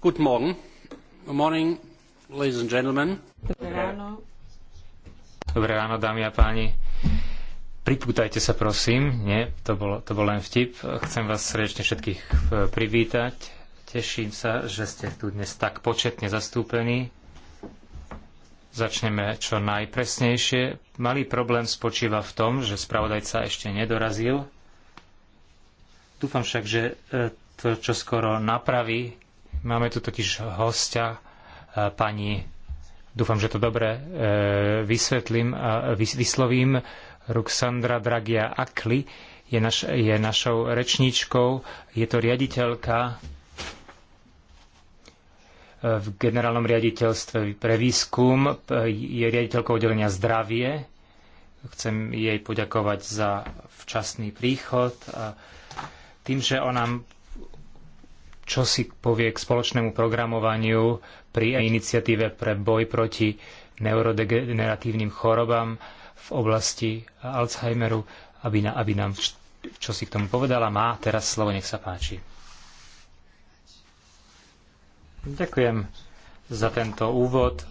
Good morning, ladies and gentlemen. Dobré ráno. Dobré ráno, dámy a páni. Pripútajte sa, prosím. Nie, to bol, to bol len vtip. Chcem vás srdečne všetkých eh, privítať. Teším sa, že ste tu dnes tak početne zastúpení. Začneme čo najpresnejšie. Malý problém spočíva v tom, že spravodajca ešte nedorazil. Dúfam však, že eh, to čo skoro napraví Máme tu totiž hostia, e, pani, dúfam, že to dobre e, vysvetlím, vyslovím, Ruxandra Dragia Akli je, naš, je našou rečníčkou, je to riaditeľka e, v generálnom riaditeľstve pre výskum, je riaditeľkou oddelenia zdravie. Chcem jej poďakovať za včasný príchod a tým, že ona čo si povie k spoločnému programovaniu pri iniciatíve pre boj proti neurodegeneratívnym chorobám v oblasti Alzheimeru, aby, na, aby nám čo si k tomu povedala. Má teraz slovo, nech sa páči. Ďakujem za tento úvod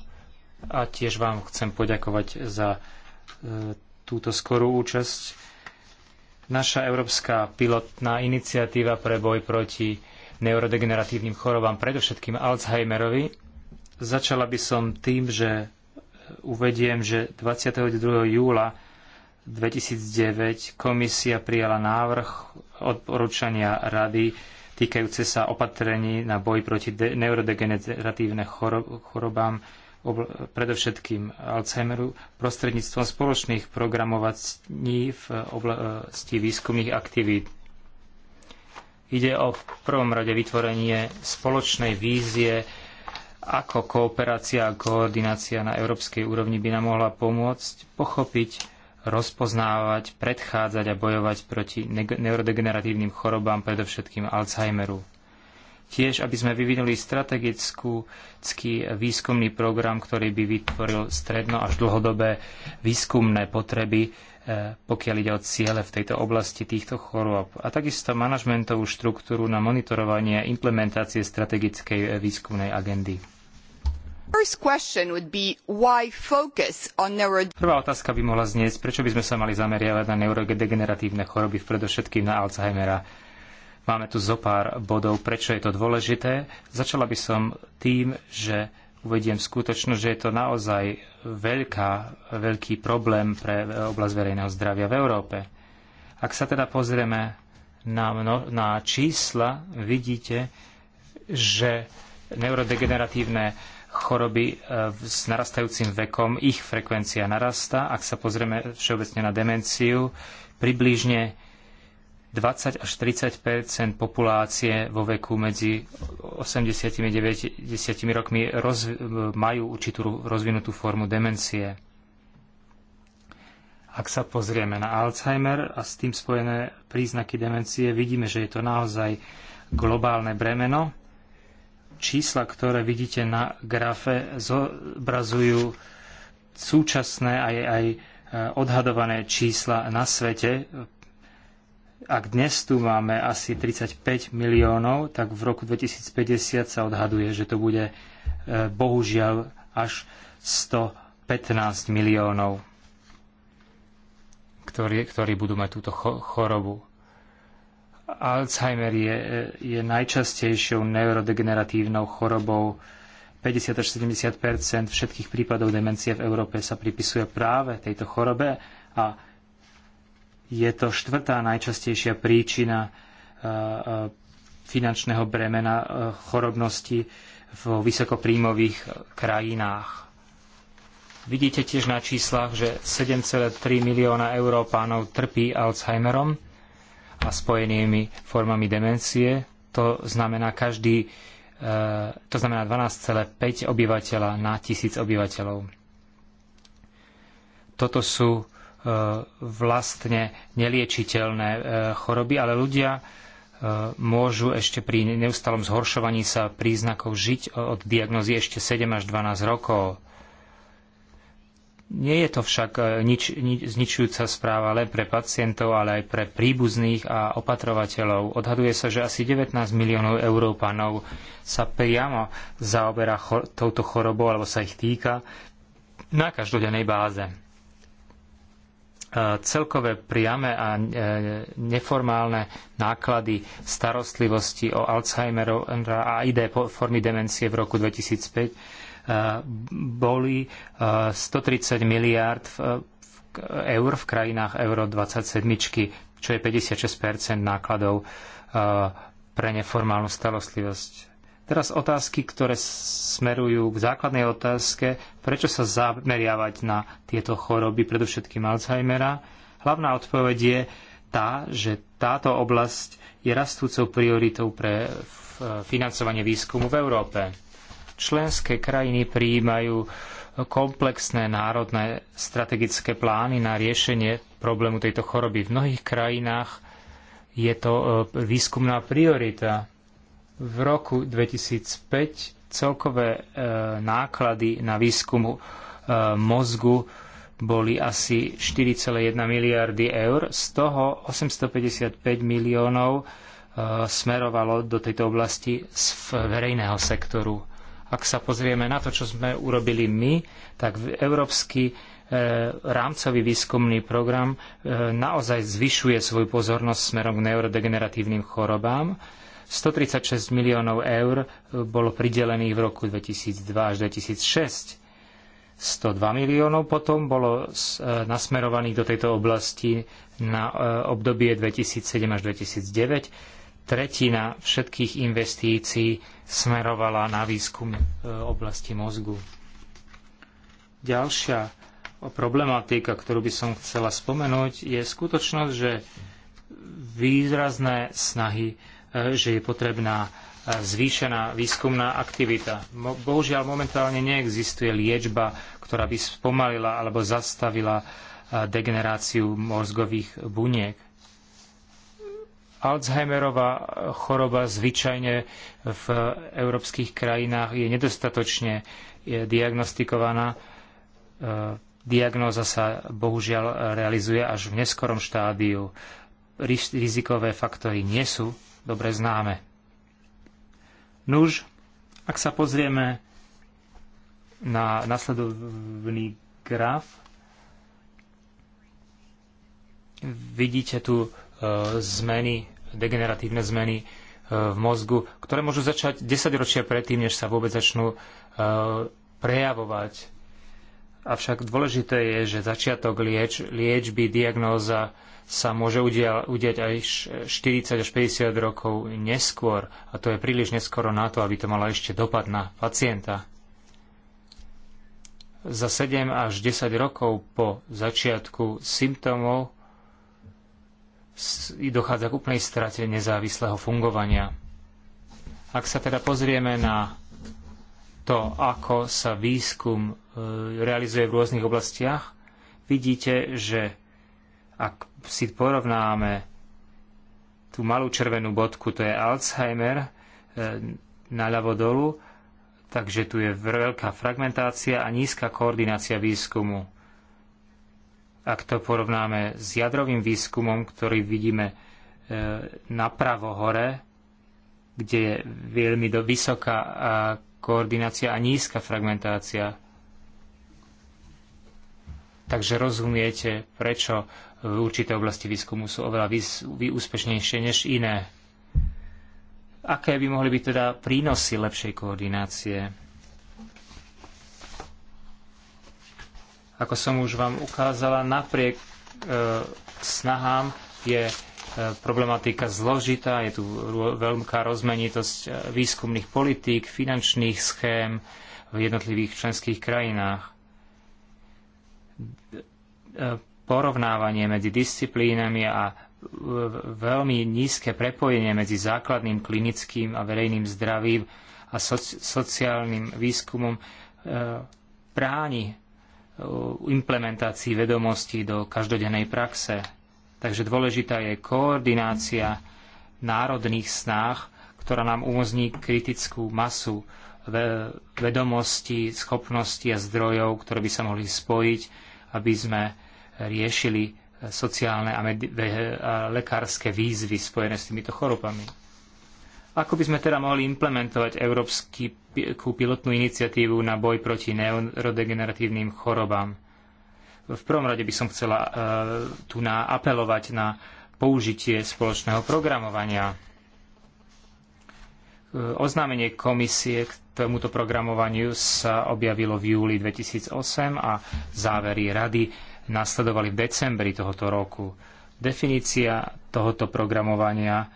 a tiež vám chcem poďakovať za e, túto skorú účasť. Naša európska pilotná iniciatíva pre boj proti neurodegeneratívnym chorobám, predovšetkým Alzheimerovi. Začala by som tým, že uvediem, že 22. júla 2009 komisia prijala návrh odporúčania rady týkajúce sa opatrení na boj proti neurodegeneratívnym chorobám, predovšetkým Alzheimeru, prostredníctvom spoločných programovaní v oblasti e, výskumných aktivít. Ide o v prvom rade vytvorenie spoločnej vízie, ako kooperácia a koordinácia na európskej úrovni by nám mohla pomôcť pochopiť, rozpoznávať, predchádzať a bojovať proti neurodegeneratívnym chorobám, predovšetkým Alzheimeru. Tiež, aby sme vyvinuli strategický výskumný program, ktorý by vytvoril stredno až dlhodobé výskumné potreby Eh, pokiaľ ide o ciele v tejto oblasti týchto chorôb a takisto manažmentovú štruktúru na monitorovanie a implementácie strategickej eh, výskumnej agendy. Prvá otázka by mohla znieť, prečo by sme sa mali zameriavať na neurodegeneratívne choroby, predovšetkým na Alzheimera. Máme tu zo pár bodov, prečo je to dôležité. Začala by som tým, že uvediem skutočnosť, že je to naozaj veľká, veľký problém pre oblasť verejného zdravia v Európe. Ak sa teda pozrieme na, na čísla, vidíte, že neurodegeneratívne choroby e, s narastajúcim vekom, ich frekvencia narastá. Ak sa pozrieme všeobecne na demenciu, približne 20 až 30 populácie vo veku medzi 80 a 90 rokmi majú určitú rozvinutú formu demencie. Ak sa pozrieme na Alzheimer a s tým spojené príznaky demencie, vidíme, že je to naozaj globálne bremeno. Čísla, ktoré vidíte na grafe, zobrazujú súčasné aj, aj eh, odhadované čísla na svete ak dnes tu máme asi 35 miliónov, tak v roku 2050 sa odhaduje, že to bude e, bohužiaľ až 115 miliónov, ktorí, ktorí budú mať túto chorobu. Alzheimer je, e, je najčastejšou neurodegeneratívnou chorobou. 50 až 70 všetkých prípadov demencie v Európe sa pripisuje práve tejto chorobe a je to štvrtá najčastejšia príčina e, e, finančného bremena e, chorobnosti vo vysokopríjmových krajinách. Vidíte tiež na číslach, že 7,3 milióna Európánov trpí Alzheimerom a spojenými formami demencie. To znamená každý, to znamená 12,5 obyvateľa na tisíc obyvateľov. Toto sú vlastne neliečiteľné e, choroby, ale ľudia e, môžu ešte pri neustalom zhoršovaní sa príznakov žiť od diagnózy ešte 7 až 12 rokov. Nie je to však e, nič, nič, zničujúca správa len pre pacientov, ale aj pre príbuzných a opatrovateľov. Odhaduje sa, že asi 19 miliónov Európanov sa priamo zaoberá cho- touto chorobou alebo sa ich týka na každodennej báze. E, celkové priame a e, neformálne náklady starostlivosti o Alzheimerov a ID formy demencie v roku 2005 e, boli 130 miliárd eur v krajinách Euro 27, čo je 56 nákladov pre neformálnu starostlivosť. Teraz otázky, ktoré smerujú k základnej otázke, prečo sa zameriavať na tieto choroby, predovšetkým Alzheimera. Hlavná odpoveď je tá, že táto oblasť je rastúcou prioritou pre financovanie výskumu v Európe. Členské krajiny prijímajú komplexné národné strategické plány na riešenie problému tejto choroby. V mnohých krajinách je to e, výskumná priorita v roku 2005 celkové e, náklady na výskum e, mozgu boli asi 4,1 miliardy eur, z toho 855 miliónov e, smerovalo do tejto oblasti z verejného sektoru. Ak sa pozrieme na to, čo sme urobili my, tak Európsky rámcový výskumný program naozaj zvyšuje svoju pozornosť smerom k neurodegeneratívnym chorobám 136 miliónov eur e, bolo pridelených v roku 2002 až 2006. 102 miliónov potom bolo e, nasmerovaných do tejto oblasti na e, obdobie 2007 až 2009. Tretina všetkých investícií smerovala na výskum oblasti mozgu. Ďalšia problematika, ktorú by som chcela spomenúť, je skutočnosť, že výrazné snahy že je potrebná e, zvýšená výskumná aktivita. Bohužiaľ momentálne neexistuje liečba, ktorá by spomalila alebo zastavila e, degeneráciu mozgových buniek. Alzheimerová e, choroba zvyčajne v európskych krajinách je nedostatočne diagnostikovaná. Diagnóza sa bohužiaľ realizuje až v neskorom štádiu. Rizikové faktory nie sú dobre známe. Nuž, ak sa pozrieme na nasledovný graf, vidíte tu e, zmeny, degeneratívne zmeny e, v mozgu, ktoré môžu začať desaťročia predtým, než sa vôbec začnú e, prejavovať Avšak dôležité je, že začiatok lieč, liečby, diagnóza sa môže udiať aj 40 až 50 rokov neskôr a to je príliš neskoro na to, aby to malo ešte dopad na pacienta. Za 7 až 10 rokov po začiatku symptómov dochádza k úplnej strate nezávislého fungovania. Ak sa teda pozrieme na to, ako sa výskum E, realizuje v rôznych oblastiach, vidíte, že ak si porovnáme tú malú červenú bodku, to je Alzheimer, e, naľavo dolu, takže tu je veľká fragmentácia a nízka koordinácia výskumu. Ak to porovnáme s jadrovým výskumom, ktorý vidíme e, napravo hore, kde je veľmi vysoká koordinácia a nízka fragmentácia Takže rozumiete, prečo v určité oblasti výskumu sú oveľa úspešnejšie než iné. Aké by mohli byť teda prínosy lepšej koordinácie? Ako som už vám ukázala, napriek e, snahám je e, problematika zložitá, je tu veľká rozmenitosť e, výskumných politík, finančných schém v jednotlivých členských krajinách porovnávanie medzi disciplínami a veľmi nízke prepojenie medzi základným klinickým a verejným zdravím a sociálnym výskumom e, bráni e, implementácii vedomostí do každodennej praxe. Takže dôležitá je koordinácia národných snách, ktorá nám umožní kritickú masu vedomostí, schopností a zdrojov, ktoré by sa mohli spojiť aby sme riešili sociálne a, a lekárske výzvy spojené s týmito chorobami. Ako by sme teda mohli implementovať európsku pilotnú iniciatívu na boj proti neurodegeneratívnym chorobám? V prvom rade by som chcela e, tu na apelovať na použitie spoločného programovania. E, oznámenie komisie k tomuto programovaniu sa objavilo v júli 2008 a závery rady nasledovali v decembri tohoto roku. Definícia tohoto programovania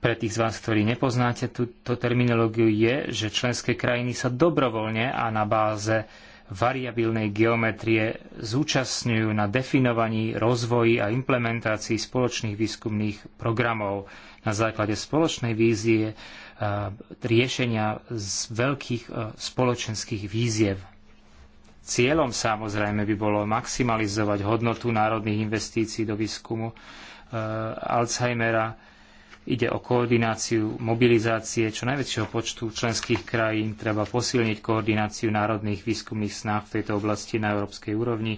pre tých z vás, ktorí nepoznáte túto terminológiu, je, že členské krajiny sa dobrovoľne a na báze variabilnej geometrie zúčastňujú na definovaní, rozvoji a implementácii spoločných výskumných programov na základe spoločnej vízie E, riešenia z veľkých e, spoločenských víziev. Cieľom samozrejme by bolo maximalizovať hodnotu národných investícií do výskumu e, Alzheimera. Ide o koordináciu mobilizácie čo najväčšieho počtu členských krajín. Treba posilniť koordináciu národných výskumných snah v tejto oblasti na európskej úrovni,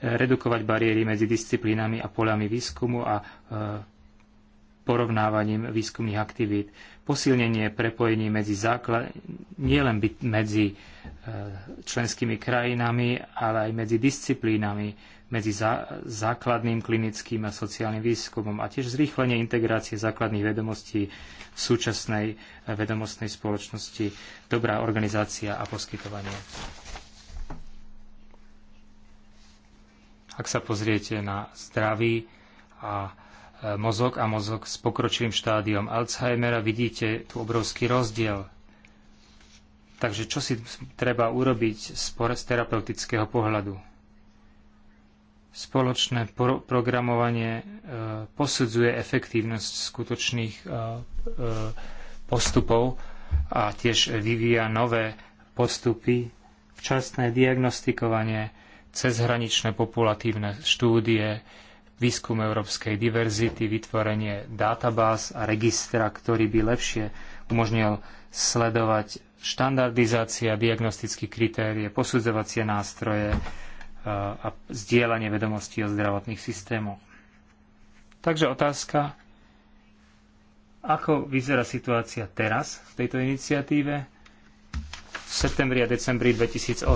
redukovať bariéry medzi disciplínami a poľami výskumu a porovnávaním výskumných aktivít posilnenie prepojení medzi základ, nielen medzi e, členskými krajinami, ale aj medzi disciplínami, medzi zá, základným klinickým a sociálnym výskumom a tiež zrýchlenie integrácie základných vedomostí v súčasnej e, vedomostnej spoločnosti, dobrá organizácia a poskytovanie. Ak sa pozriete na zdravý a E, mozog a mozog s pokročilým štádiom Alzheimera, vidíte tu obrovský rozdiel. Takže čo si treba urobiť z terapeutického pohľadu? Spoločné pro- programovanie e, posudzuje efektívnosť skutočných e, e, postupov a tiež vyvíja nové postupy, včasné diagnostikovanie, cezhraničné populatívne štúdie, výskum európskej diverzity, vytvorenie databáz a registra, ktorý by lepšie umožnil sledovať štandardizácia, diagnostické kritérie, posudzovacie nástroje e, a zdieľanie vedomostí o zdravotných systémoch. Takže otázka, ako vyzerá situácia teraz v tejto iniciatíve? V septembri a decembri 2008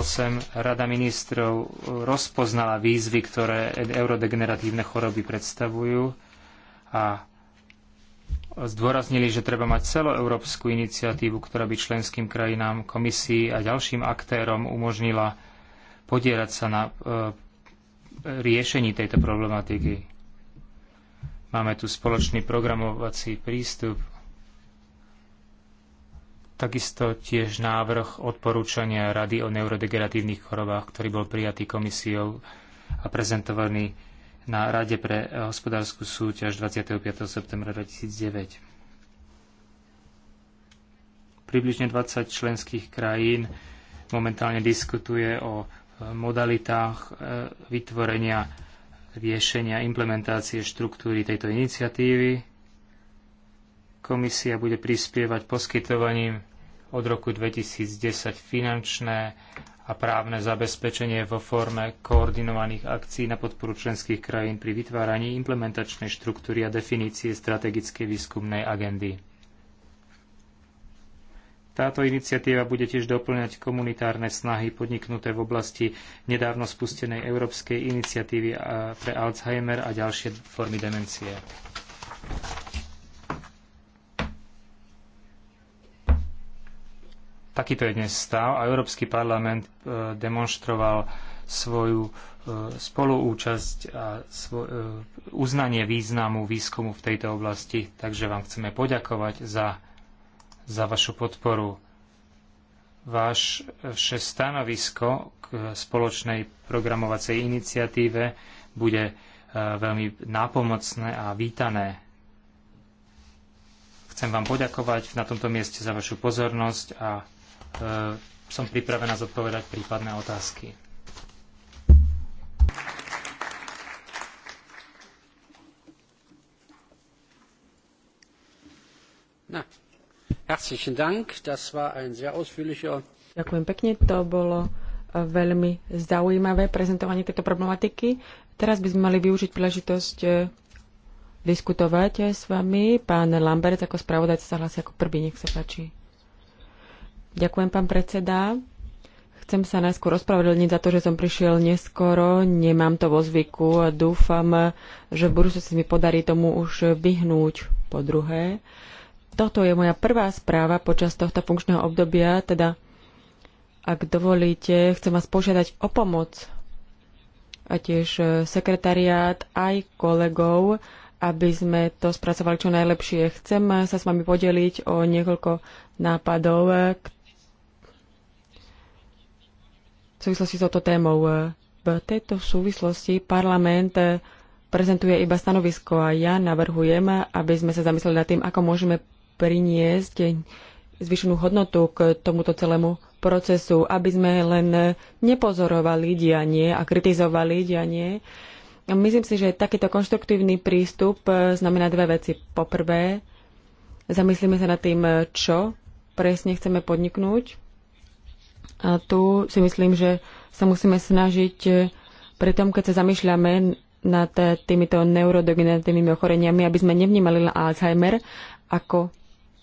Rada ministrov rozpoznala výzvy, ktoré eurodegeneratívne choroby predstavujú a zdôraznili, že treba mať celoeurópsku iniciatívu, ktorá by členským krajinám, komisii a ďalším aktérom umožnila podierať sa na e, riešení tejto problematiky. Máme tu spoločný programovací prístup Takisto tiež návrh odporúčania Rady o neurodegeneratívnych chorobách, ktorý bol prijatý komisiou a prezentovaný na Rade pre hospodárskú súťaž 25. septembra 2009. Približne 20 členských krajín momentálne diskutuje o e, modalitách e, vytvorenia riešenia implementácie štruktúry tejto iniciatívy Komisia bude prispievať poskytovaním od roku 2010 finančné a právne zabezpečenie vo forme koordinovaných akcií na podporu členských krajín pri vytváraní implementačnej štruktúry a definície strategickej výskumnej agendy. Táto iniciatíva bude tiež doplňať komunitárne snahy podniknuté v oblasti nedávno spustenej Európskej iniciatívy pre Alzheimer a ďalšie formy demencie. Takýto je dnes stav a Európsky parlament e, demonštroval svoju e, spoluúčasť a e, uznanie významu výskumu v tejto oblasti, takže vám chceme poďakovať za, za vašu podporu. Váš vše stanovisko k spoločnej programovacej iniciatíve bude veľmi nápomocné a vítané. Chcem vám poďakovať na tomto mieste za vašu pozornosť a E, som pripravená zodpovedať prípadné otázky. Na. Herzlichen Dank, das war ein sehr ausführlicher. Ďakujem pekne, to bolo e, veľmi zaujímavé prezentovanie tejto problematiky. Teraz by sme mali využiť príležitosť e, diskutovať s vami. Pán Lambert ako spravodajca sa hlási ako prvý, nech sa páči. Ďakujem, pán predseda. Chcem sa najskôr ospravedlniť za to, že som prišiel neskoro, nemám to vo zvyku a dúfam, že v budúcnosti mi podarí tomu už vyhnúť po druhé. Toto je moja prvá správa počas tohto funkčného obdobia, teda ak dovolíte, chcem vás požiadať o pomoc a tiež sekretariát aj kolegov, aby sme to spracovali čo najlepšie. Chcem sa s vami podeliť o niekoľko nápadov, súvislosti s touto témou. E, v tejto súvislosti parlament e, prezentuje iba stanovisko a ja navrhujem, aby sme sa zamysleli nad tým, ako môžeme priniesť zvyšenú hodnotu k tomuto celému procesu, aby sme len nepozorovali dianie a kritizovali dianie. Myslím si, že takýto konštruktívny prístup e, znamená dve veci. Poprvé, zamyslíme sa nad tým, čo presne chceme podniknúť a tu si myslím, že sa musíme snažiť e, pri tom, keď sa zamýšľame nad e, týmito neurodegeneratívnymi ochoreniami, aby sme nevnímali na Alzheimer ako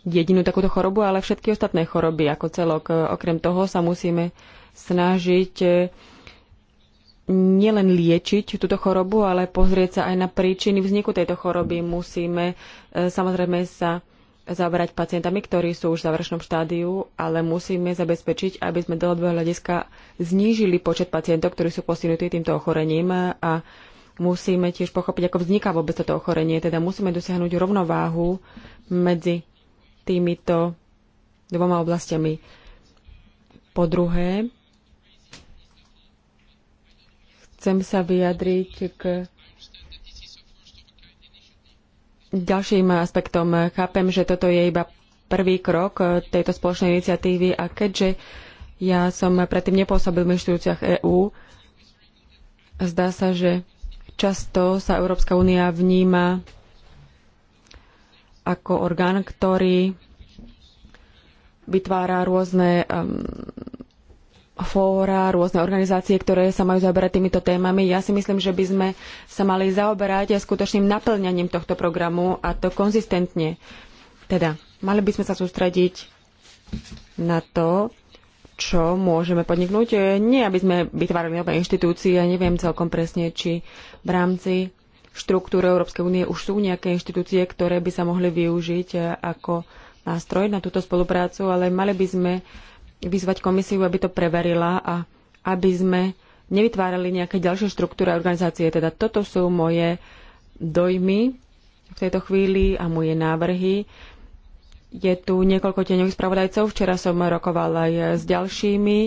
jedinú takúto chorobu, ale všetky ostatné choroby ako celok. E, okrem toho sa musíme snažiť nielen liečiť túto chorobu, ale pozrieť sa aj na príčiny vzniku tejto choroby. Musíme samozrejme sa zaoberať pacientami, ktorí sú už v záverečnom štádiu, ale musíme zabezpečiť, aby sme dlhodobého hľadiska znížili počet pacientov, ktorí sú postihnutí týmto ochorením a musíme tiež pochopiť, ako vzniká vôbec toto ochorenie. Teda musíme dosiahnuť rovnováhu medzi týmito dvoma oblastiami. Po druhé, chcem sa vyjadriť k Ďalším aspektom chápem, že toto je iba prvý krok eh, tejto spoločnej iniciatívy a keďže ja som predtým nepôsobil v inštitúciách EÚ, zdá sa, že často sa Európska únia vníma ako orgán, ktorý vytvára rôzne um, fóra, rôzne organizácie, ktoré sa majú zaoberať týmito témami. Ja si myslím, že by sme sa mali zaoberať aj skutočným naplňaním tohto programu a to konzistentne. Teda, mali by sme sa sústrediť na to, čo môžeme podniknúť. Nie, aby sme vytvárali nové inštitúcie, ja neviem celkom presne, či v rámci štruktúry Európskej únie už sú nejaké inštitúcie, ktoré by sa mohli využiť ako nástroj na túto spoluprácu, ale mali by sme vyzvať komisiu, aby to preverila a aby sme nevytvárali nejaké ďalšie štruktúry a organizácie. Teda toto sú moje dojmy v tejto chvíli a moje návrhy. Je tu niekoľko tieňových spravodajcov. Včera som rokovala aj s ďalšími.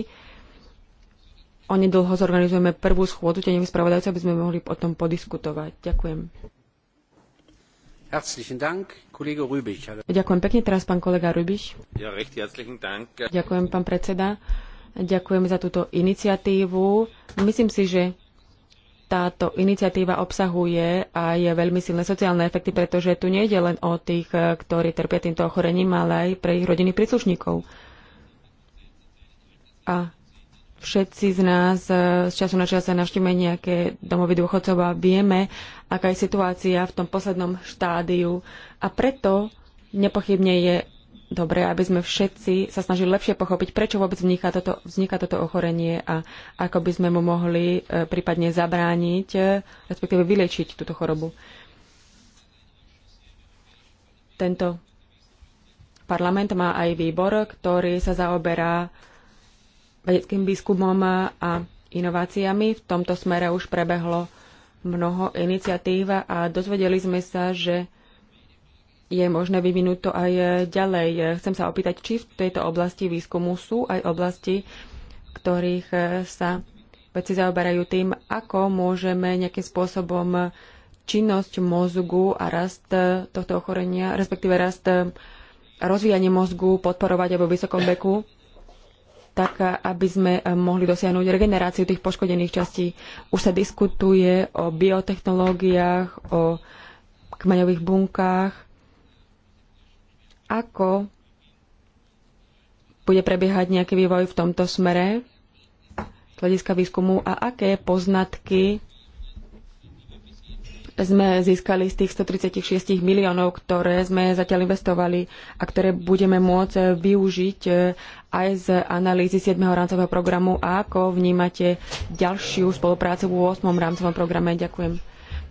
Oni dlho zorganizujeme prvú schôdu tieňových spravodajcov, aby sme mohli o tom podiskutovať. Ďakujem. Herzlichen Dank. Ďakujem pekne teraz, pán kolega Rubiš. Ja, Ďakujem, pán predseda. Ďakujem za túto iniciatívu. Myslím si, že táto iniciatíva obsahuje a je veľmi silné sociálne efekty, pretože tu nejde len o tých, ktorí trpia týmto ochorením, ale aj pre ich rodiny príslušníkov. A všetci z nás e, z času na čas navštívime nejaké domovy dôchodcov a vieme, aká je situácia v tom poslednom štádiu. A preto nepochybne je dobré, aby sme všetci sa snažili lepšie pochopiť, prečo vôbec vzniká toto, vzniká toto ochorenie a ako by sme mu mohli e, prípadne zabrániť, e, respektíve vylečiť túto chorobu. Tento parlament má aj výbor, ktorý sa zaoberá vedeckým výskumom a inováciami. V tomto smere už prebehlo mnoho iniciatív a dozvedeli sme sa, že je možné vyvinúť to aj ďalej. Chcem sa opýtať, či v tejto oblasti výskumu sú aj oblasti, v ktorých sa veci zaoberajú tým, ako môžeme nejakým spôsobom činnosť mozgu a rast tohto ochorenia, respektíve rast rozvíjanie mozgu podporovať aj vo vysokom veku tak aby sme eh, mohli dosiahnuť regeneráciu tých poškodených častí. Už sa diskutuje o biotechnológiách, o kmeňových bunkách, ako bude prebiehať nejaký vývoj v tomto smere z hľadiska výskumu a aké poznatky sme získali z tých 136 miliónov, ktoré sme zatiaľ investovali a ktoré budeme môcť využiť e, aj z analýzy 7. rámcového programu a ako vnímate ďalšiu spoluprácu v 8. rámcovom programe. Ďakujem.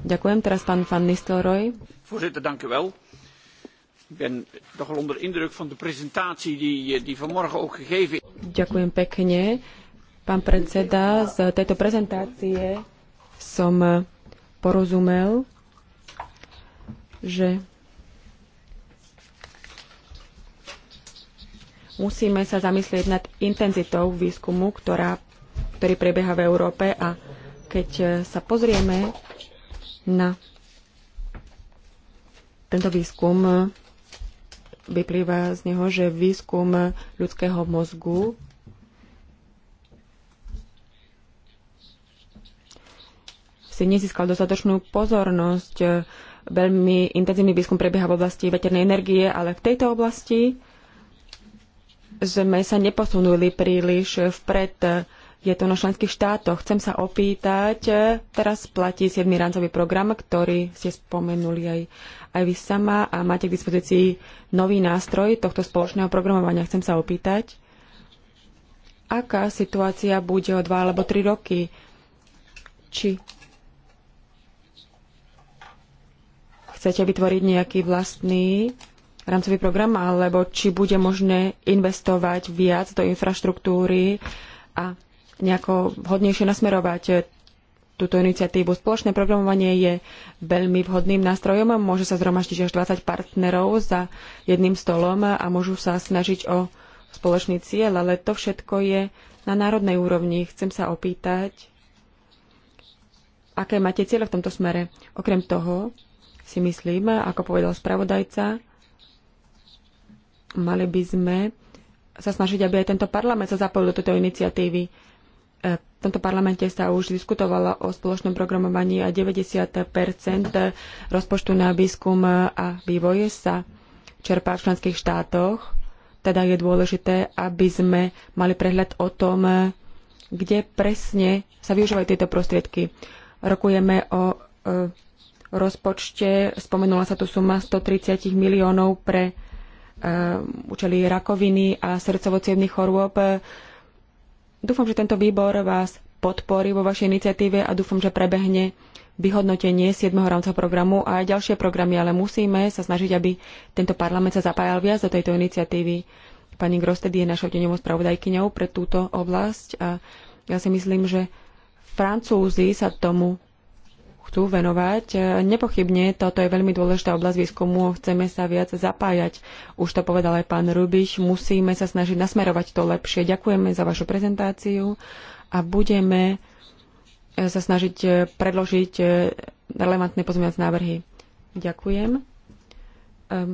Ďakujem. Teraz pán Van Nistelrooy. Voorzitter, dank u wel. Ik ben onder indruk van de presentatie die, eh, die vanmorgen ook gegeven is. Ďakujem pekne. Pán predseda, z tejto prezentácie som eh, porozumel, že musíme sa zamyslieť nad intenzitou výskumu, ktorá, ktorý prebieha v Európe a keď e, sa pozrieme na tento výskum, e, vyplýva z neho, že výskum ľudského mozgu si nezískal dostatočnú pozornosť. E, Veľmi intenzívny výskum prebieha v oblasti veternej energie, ale v tejto oblasti sme sa neposunuli príliš vpred. Je to na členských štátoch. Chcem sa opýtať, e, teraz platí 7. rancový program, ktorý ste spomenuli aj, aj vy sama a máte k dispozícii nový nástroj tohto spoločného programovania. Chcem sa opýtať, aká situácia bude o dva alebo tri roky. Či chcete vytvoriť nejaký vlastný rámcový program, alebo či bude možné investovať viac do infraštruktúry a nejako vhodnejšie nasmerovať túto iniciatívu. Spoločné programovanie je veľmi vhodným nástrojom. Môže sa zhromaždiť až 20 partnerov za jedným stolom a môžu sa snažiť o spoločný cieľ, ale to všetko je na národnej úrovni. Chcem sa opýtať, aké máte cieľe v tomto smere. Okrem toho, si myslím, ako povedal spravodajca, mali by sme sa snažiť, aby aj tento parlament sa zapojil do tejto iniciatívy. E, v tomto parlamente sa už diskutovalo o spoločnom programovaní a 90 rozpočtu na výskum a vývoj sa čerpá v členských štátoch. Teda je dôležité, aby sme mali prehľad o tom, kde presne sa využívajú tieto prostriedky. Rokujeme o e, rozpočte. Spomenula sa tu suma 130 miliónov pre e, účely rakoviny a srdcovo chorôb. Dúfam, že tento výbor vás podporí vo vašej iniciatíve a dúfam, že prebehne vyhodnotenie 7. rámca programu a aj ďalšie programy, ale musíme sa snažiť, aby tento parlament sa zapájal viac do tejto iniciatívy. Pani Grosted je našou denovou spravodajkyňou pre túto oblasť a ja si myslím, že Francúzi sa tomu chcú venovať. E, nepochybne toto je veľmi dôležitá oblasť výskumu, chceme sa viac zapájať. Už to povedal aj pán Rubiš, musíme sa snažiť nasmerovať to lepšie. Ďakujeme za vašu prezentáciu a budeme e, sa snažiť e, predložiť relevantné pozmeňovacie návrhy. Ďakujem. Ehm,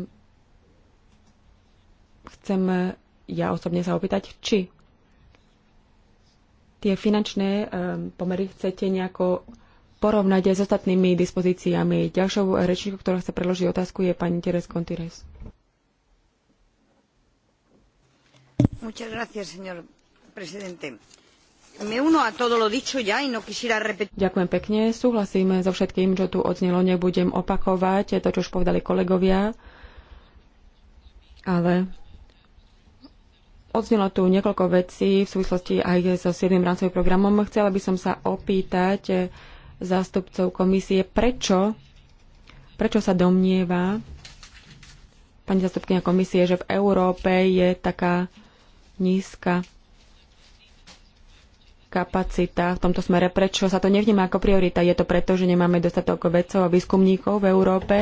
chcem ja osobne sa opýtať, či tie finančné pomery chcete nejako porovnať aj s ostatnými dispozíciami. Ďalšou rečníkou, ktorá chce predložiť otázku, je pani Teres Contires. Ďakujem pekne. Súhlasím so všetkým, čo tu odznelo. Nebudem opakovať to, čo už povedali kolegovia. Ale odznelo tu niekoľko vecí v súvislosti aj so 7. rámcovým programom. Chcela by som sa opýtať, zástupcov komisie, prečo, prečo sa domnieva pani zástupkynia komisie, že v Európe je taká nízka kapacita v tomto smere. Prečo sa to nevníma ako priorita? Je to preto, že nemáme dostatok vedcov a výskumníkov v Európe?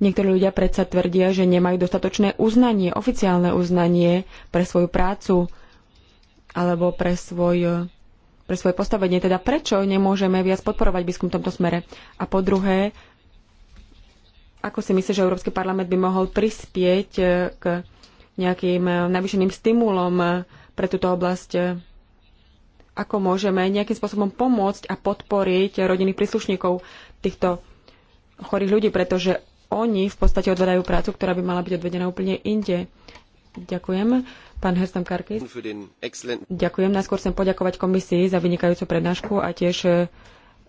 Niektorí ľudia predsa tvrdia, že nemajú dostatočné uznanie, oficiálne uznanie pre svoju prácu alebo pre svoj pre svoje postavenie. Teda prečo nemôžeme viac podporovať výskum v tomto smere? A po druhé, ako si myslíš, že Európsky parlament by mohol prispieť eh, k nejakým eh, navýšeným stimulom eh, pre túto oblasť? Ako môžeme nejakým spôsobom pomôcť a podporiť rodinných príslušníkov týchto chorých ľudí, pretože oni v podstate odvedajú prácu, ktorá by mala byť odvedená úplne inde. Ďakujem. Pán Herstam Karkis. Ďakujem. Najskôr chcem poďakovať komisii za vynikajúcu prednášku a tiež e,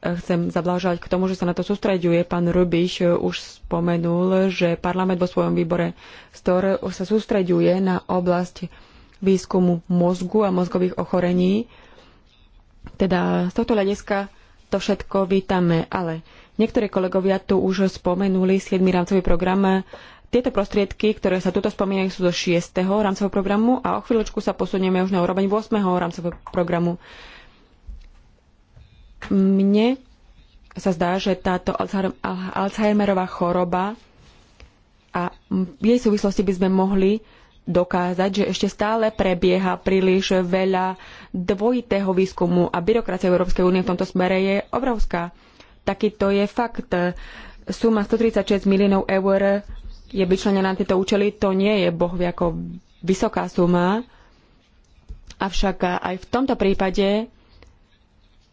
chcem zablážať k tomu, že sa na to sústreďuje. Pán Rubiš e, už spomenul, že parlament vo svojom výbore STOR sa sústreďuje na oblasť výskumu mozgu a mozgových ochorení. Teda z tohto hľadiska to všetko vítame, ale niektorí kolegovia tu už spomenuli 7. rámcový program tieto prostriedky, ktoré sa tuto spomínajú, sú zo 6. rámcového programu a o chvíľočku sa posunieme už na úroveň 8. rámcového programu. Mne sa zdá, že táto Alzheimerová choroba a v jej súvislosti by sme mohli dokázať, že ešte stále prebieha príliš veľa dvojitého výskumu a byrokracia Európskej únie v tomto smere je obrovská. Takýto je fakt. Suma 136 miliónov eur je vyčlenená na tieto účely. To nie je boh ako vysoká suma, avšak aj v tomto prípade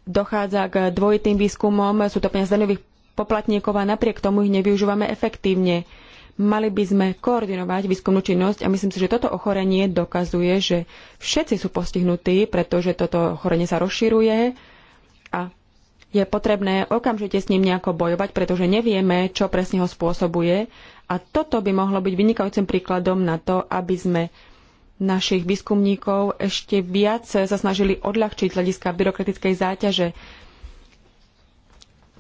dochádza k dvojitým výskumom, sú to peniaze daňových poplatníkov a napriek tomu ich nevyužívame efektívne. Mali by sme koordinovať výskumnú činnosť a myslím si, že toto ochorenie dokazuje, že všetci sú postihnutí, pretože toto ochorenie sa rozširuje a je potrebné okamžite s ním nejako bojovať, pretože nevieme, čo presne ho spôsobuje a toto by mohlo byť vynikajúcim príkladom na to, aby sme našich výskumníkov ešte viac sa snažili odľahčiť hľadiska byrokratickej záťaže.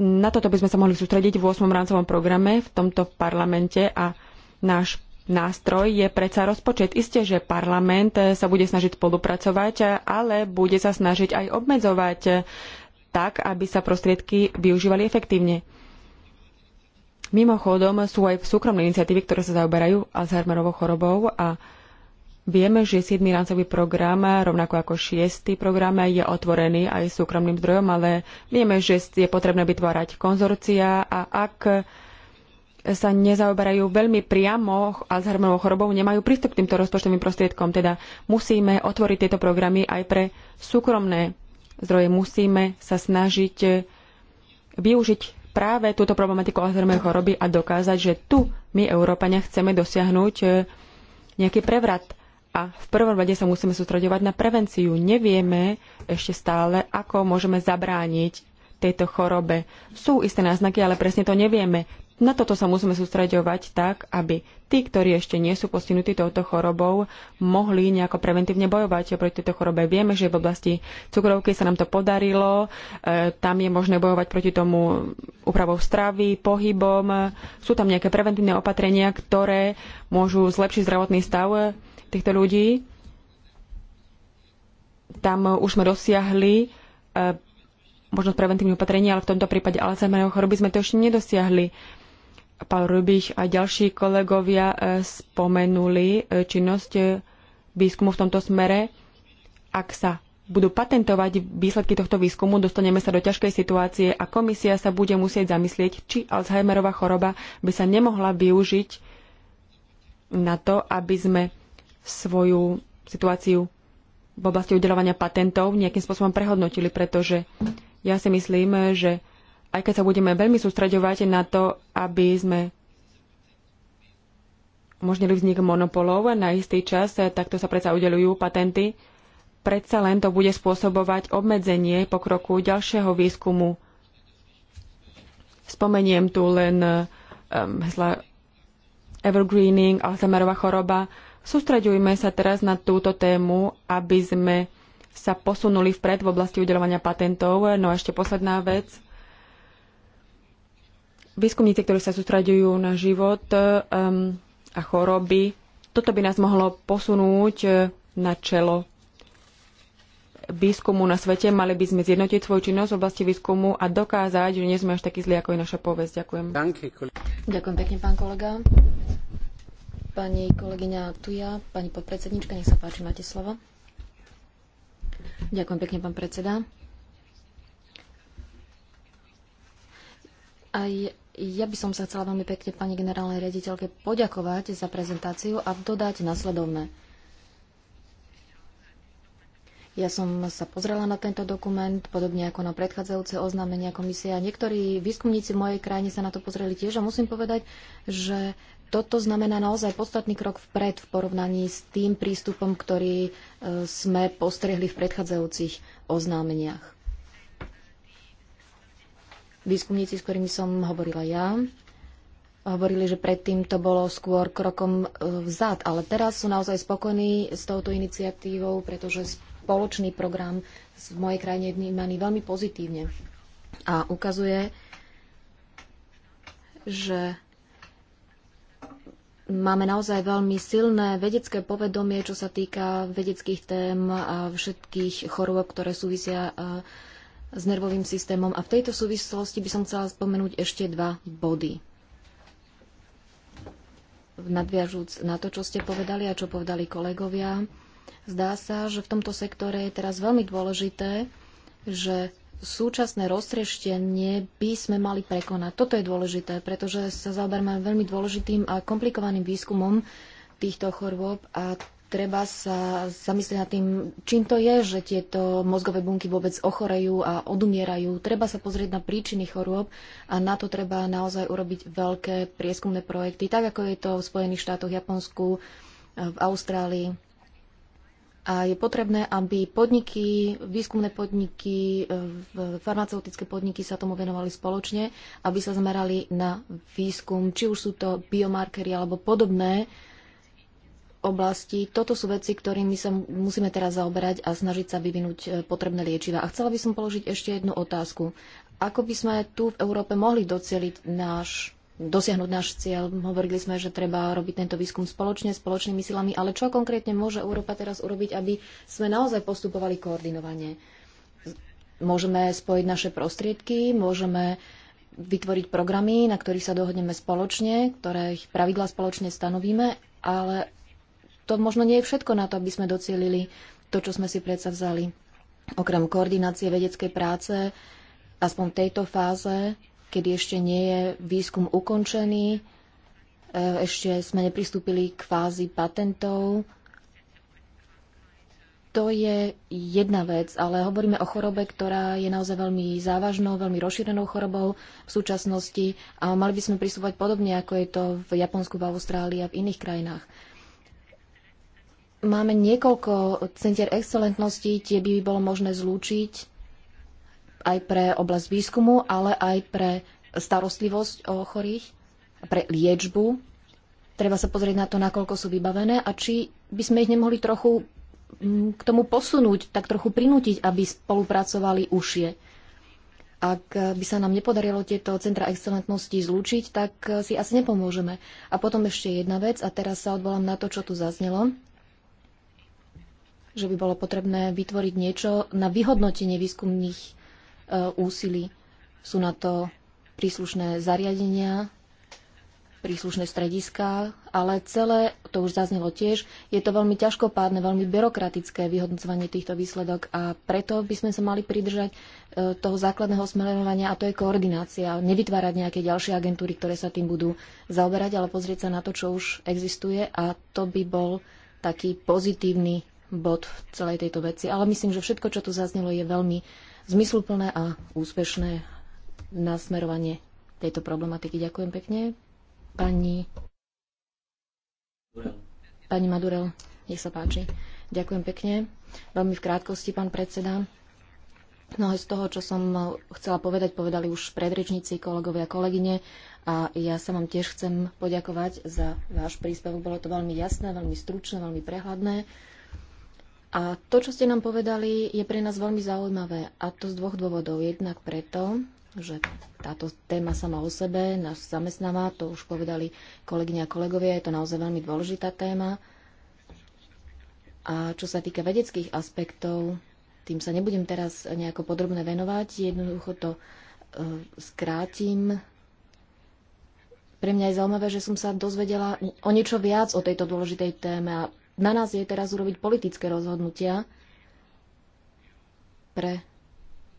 Na toto by sme sa mohli sústrediť v 8. rámcovom programe v tomto parlamente a náš nástroj je predsa rozpočet. Isté, že parlament sa bude snažiť spolupracovať, ale bude sa snažiť aj obmedzovať tak, aby sa prostriedky využívali efektívne. Mimochodom sú aj súkromné iniciatívy, ktoré sa zaoberajú Alzheimerovou chorobou a vieme, že 7. rámcový program, rovnako ako 6. program, je otvorený aj súkromným zdrojom, ale vieme, že je potrebné vytvárať konzorcia a ak sa nezaoberajú veľmi priamo Alzheimerovou chorobou, nemajú prístup k týmto rozpočtovým prostriedkom. Teda musíme otvoriť tieto programy aj pre súkromné zdroje. Musíme sa snažiť využiť práve túto problematiku Alzheimerovej choroby a dokázať, že tu my, Európania, chceme dosiahnuť e, nejaký prevrat. A v prvom rade sa musíme sústredovať na prevenciu. Nevieme ešte stále, ako môžeme zabrániť tejto chorobe. Sú isté náznaky, ale presne to nevieme. Na toto sa musíme sústreďovať tak, aby tí, ktorí ešte nie sú postihnutí touto chorobou, mohli nejako preventívne bojovať proti tejto chorobe. Vieme, že v oblasti cukrovky sa nám to podarilo, e, tam je možné bojovať proti tomu úpravou stravy, pohybom. Sú tam nejaké preventívne opatrenia, ktoré môžu zlepšiť zdravotný stav týchto ľudí. Tam už sme dosiahli e, možnosť preventívne opatrenia, ale v tomto prípade Alzheimerovej choroby sme to ešte nedosiahli pán Rubich a ďalší kolegovia e, spomenuli e, činnosť e, výskumu v tomto smere. Ak sa budú patentovať výsledky tohto výskumu, dostaneme sa do ťažkej situácie a komisia sa bude musieť zamyslieť, či Alzheimerová choroba by sa nemohla využiť na to, aby sme svoju situáciu v oblasti udelovania patentov nejakým spôsobom prehodnotili, pretože ja si myslím, že aj keď sa budeme veľmi sústreďovať na to, aby sme umožnili vznik monopolov na istý čas, eh, takto sa predsa udelujú patenty, predsa len to bude spôsobovať obmedzenie pokroku ďalšieho výskumu. Spomeniem tu len um, hesla evergreening, Alzheimerova choroba. Sústreďujme sa teraz na túto tému, aby sme sa posunuli vpred v oblasti udelovania patentov. No a ešte posledná vec – Výskumníci, ktorí sa sústraďujú na život um, a choroby, toto by nás mohlo posunúť uh, na čelo výskumu na svete. Mali by sme zjednotiť svoju činnosť v oblasti výskumu a dokázať, že nie sme až takí zlí, ako je naša povesť. Ďakujem. Ďakujem pekne, pán kolega. Pani kolegyňa Tuja, pani podpredsednička, nech sa páči, máte slovo. Ďakujem pekne, pán predseda. Aj ja by som sa chcela veľmi pekne pani generálnej rediteľke poďakovať za prezentáciu a dodať nasledovné. Ja som sa pozrela na tento dokument, podobne ako na predchádzajúce oznámenia komisia. Niektorí výskumníci v mojej krajine sa na to pozreli tiež a musím povedať, že toto znamená naozaj podstatný krok vpred v porovnaní s tým prístupom, ktorý e, sme postrehli v predchádzajúcich oznámeniach výskumníci, s ktorými som hovorila ja, hovorili, že predtým to bolo skôr krokom e, vzad, ale teraz sú naozaj spokojní s touto iniciatívou, pretože spoločný program v mojej krajine je vnímaný veľmi pozitívne a ukazuje, že máme naozaj veľmi silné vedecké povedomie, čo sa týka vedeckých tém a všetkých chorôb, ktoré súvisia uh, s nervovým systémom. A v tejto súvislosti by som chcela spomenúť ešte dva body. Nadviažúc na to, čo ste povedali a čo povedali kolegovia, zdá sa, že v tomto sektore je teraz veľmi dôležité, že súčasné roztrieštenie by sme mali prekonať. Toto je dôležité, pretože sa zaoberáme veľmi dôležitým a komplikovaným výskumom týchto chorôb a treba sa zamyslieť nad tým, čím to je, že tieto mozgové bunky vôbec ochorejú a odumierajú. Treba sa pozrieť na príčiny chorôb a na to treba naozaj urobiť veľké prieskumné projekty, tak ako je to v Spojených štátoch, Japonsku, v Austrálii. A je potrebné, aby podniky, výskumné podniky, farmaceutické podniky sa tomu venovali spoločne, aby sa zmerali na výskum, či už sú to biomarkery alebo podobné oblasti. Toto sú veci, ktorými sa musíme teraz zaoberať a snažiť sa vyvinúť e, potrebné liečiva. A chcela by som položiť ešte jednu otázku. Ako by sme tu v Európe mohli docieliť náš dosiahnuť náš cieľ. Hovorili sme, že treba robiť tento výskum spoločne, spoločnými silami, ale čo konkrétne môže Európa teraz urobiť, aby sme naozaj postupovali koordinovane? Môžeme spojiť naše prostriedky, môžeme vytvoriť programy, na ktorých sa dohodneme spoločne, ktoré ich pravidlá spoločne stanovíme, ale to možno nie je všetko na to, aby sme docielili to, čo sme si predsa vzali. Okrem koordinácie vedeckej práce, aspoň v tejto fáze, kedy ešte nie je výskum ukončený, e, ešte sme nepristúpili k fázi patentov, to je jedna vec, ale hovoríme o chorobe, ktorá je naozaj veľmi závažnou, veľmi rozšírenou chorobou v súčasnosti a mali by sme pristúpať podobne, ako je to v Japonsku, v Austrálii a v iných krajinách. Máme niekoľko centier excelentnosti, tie by bolo možné zlúčiť aj pre oblasť výskumu, ale aj pre starostlivosť o chorých, pre liečbu. Treba sa pozrieť na to, nakoľko sú vybavené a či by sme ich nemohli trochu mm, k tomu posunúť, tak trochu prinútiť, aby spolupracovali užšie. Ak by sa nám nepodarilo tieto centra excelentnosti zlúčiť, tak si asi nepomôžeme. A potom ešte jedna vec, a teraz sa odvolám na to, čo tu zaznelo že by bolo potrebné vytvoriť niečo na vyhodnotenie výskumných e, úsilí. Sú na to príslušné zariadenia, príslušné strediská, ale celé, to už zaznelo tiež, je to veľmi ťažkopádne, veľmi byrokratické vyhodnocovanie týchto výsledok a preto by sme sa mali pridržať e, toho základného smerovania a to je koordinácia. Nevytvárať nejaké ďalšie agentúry, ktoré sa tým budú zaoberať, ale pozrieť sa na to, čo už existuje a to by bol taký pozitívny bod v celej tejto veci, ale myslím, že všetko, čo tu zaznelo, je veľmi zmysluplné a úspešné nasmerovanie tejto problematiky. Ďakujem pekne. Pani... Pani Madurel, nech sa páči. Ďakujem pekne. Veľmi v krátkosti, pán predseda. Mnohé z toho, čo som chcela povedať, povedali už predrečníci, kolegovia, kolegyne. A ja sa vám tiež chcem poďakovať za váš príspevok. Bolo to veľmi jasné, veľmi stručné, veľmi prehľadné. A to, čo ste nám povedali, je pre nás veľmi zaujímavé. A to z dvoch dôvodov. Jednak preto, že táto téma sama o sebe nás zamestnáva, to už povedali kolegyne a kolegovia, je to naozaj veľmi dôležitá téma. A čo sa týka vedeckých aspektov, tým sa nebudem teraz nejako podrobne venovať, jednoducho to e, skrátim. Pre mňa je zaujímavé, že som sa dozvedela o niečo viac o tejto dôležitej téme a na nás je teraz urobiť politické rozhodnutia pre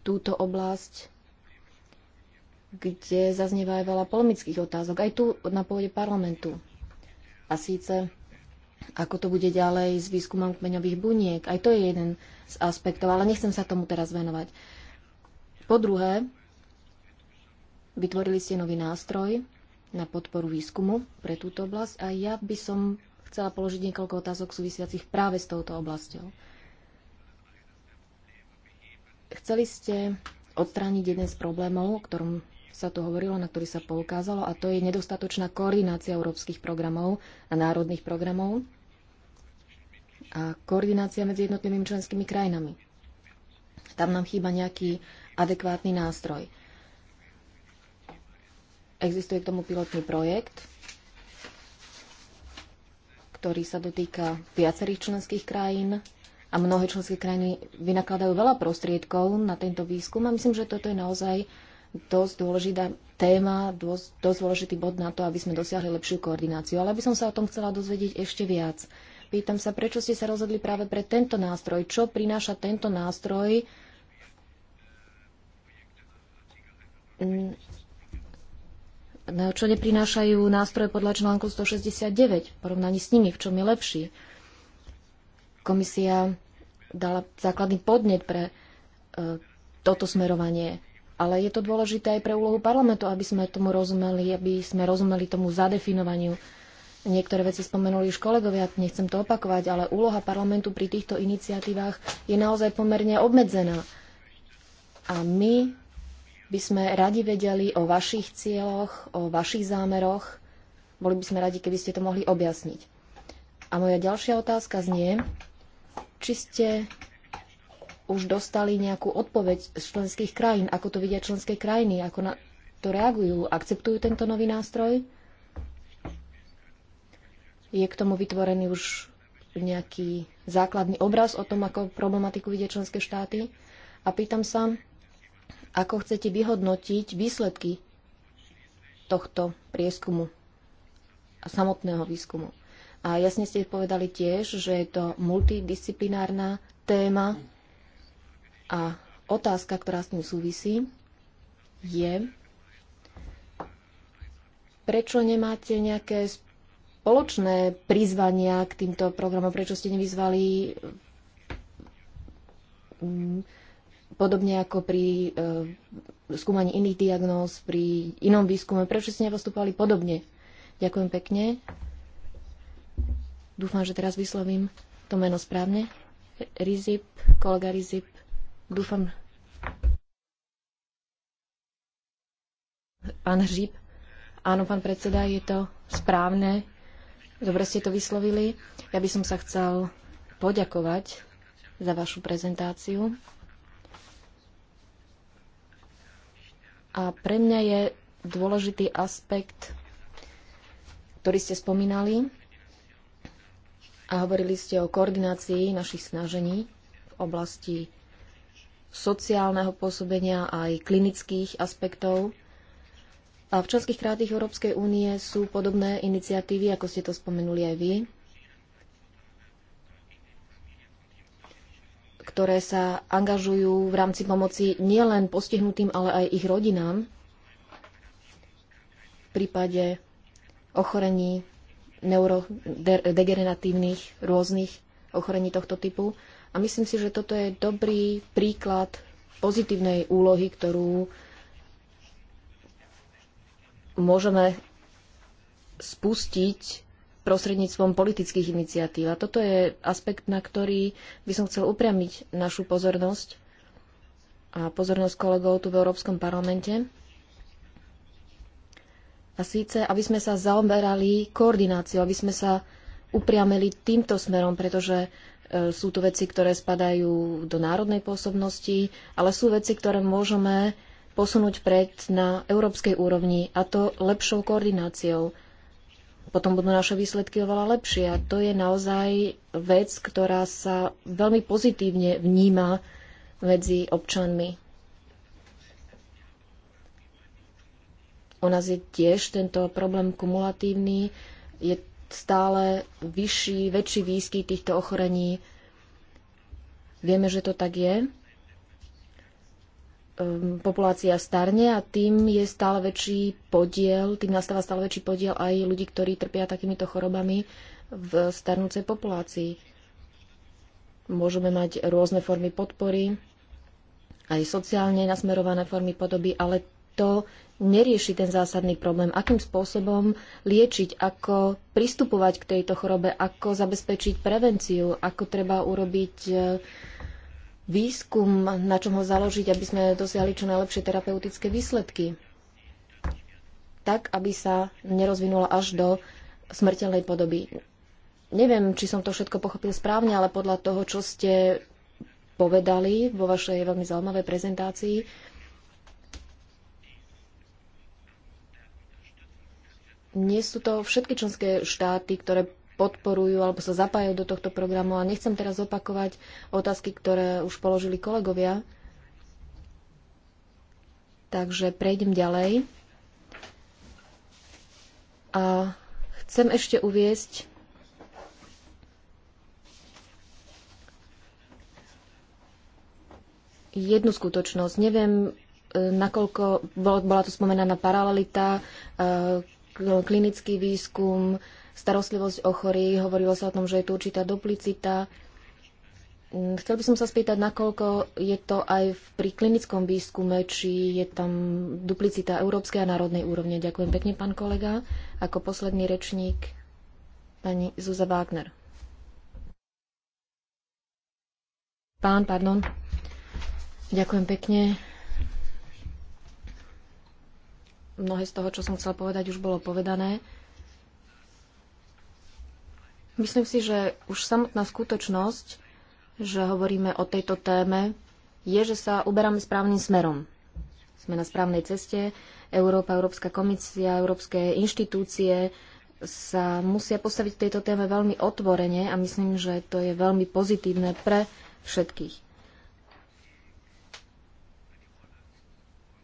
túto oblasť, kde zaznieva aj veľa polemických otázok, aj tu na pôde parlamentu. A síce, ako to bude ďalej s výskumom kmeňových buniek, aj to je jeden z aspektov, ale nechcem sa tomu teraz venovať. Po druhé, vytvorili ste nový nástroj na podporu výskumu pre túto oblasť a ja by som chcela položiť niekoľko otázok súvisiacich práve s touto oblasťou. Chceli ste odstrániť jeden z problémov, o ktorom sa tu hovorilo, na ktorý sa poukázalo, a to je nedostatočná koordinácia európskych programov a národných programov a koordinácia medzi jednotlivými členskými krajinami. Tam nám chýba nejaký adekvátny nástroj. Existuje k tomu pilotný projekt, ktorý sa dotýka viacerých členských krajín a mnohé členské krajiny vynakladajú veľa prostriedkov na tento výskum a myslím, že toto je naozaj dosť dôležitá téma, dosť, dosť dôležitý bod na to, aby sme dosiahli lepšiu koordináciu. Ale by som sa o tom chcela dozvedieť ešte viac. Pýtam sa, prečo ste sa rozhodli práve pre tento nástroj? Čo prináša tento nástroj čo neprinášajú nástroje podľa článku 169 v porovnaní s nimi, v čom je lepší. Komisia dala základný podnet pre e, toto smerovanie. Ale je to dôležité aj pre úlohu parlamentu, aby sme tomu rozumeli, aby sme rozumeli tomu zadefinovaniu. Niektoré veci spomenuli už kolegovia, nechcem to opakovať, ale úloha parlamentu pri týchto iniciatívach je naozaj pomerne obmedzená. A my by sme radi vedeli o vašich cieľoch, o vašich zámeroch. Boli by sme radi, keby ste to mohli objasniť. A moja ďalšia otázka znie, či ste už dostali nejakú odpoveď z členských krajín, ako to vidia členské krajiny, ako na to reagujú, akceptujú tento nový nástroj? Je k tomu vytvorený už nejaký základný obraz o tom, ako problematiku vidia členské štáty? A pýtam sa, ako chcete vyhodnotiť výsledky tohto prieskumu a samotného výskumu? A jasne ste povedali tiež, že je to multidisciplinárna téma a otázka, ktorá s tým súvisí, je, prečo nemáte nejaké spoločné prizvania k týmto programom, prečo ste nevyzvali mm, podobne ako pri e, skúmaní iných diagnóz, pri inom výskume, prečo ste nepostupovali podobne. Ďakujem pekne. Dúfam, že teraz vyslovím to meno správne. Rizip, kolega Rizip. Dúfam. Pán Hříb. Áno, pán predseda, je to správne. Dobre ste to vyslovili. Ja by som sa chcel poďakovať za vašu prezentáciu. A pre mňa je dôležitý aspekt, ktorý ste spomínali a hovorili ste o koordinácii našich snažení v oblasti sociálneho pôsobenia aj klinických aspektov. A v členských krátich Európskej únie sú podobné iniciatívy, ako ste to spomenuli aj vy, ktoré sa angažujú v rámci pomoci nielen postihnutým, ale aj ich rodinám v prípade ochorení neurodegeneratívnych rôznych ochorení tohto typu. A myslím si, že toto je dobrý príklad pozitívnej úlohy, ktorú môžeme spustiť prostredníctvom politických iniciatív. A toto je aspekt, na ktorý by som chcel upriamiť našu pozornosť a pozornosť kolegov tu v Európskom parlamente. A síce, aby sme sa zaoberali koordináciou, aby sme sa upriamili týmto smerom, pretože e, sú to veci, ktoré spadajú do národnej pôsobnosti, ale sú veci, ktoré môžeme posunúť pred na európskej úrovni, a to lepšou koordináciou potom budú naše výsledky oveľa lepšie. A to je naozaj vec, ktorá sa veľmi pozitívne vníma medzi občanmi. U nás je tiež tento problém kumulatívny, je stále vyšší, väčší výskyt týchto ochorení. Vieme, že to tak je. Um, populácia starne a tým je stále väčší podiel, tým nastáva stále väčší podiel aj ľudí, ktorí trpia takýmito chorobami v starnúcej populácii. Môžeme mať rôzne formy podpory, aj sociálne nasmerované formy podoby, ale to nerieši ten zásadný problém, akým spôsobom liečiť, ako pristupovať k tejto chorobe, ako zabezpečiť prevenciu, ako treba urobiť výskum, na čom ho založiť, aby sme dosiahli čo najlepšie terapeutické výsledky. Tak, aby sa nerozvinula až do smrteľnej podoby. Neviem, či som to všetko pochopil správne, ale podľa toho, čo ste povedali vo vašej veľmi zaujímavej prezentácii, nie sú to všetky členské štáty, ktoré podporujú alebo sa zapájajú do tohto programu. A nechcem teraz opakovať otázky, ktoré už položili kolegovia. Takže prejdem ďalej. A chcem ešte uviesť jednu skutočnosť. Neviem, e, nakoľko bola tu spomenaná paralelita, e, klinický výskum, starostlivosť o chorí, hovorilo sa o tom, že je tu určitá duplicita. Mm, Chcel by som sa spýtať, nakoľko je to aj pri klinickom výskume, či je tam duplicita európskej a národnej úrovne. Ďakujem pekne, pán kolega. Ako posledný rečník, pani Zuza Wagner. Pán, pardon. Ďakujem pekne. Mnohé z toho, čo som chcela povedať, už bolo povedané. Myslím si, že už samotná skutočnosť, že hovoríme o tejto téme, je, že sa uberáme správnym smerom. Sme na správnej ceste. Európa, Európska komisia, európske inštitúcie sa musia postaviť tejto téme veľmi otvorene a myslím, že to je veľmi pozitívne pre všetkých.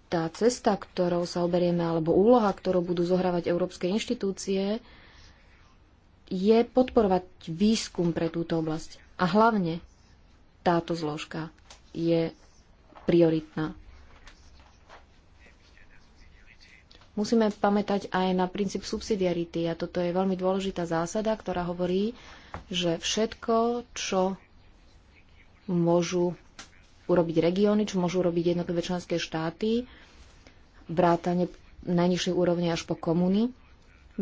tá cesta, ktorou sa oberieme, alebo úloha, ktorú budú zohrávať európske inštitúcie, je podporovať výskum pre túto oblasť. A hlavne táto zložka je prioritná. Musíme pamätať aj na princíp subsidiarity a toto je veľmi dôležitá zásada, ktorá hovorí, že všetko, čo môžu urobiť regióny, čo môžu urobiť jednotlivé členské štáty, vrátane najnižšej úrovne až po komuny,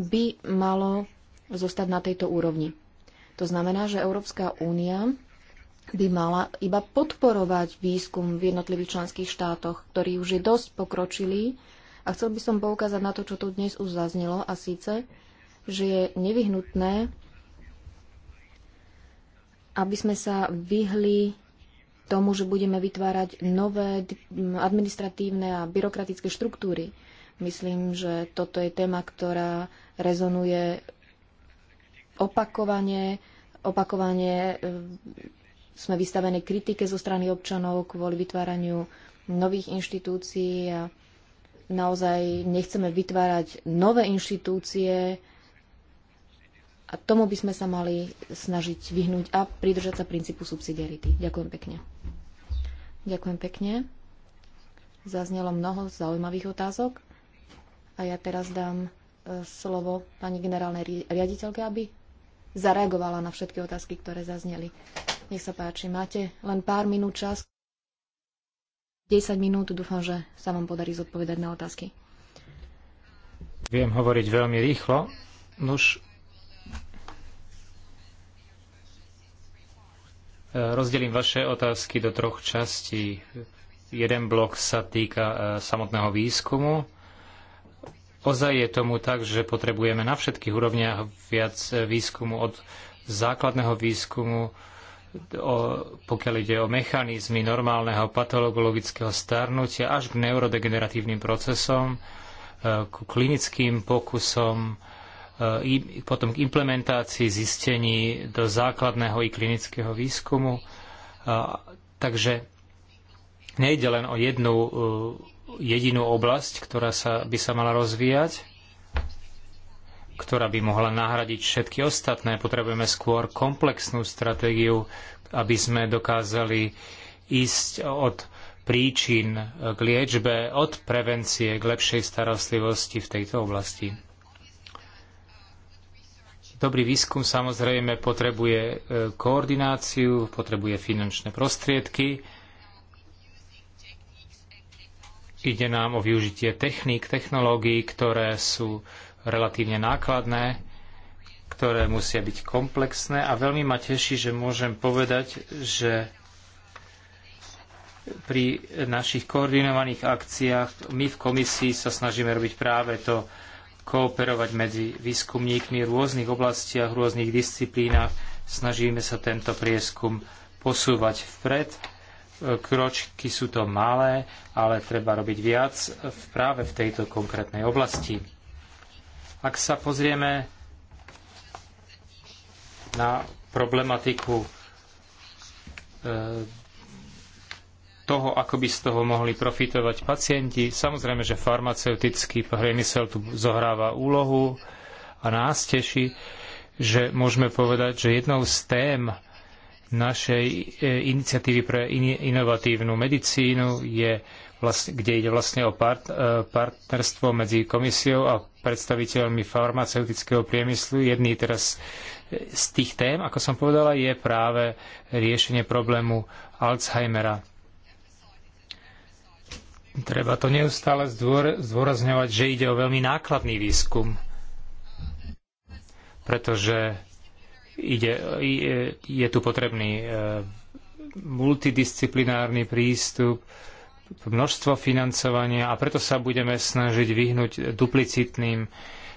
by malo zostať na tejto úrovni. To znamená, že Európska únia by mala iba podporovať výskum v jednotlivých členských štátoch, ktorí už je dosť pokročili. A chcel by som poukázať na to, čo tu dnes už zaznelo, a síce, že je nevyhnutné, aby sme sa vyhli tomu, že budeme vytvárať nové administratívne a byrokratické štruktúry. Myslím, že toto je téma, ktorá rezonuje opakovane, opakovane e, sme vystavení kritike zo strany občanov kvôli vytváraniu nových inštitúcií a naozaj nechceme vytvárať nové inštitúcie a tomu by sme sa mali snažiť vyhnúť a pridržať sa princípu subsidiarity. Ďakujem pekne. Ďakujem pekne. Zaznelo mnoho zaujímavých otázok a ja teraz dám e, slovo pani generálnej riaditeľke, aby zareagovala na všetky otázky, ktoré zazneli. Nech sa páči, máte len pár minút čas. 10 minút, dúfam, že sa vám podarí zodpovedať na otázky. Viem hovoriť veľmi rýchlo. Nuž, e, rozdelím vaše otázky do troch častí. Jeden blok sa týka e, samotného výskumu, Ozaj je tomu tak, že potrebujeme na všetkých úrovniach viac výskumu od základného výskumu, o, pokiaľ ide o mechanizmy normálneho patologologického starnutia až k neurodegeneratívnym procesom, e, ku klinickým pokusom, e, i potom k implementácii zistení do základného i klinického výskumu. Takže nejde len o jednu e, jedinú oblasť, ktorá sa, by sa mala rozvíjať, ktorá by mohla nahradiť všetky ostatné. Potrebujeme skôr komplexnú stratégiu, aby sme dokázali ísť od príčin k liečbe, od prevencie k lepšej starostlivosti v tejto oblasti. Dobrý výskum samozrejme potrebuje e, koordináciu, potrebuje finančné prostriedky, Ide nám o využitie techník, technológií, ktoré sú relatívne nákladné, ktoré musia byť komplexné a veľmi ma teší, že môžem povedať, že pri našich koordinovaných akciách my v komisii sa snažíme robiť práve to, kooperovať medzi výskumníkmi v rôznych oblastiach, v rôznych disciplínach. Snažíme sa tento prieskum posúvať vpred Kročky sú to malé, ale treba robiť viac práve v tejto konkrétnej oblasti. Ak sa pozrieme na problematiku e, toho, ako by z toho mohli profitovať pacienti. Samozrejme, že farmaceutický priemysel tu zohráva úlohu a nás teší, že môžeme povedať, že jednou z tém našej e, iniciatívy pre inovatívnu medicínu, je vlastne, kde ide vlastne o part, e, partnerstvo medzi komisiou a predstaviteľmi farmaceutického priemyslu. Jedný teraz e, z tých tém, ako som povedala, je práve riešenie problému Alzheimera. Treba to neustále zdôrazňovať, že ide o veľmi nákladný výskum, pretože Ide, je, je tu potrebný e, multidisciplinárny prístup, množstvo financovania a preto sa budeme snažiť vyhnúť duplicitným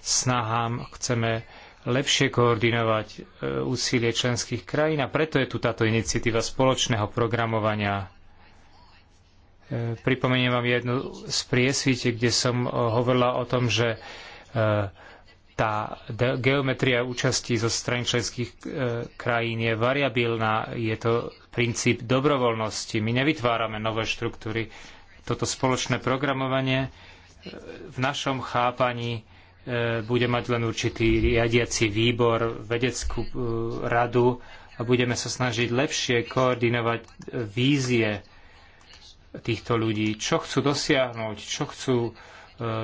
snahám. Chceme lepšie koordinovať e, úsilie členských krajín a preto je tu táto iniciatíva spoločného programovania. E, pripomeniem vám jednu z priesvite, kde som hovorila o tom, že tá geometria účasti zo strany členských e, krajín je variabilná, je to princíp dobrovoľnosti. My nevytvárame nové štruktúry. Toto spoločné programovanie e, v našom chápaní e, bude mať len určitý riadiaci výbor, vedeckú radu a budeme sa snažiť lepšie koordinovať vízie týchto ľudí, čo chcú dosiahnuť, čo chcú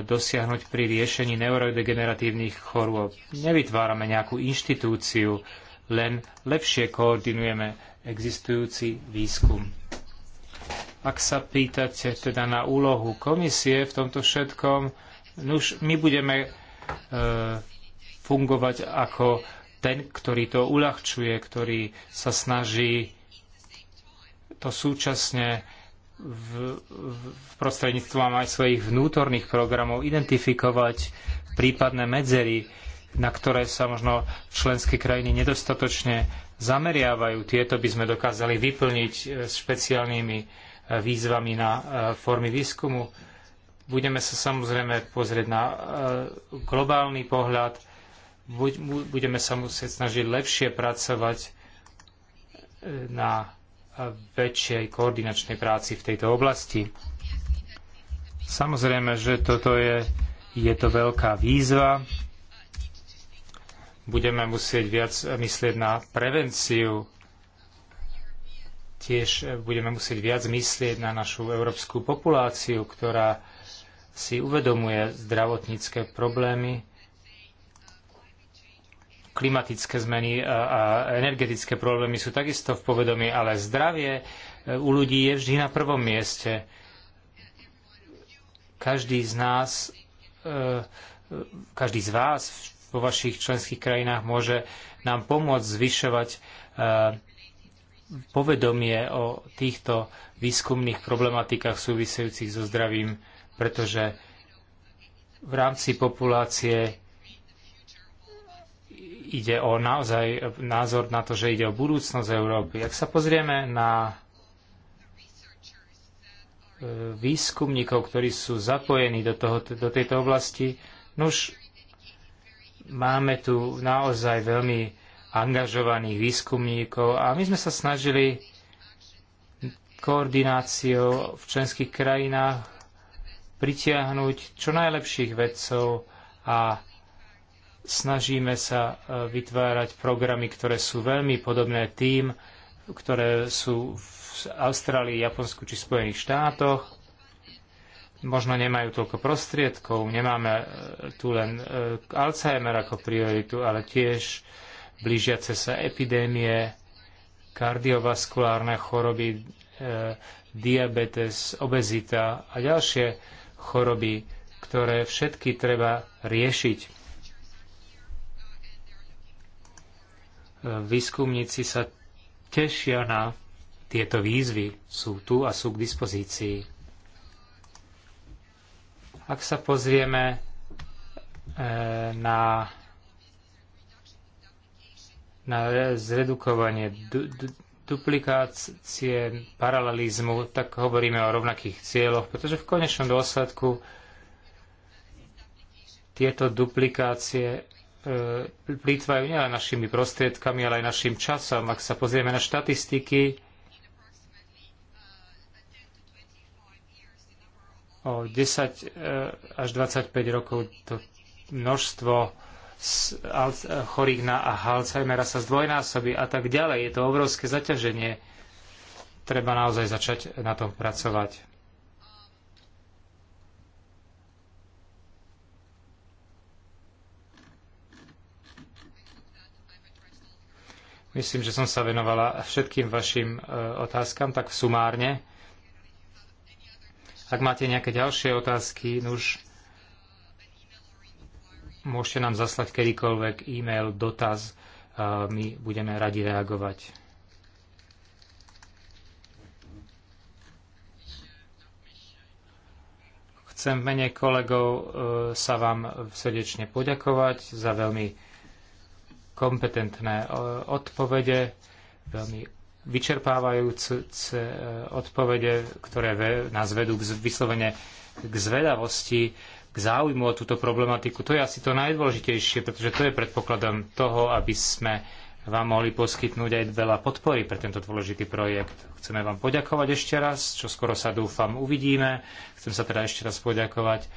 dosiahnuť pri riešení neurodegeneratívnych chorôb. Nevytvárame nejakú inštitúciu, len lepšie koordinujeme existujúci výskum. Ak sa pýtate teda na úlohu komisie v tomto všetkom, nuž my budeme e, fungovať ako ten, ktorý to uľahčuje, ktorý sa snaží to súčasne v, v prostredníctvom aj svojich vnútorných programov identifikovať prípadné medzery, na ktoré sa možno členské krajiny nedostatočne zameriavajú. Tieto by sme dokázali vyplniť e, špeciálnymi e, výzvami na e, formy výskumu. Budeme sa samozrejme pozrieť na globálny pohľad, budeme sa musieť snažiť lepšie pracovať na väčšej koordinačnej práci v tejto oblasti. Samozrejme, že toto je, je to veľká výzva. Budeme musieť viac myslieť na prevenciu. Tiež budeme musieť viac myslieť na našu európsku populáciu, ktorá si uvedomuje zdravotnícke problémy Klimatické zmeny a energetické problémy sú takisto v povedomí, ale zdravie e, u ľudí je vždy na prvom mieste. Každý z nás, e, každý z vás vo vašich členských krajinách môže nám pomôcť zvyšovať e, povedomie o týchto výskumných problematikách súvisejúcich so zdravím, pretože v rámci populácie ide o naozaj názor na to, že ide o budúcnosť Európy. Ak sa pozrieme na e, výskumníkov, ktorí sú zapojení do, toho, do tejto oblasti, nuž máme tu naozaj veľmi angažovaných výskumníkov a my sme sa snažili koordináciou v členských krajinách pritiahnuť čo najlepších vedcov a Snažíme sa e, vytvárať programy, ktoré sú veľmi podobné tým, ktoré sú v Austrálii, Japonsku či Spojených štátoch. Možno nemajú toľko prostriedkov, nemáme e, tu len e, Alzheimer ako prioritu, ale tiež blížiace sa epidémie, kardiovaskulárne choroby, diabetes, obezita a ďalšie choroby, ktoré všetky treba riešiť. Výskumníci sa tešia na tieto výzvy, sú tu a sú k dispozícii. Ak sa pozrieme e, na, na zredukovanie du, du, duplikácie paralelizmu, tak hovoríme o rovnakých cieľoch, pretože v konečnom dôsledku tieto duplikácie E, plýtvajú nielen našimi prostriedkami, ale aj našim časom. Ak sa pozrieme na štatistiky, o 10 e, až 25 rokov to množstvo e, chorých na Alzheimera sa zdvojnásobí a tak ďalej. Je to obrovské zaťaženie. Treba naozaj začať na tom pracovať. Myslím, že som sa venovala všetkým vašim e, otázkam tak sumárne. Ak máte nejaké ďalšie otázky, už môžete nám zaslať kedykoľvek e-mail, dotaz. A e, my budeme radi reagovať. chcem v mene kolegov e, sa vám srdečne poďakovať za veľmi kompetentné e, odpovede, veľmi vyčerpávajúce e, odpovede, ktoré nás vedú k vyslovene k zvedavosti, k záujmu o túto problematiku. To je asi to najdôležitejšie, pretože to je predpokladom toho, aby sme vám mohli poskytnúť aj veľa podpory pre tento dôležitý projekt. Chceme vám poďakovať ešte raz, čo skoro sa dúfam uvidíme. Chcem sa teda ešte raz poďakovať.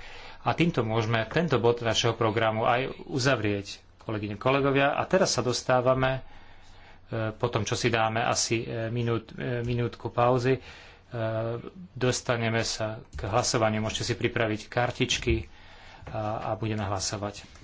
A týmto môžeme tento bod našeho programu aj uzavrieť kolegyne, kolegovia. A teraz sa dostávame, e, po tom, čo si dáme asi e, minút, e, minútku pauzy, dostaneme sa k hlasovaniu. Môžete si pripraviť kartičky a, a budeme hlasovať.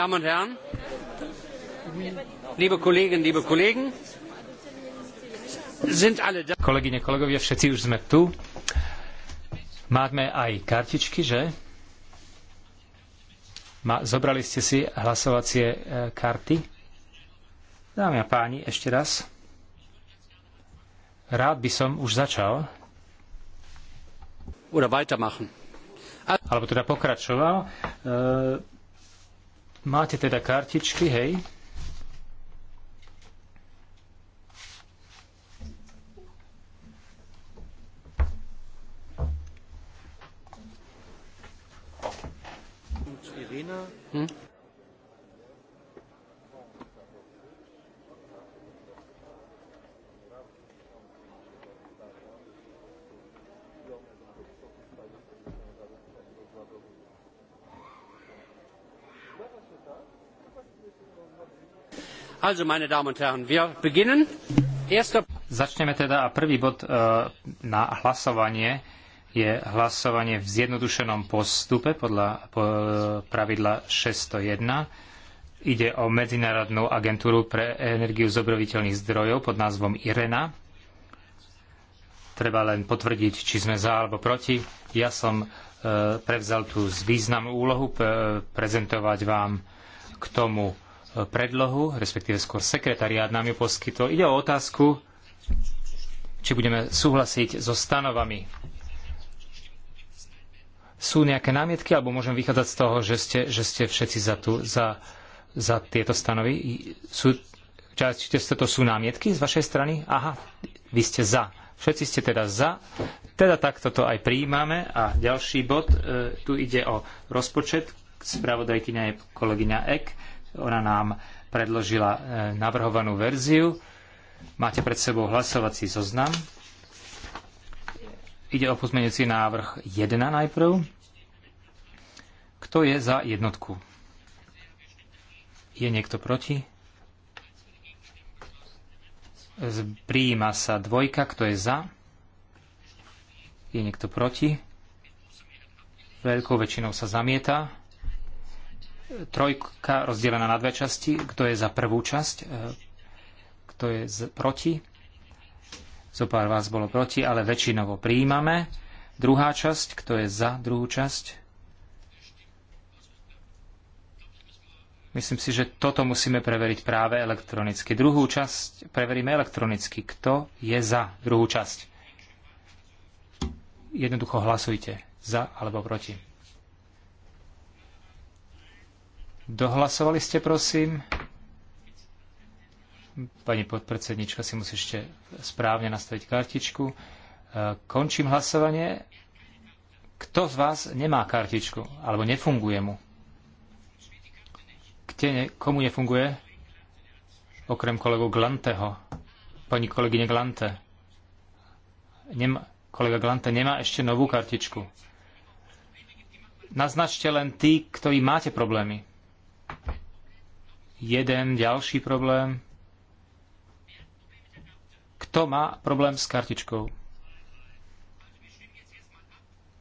Damen und Herren, liebe Kolleginnen, liebe Kollegen, sind alle da. Kolegyne, kolegovia, všetci už sme tu. Máme aj kartičky, že? Ma, zobrali ste si hlasovacie e, karty? Dámy a páni, ešte raz. Rád by som už začal. Oder weitermachen. Alebo teda pokračoval. E, Máte teda kartičky, hej? Hm? Also, meine Damen und Herren, wir beginnen. Erster... Začneme teda a prvý bod e, na hlasovanie je hlasovanie v zjednodušenom postupe podľa e, pravidla 601. Ide o Medzinárodnú agentúru pre energiu z obnoviteľných zdrojov pod názvom IRENA. Treba len potvrdiť, či sme za alebo proti. Ja som e, prevzal tú významnú úlohu prezentovať vám k tomu predlohu, respektíve skôr sekretariát nám ju poskytol. Ide o otázku, či budeme súhlasiť so stanovami. Sú nejaké námietky, alebo môžem vychádzať z toho, že ste, že ste všetci za, tu, za, za tieto stanovy? Sú, či to sú námietky z vašej strany? Aha, vy ste za. Všetci ste teda za. Teda takto to aj prijímame. A ďalší bod, e, tu ide o rozpočet. Spravodajkyňa je kolegyňa Ek. Ona nám predložila e, navrhovanú verziu. Máte pred sebou hlasovací zoznam. Ide o pozmeňujúci návrh 1 najprv. Kto je za jednotku? Je niekto proti? Prijíma sa dvojka. Kto je za? Je niekto proti? Veľkou väčšinou sa zamieta. Trojka rozdelená na dve časti. Kto je za prvú časť? E, kto je z, proti? Zopár vás bolo proti, ale väčšinovo príjmame. Druhá časť. Kto je za druhú časť? Myslím si, že toto musíme preveriť práve elektronicky. Druhú časť preveríme elektronicky. Kto je za druhú časť? Jednoducho hlasujte. Za alebo proti. Dohlasovali ste, prosím? Pani podpredsednička si musí ešte správne nastaviť kartičku. E, končím hlasovanie. Kto z vás nemá kartičku? Alebo nefunguje mu? Kde ne, komu nefunguje? Okrem kolegu Glanteho. Pani kolegyne Glante. Nema, kolega Glante nemá ešte novú kartičku naznačte len tí, ktorí máte problémy. Jeden ďalší problém. Kto má problém s kartičkou?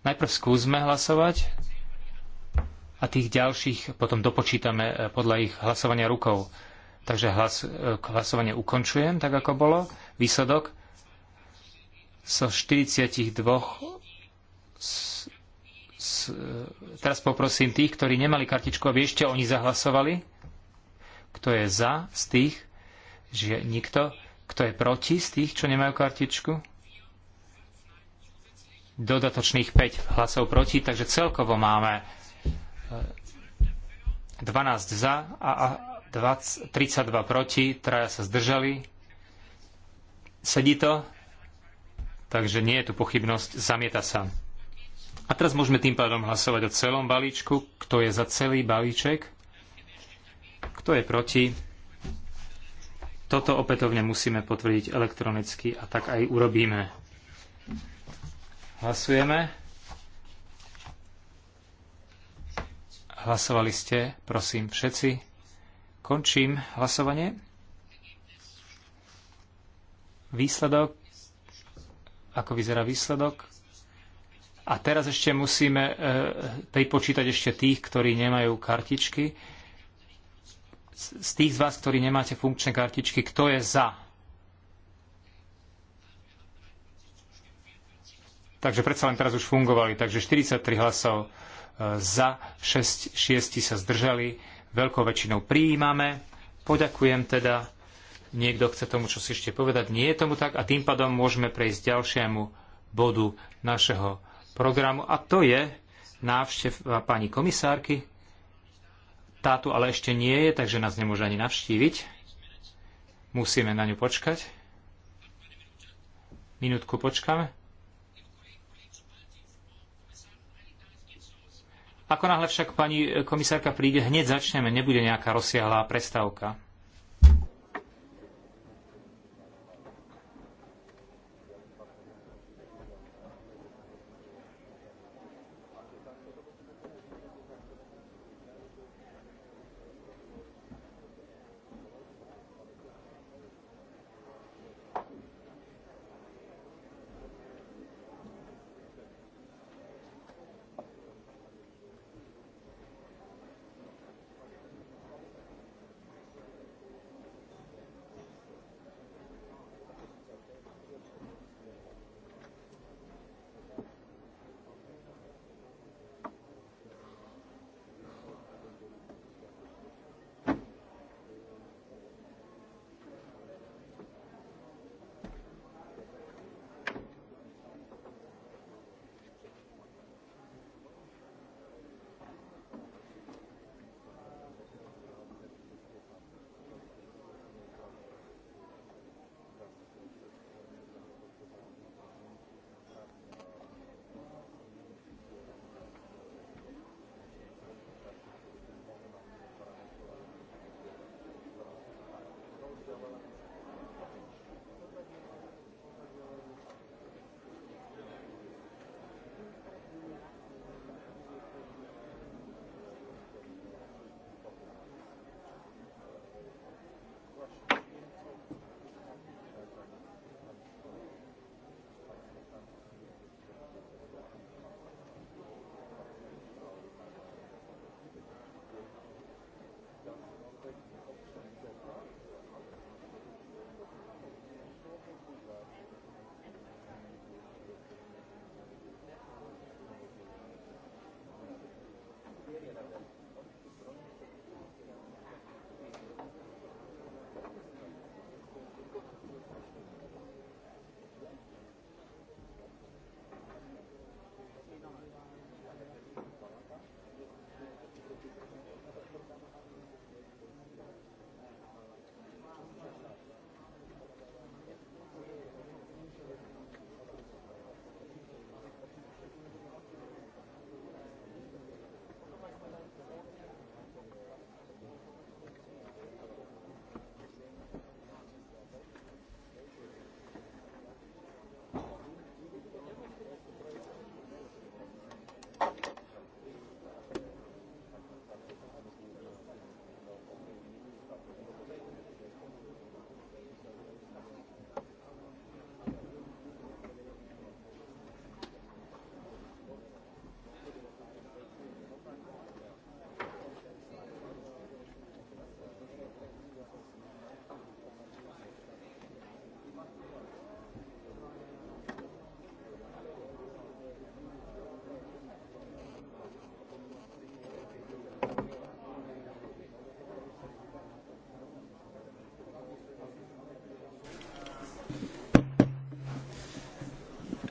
Najprv skúsme hlasovať a tých ďalších potom dopočítame eh, podľa ich hlasovania rukou. Takže hlas, eh, hlasovanie ukončujem, tak ako bolo. Výsledok so 42 E, teraz poprosím tých, ktorí nemali kartičku, aby ešte oni zahlasovali. Kto je za z tých, že nikto. Kto je proti z tých, čo nemajú kartičku? Dodatočných 5 hlasov proti, takže celkovo máme 12 e, za a 20, 32 proti, traja sa zdržali. Sedí to? Takže nie je tu pochybnosť, zamieta sa. A teraz môžeme tým pádom hlasovať o celom balíčku. Kto je za celý balíček? Kto je proti? Toto opätovne musíme potvrdiť elektronicky a tak aj urobíme. Hlasujeme. Hlasovali ste, prosím, všetci. Končím hlasovanie. Výsledok. Ako vyzerá výsledok? A teraz ešte musíme e, pripočítať ešte tých, ktorí nemajú kartičky. Z tých z vás, ktorí nemáte funkčné kartičky, kto je za? Takže predsa len teraz už fungovali. Takže 43 hlasov e, za, 6, 6 sa zdržali. Veľkou väčšinou prijímame. Poďakujem teda. Niekto chce tomu, čo si ešte povedať. Nie je tomu tak a tým pádom môžeme prejsť ďalšiemu bodu našeho programu a to je návšteva pani komisárky. Táto ale ešte nie je, takže nás nemôže ani navštíviť. Musíme na ňu počkať. Minútku počkáme. Ako náhle však pani komisárka príde, hneď začneme, nebude nejaká rozsiahlá prestávka.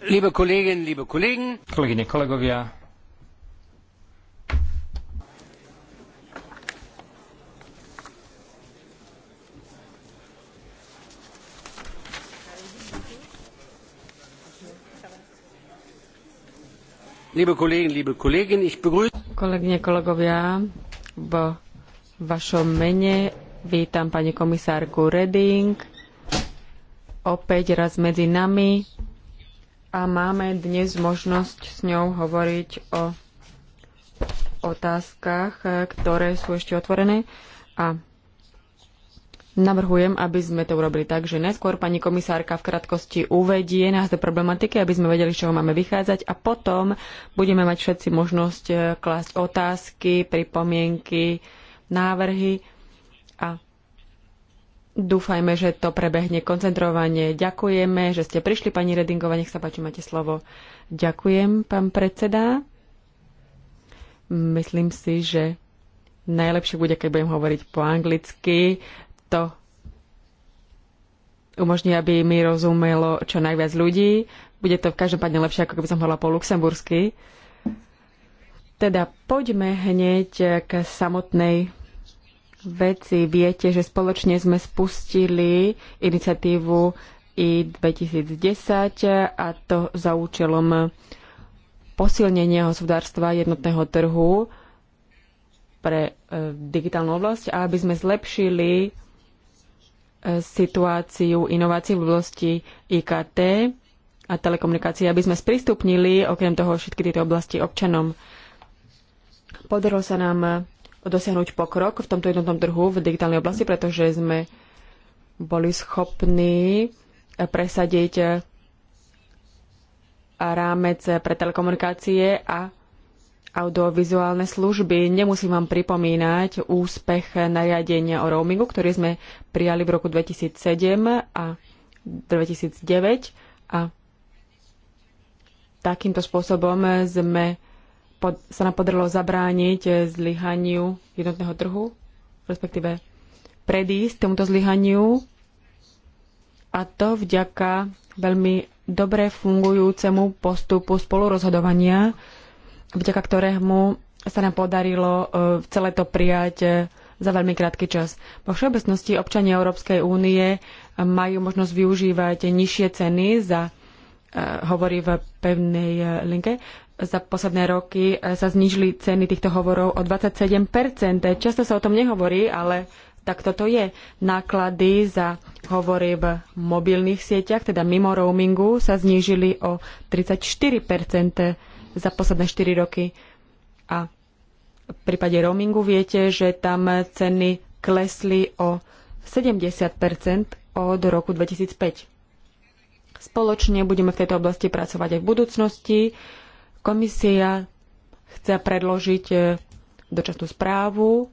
Liebe Kolleginnen, liebe Kollegen. Kolegyne, kolegovia. Liebe Kolleginnen, liebe Kollegen, ich begrüße... Kolegyne, kolegovia, v vašom mene vítam pani komisárku Reding opäť raz medzi nami a máme dnes možnosť s ňou hovoriť o otázkach, ktoré sú ešte otvorené a navrhujem, aby sme to urobili tak, že neskôr pani komisárka v krátkosti uvedie nás do problematiky, aby sme vedeli, z čoho máme vychádzať a potom budeme mať všetci možnosť eh, klásť otázky, pripomienky, návrhy a Dúfajme, že to prebehne koncentrovanie. Ďakujeme, že ste prišli, pani Redingova. Nech sa páči, máte slovo. Ďakujem, pán predseda. Myslím si, že najlepšie bude, keď budem hovoriť po anglicky. To umožní, aby mi rozumelo čo najviac ľudí. Bude to v každom padne lepšie, ako keby som hovorila po luxembursky. Teda poďme hneď k samotnej veci. Viete, že spoločne sme spustili iniciatívu i 2010 a to za účelom posilnenia hospodárstva jednotného trhu pre e, digitálnu oblasť a aby sme zlepšili e, situáciu inovácií v oblasti IKT a telekomunikácií, aby sme sprístupnili okrem toho všetky tieto oblasti občanom. Podarilo sa nám dosiahnuť pokrok v tomto jednotnom trhu v digitálnej oblasti, pretože sme boli schopní presadiť rámec pre telekomunikácie a audiovizuálne služby. Nemusím vám pripomínať úspech nariadenia o roamingu, ktorý sme prijali v roku 2007 a 2009 a takýmto spôsobom sme pod, sa nám podarilo zabrániť eh, zlyhaniu jednotného trhu, respektíve predísť tomuto zlyhaniu a to vďaka veľmi dobre fungujúcemu postupu spolurozhodovania, vďaka ktorému sa nám podarilo eh, celé to prijať eh, za veľmi krátky čas. Vo všeobecnosti občania Európskej únie majú možnosť využívať nižšie ceny za hovorí v pevnej linke, za posledné roky e, sa znížili ceny týchto hovorov o 27 Často sa o tom nehovorí, ale tak toto je. Náklady za hovory v mobilných sieťach, teda mimo roamingu, sa znížili o 34 za posledné 4 roky. A v prípade roamingu viete, že tam ceny klesli o 70 od roku 2005. Spoločne budeme v tejto oblasti pracovať aj v budúcnosti Komisia chce predložiť e, dočasnú správu,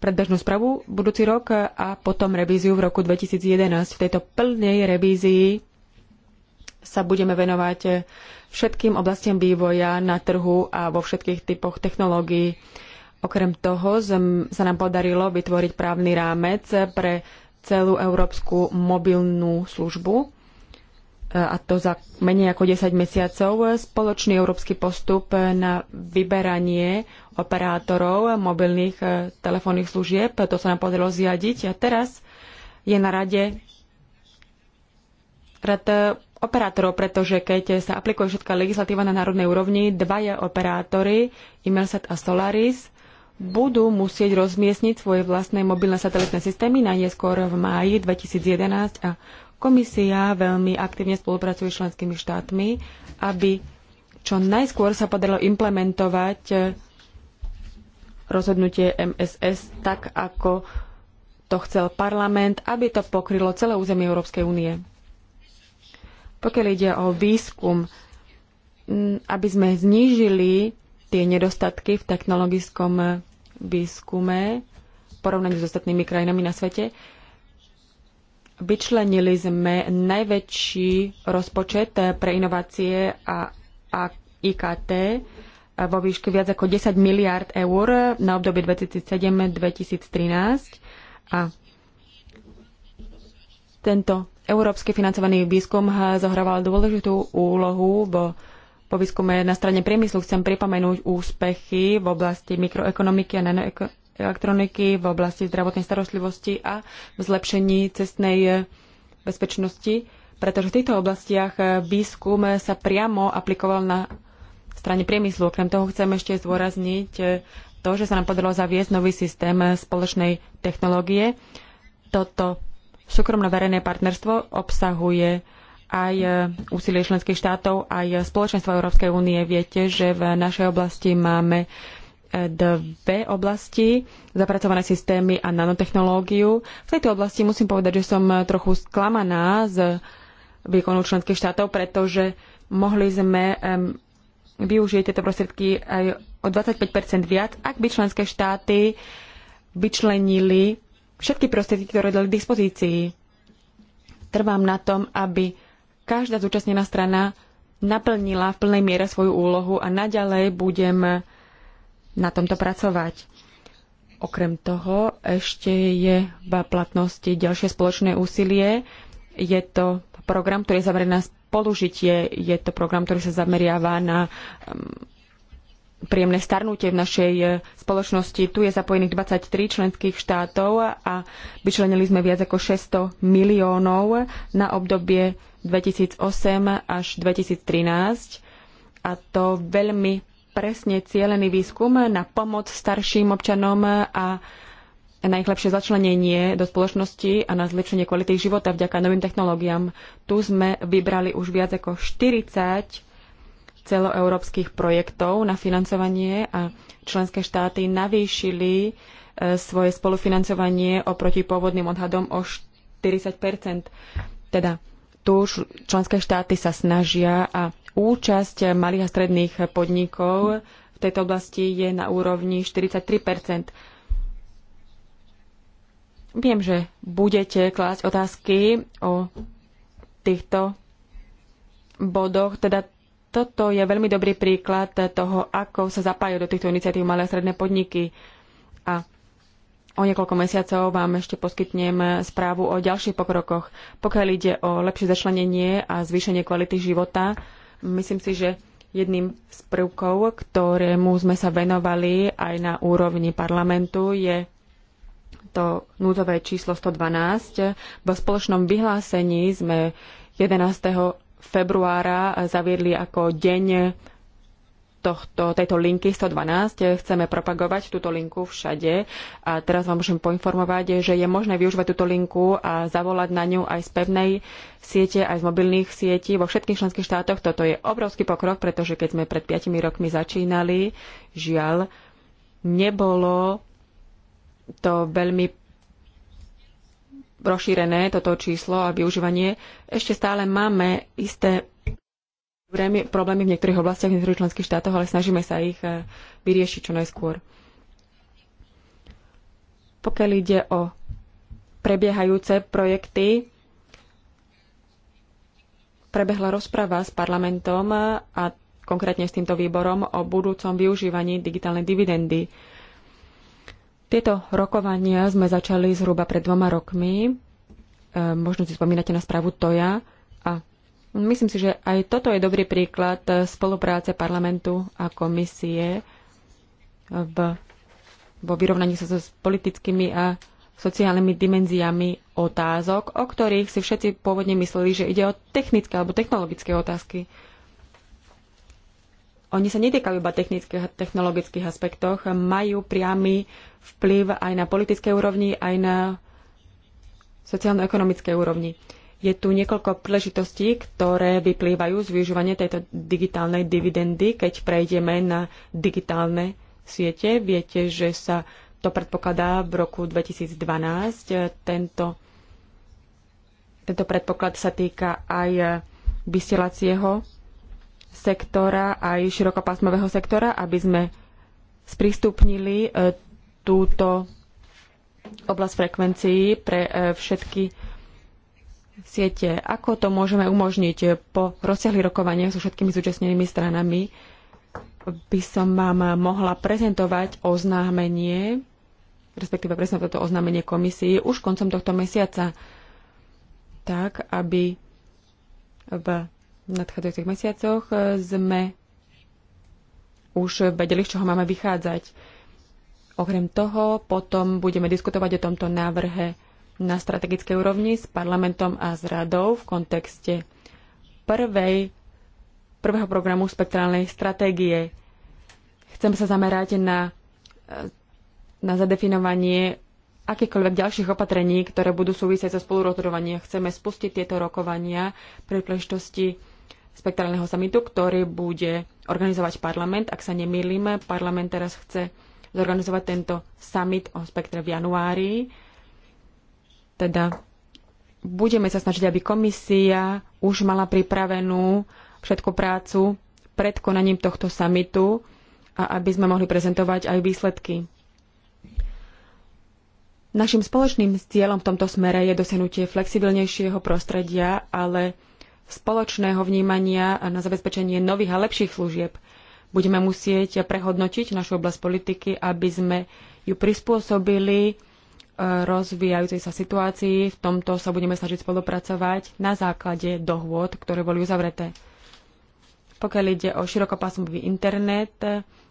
predbežnú správu budúci rok a potom revíziu v roku 2011. V tejto plnej revízii sa budeme venovať e, všetkým oblastiam vývoja na trhu a vo všetkých typoch technológií. Okrem toho sa nám podarilo vytvoriť právny rámec pre celú európsku mobilnú službu E, a to za menej ako 10 mesiacov, spoločný európsky postup na vyberanie operátorov mobilných e, telefónnych služieb. To sa nám podarilo zjadiť a teraz je na rade rad e, operátorov, pretože keď sa aplikuje všetká legislatíva na národnej úrovni, dvaja operátory, Imelsat a Solaris, budú musieť rozmiestniť svoje vlastné mobilné satelitné systémy najskôr v máji 2011 a Komisia veľmi aktívne spolupracuje s členskými štátmi, aby čo najskôr sa podarilo implementovať eh, rozhodnutie MSS tak, ako to chcel parlament, aby to pokrylo celé územie Európskej únie. Pokiaľ ide o výskum, mm, aby sme znížili tie nedostatky v technologickom eh, výskume v porovnaní s ostatnými krajinami na svete, Vyčlenili sme najväčší rozpočet pre inovácie a, a IKT vo výške viac ako 10 miliard eur na obdobie 2007-2013 a tento európsky financovaný výskum zohrával dôležitú úlohu vo, po výskume na strane priemyslu. Chcem pripomenúť úspechy v oblasti mikroekonomiky a nanoekonomiky elektroniky v oblasti zdravotnej starostlivosti a v zlepšení cestnej eh, bezpečnosti, pretože v týchto oblastiach eh, výskum eh, sa priamo aplikoval na strane priemyslu. Okrem toho chcem ešte zdôrazniť to, že sa nám podarilo zaviesť nový systém spoločnej technológie. Toto súkromno-verejné partnerstvo obsahuje aj úsilie členských štátov, aj spoločenstvo Európskej únie. Viete, že v našej oblasti máme dve oblasti, zapracované systémy a nanotechnológiu. V tejto oblasti musím povedať, že som trochu sklamaná z výkonu členských štátov, pretože mohli sme využiť tieto prostriedky aj o 25 viac, ak by členské štáty vyčlenili všetky prostriedky, ktoré dali k dispozícii. Trvám na tom, aby každá zúčastnená strana naplnila v plnej miere svoju úlohu a naďalej budem na tomto pracovať. Okrem toho ešte je v platnosti ďalšie spoločné úsilie. Je to program, ktorý je zameraný na spolužitie. Je to program, ktorý sa zameriava na um, príjemné starnutie v našej e, spoločnosti. Tu je zapojených 23 členských štátov a vyčlenili sme viac ako 600 miliónov na obdobie 2008 až 2013 a to veľmi presne cielený výskum na pomoc starším občanom a na ich lepšie začlenenie do spoločnosti a na zlepšenie kvality ich života vďaka novým technológiám. Tu sme vybrali už viac ako 40 celoeurópskych projektov na financovanie a členské štáty navýšili e, svoje spolufinancovanie oproti pôvodným odhadom o 40 Teda tu členské štáty sa snažia a účasť malých a stredných podnikov v tejto oblasti je na úrovni 43 Viem, že budete klásť otázky o týchto bodoch, teda toto je veľmi dobrý príklad toho, ako sa zapájajú do týchto iniciatív malé a stredné podniky. A o niekoľko mesiacov vám ešte poskytnem správu o ďalších pokrokoch. Pokiaľ ide o lepšie začlenenie a zvýšenie kvality života Myslím si, že jedným z prvkov, ktorému sme sa venovali aj na úrovni parlamentu, je to núdzové číslo 112. Vo spoločnom vyhlásení sme 11. februára zaviedli ako deň tohto, tejto linky 112. Chceme propagovať túto linku všade. A teraz vám môžem poinformovať, že je možné využívať túto linku a zavolať na ňu aj z pevnej siete, aj z mobilných sietí vo všetkých členských štátoch. Toto je obrovský pokrok, pretože keď sme pred 5 rokmi začínali, žiaľ, nebolo to veľmi rozšírené, toto číslo a využívanie. Ešte stále máme isté problémy v niektorých oblastiach, v niektorých členských štátoch, ale snažíme sa ich eh, vyriešiť čo najskôr. Pokiaľ ide o prebiehajúce projekty, prebehla rozprava s parlamentom eh, a konkrétne s týmto výborom o budúcom využívaní digitálnej dividendy. Tieto rokovania sme začali zhruba pred dvoma rokmi. Eh, možno si spomínate na správu TOJA Myslím si, že aj toto je dobrý príklad eh, spolupráce parlamentu a komisie eh, v, vo vyrovnaní sa so s politickými a sociálnymi dimenziami otázok, o ktorých si všetci pôvodne mysleli, že ide o technické alebo technologické otázky. Oni sa netýkajú iba technických a technologických aspektoch, majú priamy vplyv aj na politickej úrovni, aj na sociálno-ekonomickej úrovni. Je tu niekoľko príležitostí, ktoré vyplývajú z využívania tejto digitálnej dividendy, keď prejdeme na digitálne siete. Viete, že sa to predpokladá v roku 2012. Tento, tento predpoklad sa týka aj vysielacieho sektora, aj širokopásmového sektora, aby sme sprístupnili e, túto oblasť frekvencií pre e, všetky siete. Ako to môžeme umožniť po rozsiahlých rokovaniach so všetkými zúčastnenými stranami? By som vám mohla prezentovať oznámenie, respektíve presne toto oznámenie komisii už koncom tohto mesiaca, tak aby v nadchádzajúcich mesiacoch sme už vedeli, z čoho máme vychádzať. Okrem toho potom budeme diskutovať o tomto návrhe na strategickej úrovni s parlamentom a s radou v kontexte prvej, prvého programu spektrálnej stratégie. Chcem sa zamerať na, na zadefinovanie akýchkoľvek ďalších opatrení, ktoré budú súvisieť so spolurozhodovaním. Chceme spustiť tieto rokovania pri príležitosti spektrálneho samitu, ktorý bude organizovať parlament. Ak sa nemýlime, parlament teraz chce zorganizovať tento summit o spektre v januári teda budeme sa snažiť, aby komisia už mala pripravenú všetku prácu pred konaním tohto samitu a aby sme mohli prezentovať aj výsledky. Našim spoločným cieľom v tomto smere je dosiahnutie flexibilnejšieho prostredia, ale spoločného vnímania na zabezpečenie nových a lepších služieb. Budeme musieť prehodnotiť našu oblasť politiky, aby sme ju prispôsobili rozvíjajúcej sa situácii. V tomto sa budeme snažiť spolupracovať na základe dohôd, ktoré boli uzavreté. Pokiaľ ide o širokopásmový internet,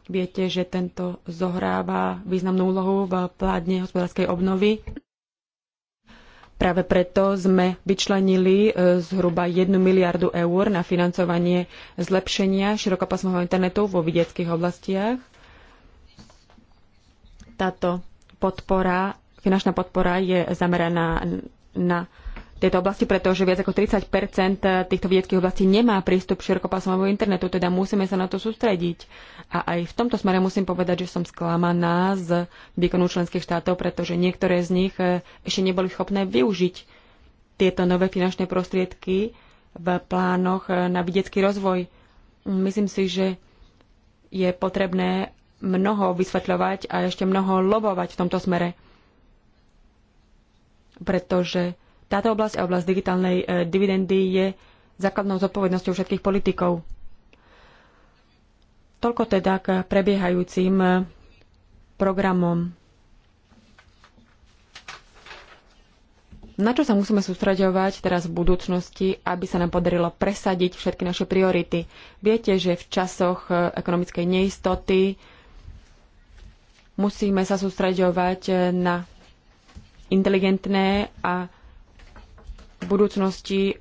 viete, že tento zohráva významnú úlohu v pládne hospodárskej obnovy. Práve preto sme vyčlenili e, zhruba 1 miliardu eur na financovanie zlepšenia širokopásmového internetu vo vidieckých oblastiach. Táto podpora finančná podpora je zameraná na tejto oblasti, pretože viac ako 30 týchto vedeckých oblastí nemá prístup k širokopásmovému internetu, teda musíme sa na to sústrediť. A aj v tomto smere musím povedať, že som sklamaná z výkonu členských štátov, pretože niektoré z nich eh, ešte neboli schopné využiť tieto nové finančné prostriedky v plánoch eh, na vedecký rozvoj. Myslím si, že je potrebné mnoho vysvetľovať a ešte mnoho lobovať v tomto smere pretože táto oblasť a oblasť digitálnej e, dividendy je základnou zodpovednosťou všetkých politikov. Toľko teda k prebiehajúcim e, programom. Na čo sa musíme sústraďovať teraz v budúcnosti, aby sa nám podarilo presadiť všetky naše priority? Viete, že v časoch e, ekonomickej neistoty musíme sa sústraďovať na inteligentné a v budúcnosti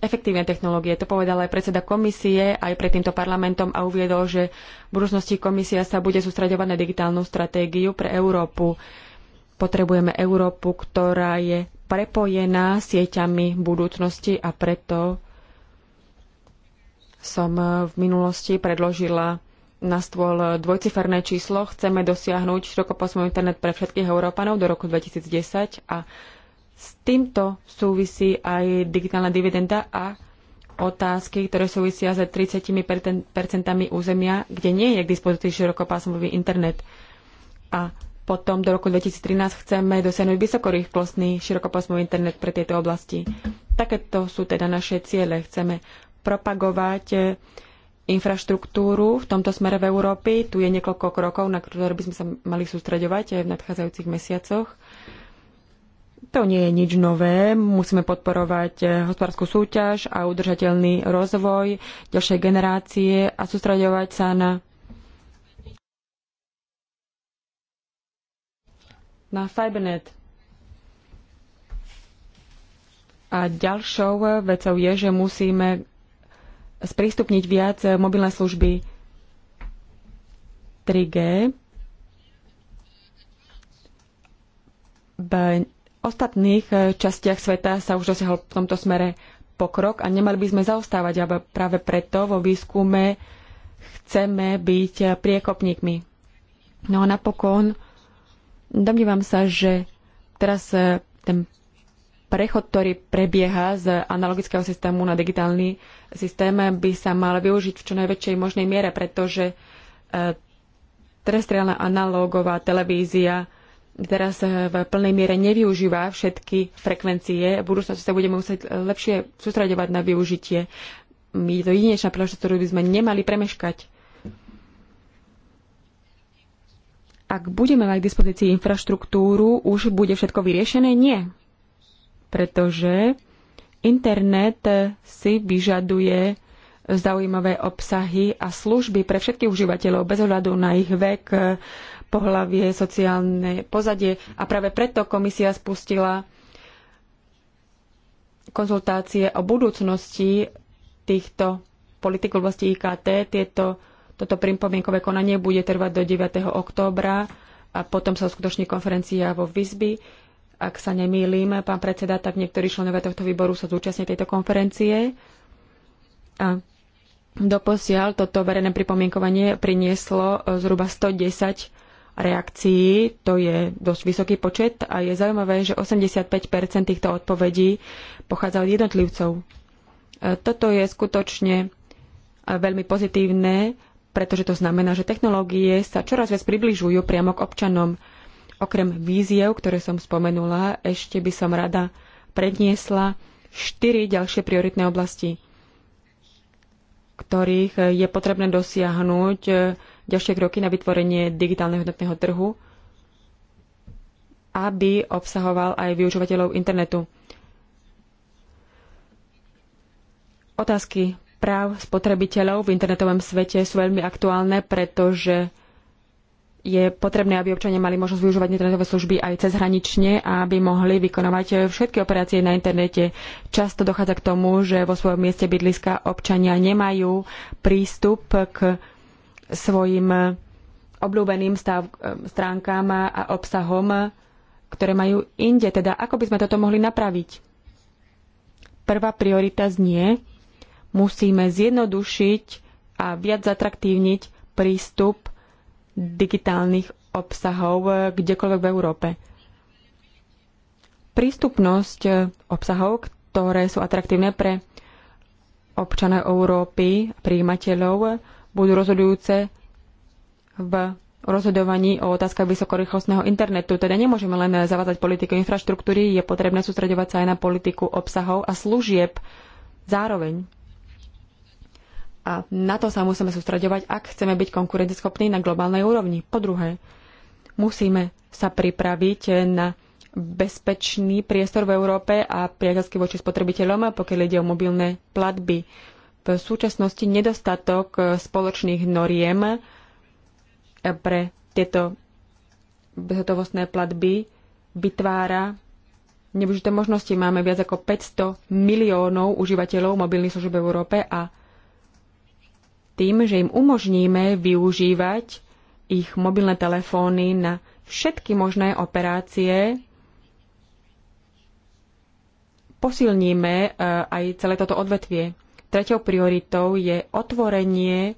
efektívne technológie. To povedal aj predseda komisie aj pred týmto parlamentom a uviedol, že v budúcnosti komisia sa bude sústraďovať na digitálnu stratégiu pre Európu. Potrebujeme Európu, ktorá je prepojená sieťami budúcnosti a preto som v minulosti predložila na stôl dvojciferné číslo. Chceme dosiahnuť širokopásmový internet pre všetkých Európanov do roku 2010 a s týmto súvisí aj digitálna dividenda a otázky, ktoré súvisia s 30 percentami územia, kde nie je k dispozícii širokopásmový internet. A potom do roku 2013 chceme dosiahnuť vysokorýchlostný širokopásmový internet pre tieto oblasti. Takéto sú teda naše ciele. Chceme propagovať infraštruktúru v tomto smere v Európy. Tu je niekoľko krokov, na ktoré by sme sa mali sústreďovať aj v nadchádzajúcich mesiacoch. To nie je nič nové. Musíme podporovať eh, hospodárskú súťaž a udržateľný rozvoj ďalšej generácie a sústreďovať sa na na Cybernet. A ďalšou vecou je, že musíme sprístupniť viac eh, mobilné služby 3G. V ostatných eh, častiach sveta sa už dosiahol v tomto smere pokrok a nemali by sme zaostávať, ale práve preto vo výskume chceme byť eh, priekopníkmi. No a napokon domnívam sa, že teraz ten prechod, ktorý prebieha z analogického systému na digitálny systém, by sa mal využiť v čo najväčšej možnej miere, pretože e, terestriálna analógová televízia teraz e, v plnej miere nevyužíva všetky frekvencie. V budúcnosti sa budeme musieť e, lepšie sústredovať na využitie. Je to jedinečná príležitosť, ktorú by sme nemali premeškať. Ak budeme mať k dispozícii infraštruktúru, už bude všetko vyriešené? Nie pretože internet si vyžaduje zaujímavé obsahy a služby pre všetkých užívateľov bez ohľadu na ich vek, pohlavie, sociálne pozadie. A práve preto komisia spustila konzultácie o budúcnosti týchto politik v oblasti IKT. Tieto, toto pripomienkové konanie bude trvať do 9. októbra a potom sa uskutoční konferencia vo Vizby ak sa nemýlim, pán predseda, tak niektorí členovia tohto výboru sa zúčastnia tejto konferencie. A doposiaľ toto verejné pripomienkovanie prinieslo e, zhruba 110 reakcií, to je dosť vysoký počet a je zaujímavé, že 85 týchto odpovedí pochádza od jednotlivcov. E, toto je skutočne e, veľmi pozitívne, pretože to znamená, že technológie sa čoraz viac približujú priamo k občanom Okrem víziev, ktoré som spomenula, ešte by som rada predniesla štyri ďalšie prioritné oblasti, ktorých je potrebné dosiahnuť e, ďalšie kroky na vytvorenie digitálneho hodnotného trhu, aby obsahoval aj využívateľov internetu. Otázky práv spotrebiteľov v internetovom svete sú veľmi aktuálne, pretože je potrebné, aby občania mali možnosť využívať internetové služby aj cezhranične a aby mohli vykonávať všetky operácie na internete. Často dochádza k tomu, že vo svojom mieste bydliska občania nemajú prístup k svojim obľúbeným stav, stránkám a obsahom, ktoré majú inde. Teda ako by sme toto mohli napraviť? Prvá priorita znie, musíme zjednodušiť a viac zatraktívniť prístup digitálnych obsahov eh, kdekoľvek v Európe. Prístupnosť eh, obsahov, ktoré sú atraktívne pre občanov Európy, príjimateľov, eh, budú rozhodujúce v rozhodovaní o otázkach vysokorýchlostného internetu. Teda nemôžeme len zavádzať politiku infraštruktúry, je potrebné sústredovať sa aj na politiku obsahov a služieb zároveň. A na to sa musíme sústredovať, ak chceme byť konkurenceschopní na globálnej úrovni. Po druhé, musíme sa pripraviť na bezpečný priestor v Európe a priateľský voči spotrebiteľom, pokiaľ ide o mobilné platby. V súčasnosti nedostatok spoločných noriem pre tieto bezhotovostné platby vytvára nevyžité možnosti. Máme viac ako 500 miliónov užívateľov mobilných služieb v Európe a tým, že im umožníme využívať ich mobilné telefóny na všetky možné operácie, posilníme e, aj celé toto odvetvie. Tretou prioritou je otvorenie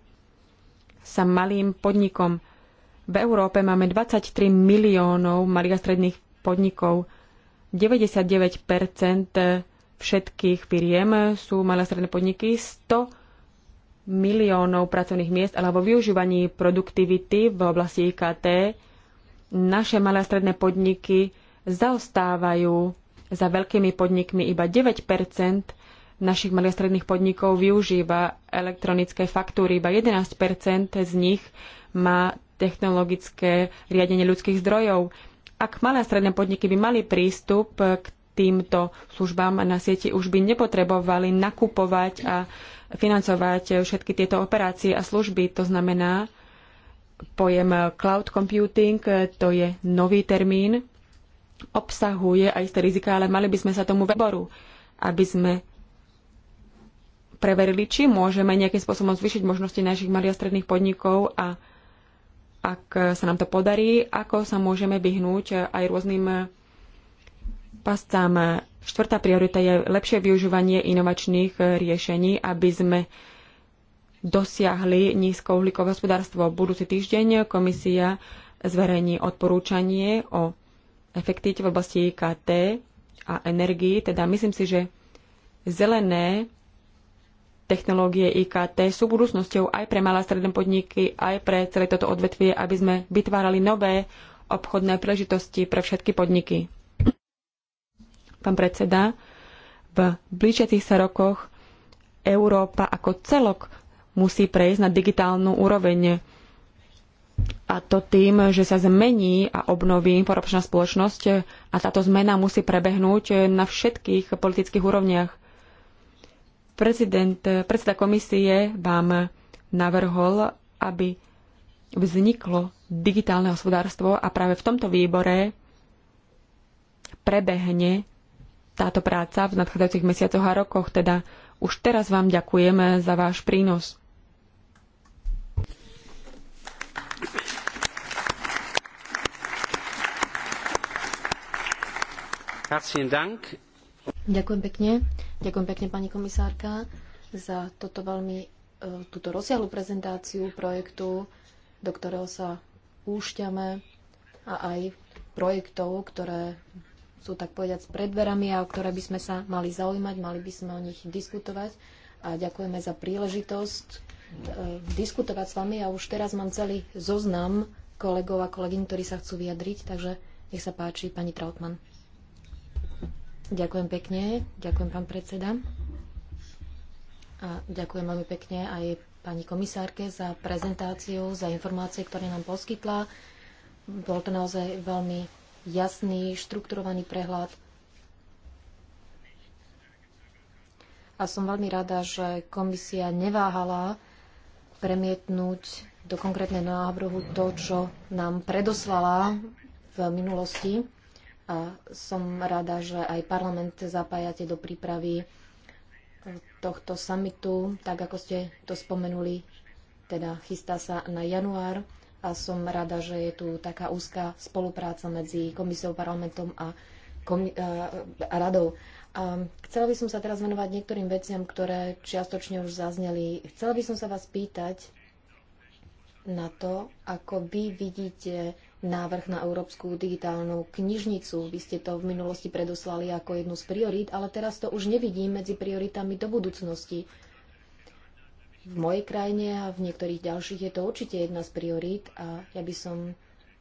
sa malým podnikom. V Európe máme 23 miliónov malých a stredných podnikov. 99 všetkých firiem sú malé a stredné podniky, 100 miliónov pracovných miest, ale vo využívaní produktivity v oblasti IKT naše malé a stredné podniky zaostávajú za veľkými podnikmi. Iba 9 našich malých a stredných podnikov využíva elektronické faktúry. Iba 11 z nich má technologické riadenie ľudských zdrojov. Ak malé a stredné podniky by mali prístup k týmto službám na sieti, už by nepotrebovali nakupovať a financovať všetky tieto operácie a služby. To znamená, pojem cloud computing, to je nový termín, obsahuje aj isté rizika, ale mali by sme sa tomu veboru, aby sme preverili, či môžeme nejakým spôsobom zvýšiť možnosti našich malých a stredných podnikov a ak sa nám to podarí, ako sa môžeme vyhnúť aj rôznym pascám. Štvrtá priorita je lepšie využívanie inovačných e, riešení, aby sme dosiahli nízkouhlíkové hospodárstvo. Budúci týždeň komisia zverejní odporúčanie o efektivite v oblasti IKT a energii. Teda myslím si, že zelené technológie IKT sú budúcnosťou aj pre malé a stredné podniky, aj pre celé toto odvetvie, aby sme vytvárali nové obchodné príležitosti pre všetky podniky pán predseda, v blížiacich sa rokoch Európa ako celok musí prejsť na digitálnu úroveň. A to tým, že sa zmení a obnoví informačná spoločnosť a táto zmena musí prebehnúť na všetkých politických úrovniach. Prezident, predseda komisie vám navrhol, aby vzniklo digitálne hospodárstvo a práve v tomto výbore prebehne táto práca v nadchádzajúcich mesiacoch a rokoch. Teda už teraz vám ďakujeme za váš prínos. Ďakujem pekne. Ďakujem pekne, pani komisárka, za toto veľmi, e, túto rozsiahlu prezentáciu projektu, do ktorého sa púšťame a aj projektov, ktoré sú tak povedať pred dverami a o ktoré by sme sa mali zaujímať, mali by sme o nich diskutovať a ďakujeme za príležitosť e, diskutovať s vami a už teraz mám celý zoznam kolegov a kolegyň, ktorí sa chcú vyjadriť, takže nech sa páči, pani Trautmann. Ďakujem pekne, ďakujem pán predseda a ďakujem veľmi pekne aj pani komisárke za prezentáciu, za informácie, ktoré nám poskytla. Bol to naozaj veľmi jasný, štrukturovaný prehľad. A som veľmi rada, že komisia neváhala premietnúť do konkrétne návrhu to, čo nám predoslala v minulosti. A som rada, že aj parlament zapájate do prípravy tohto samitu, tak ako ste to spomenuli, teda chystá sa na január a som rada, že je tu taká úzká spolupráca medzi komisiou, parlamentom a, komi- a radou. A chcela by som sa teraz venovať niektorým veciam, ktoré čiastočne už zazneli. Chcela by som sa vás pýtať na to, ako vy vidíte návrh na Európsku digitálnu knižnicu. Vy ste to v minulosti predoslali ako jednu z priorít, ale teraz to už nevidím medzi prioritami do budúcnosti v mojej krajine a v niektorých ďalších je to určite jedna z priorít a ja by som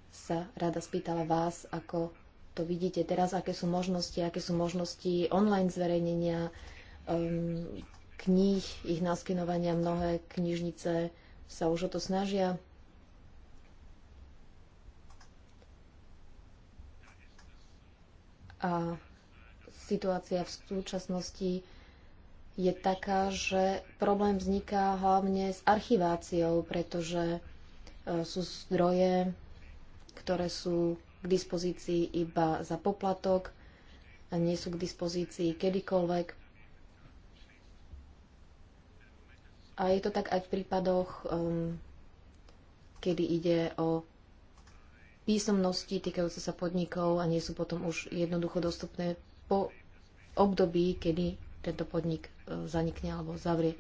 sa rada spýtala vás, ako to vidíte teraz, aké sú možnosti, aké sú možnosti online zverejnenia um, kníh, ich naskenovania, mnohé knižnice sa už o to snažia. A situácia v súčasnosti je taká, že problém vzniká hlavne s archiváciou, pretože e, sú zdroje, ktoré sú k dispozícii iba za poplatok, nie sú k dispozícii kedykoľvek. A je to tak aj v prípadoch, um, kedy ide o písomnosti týkajúce sa podnikov a nie sú potom už jednoducho dostupné po období, kedy tento podnik e, zanikne alebo zavrie.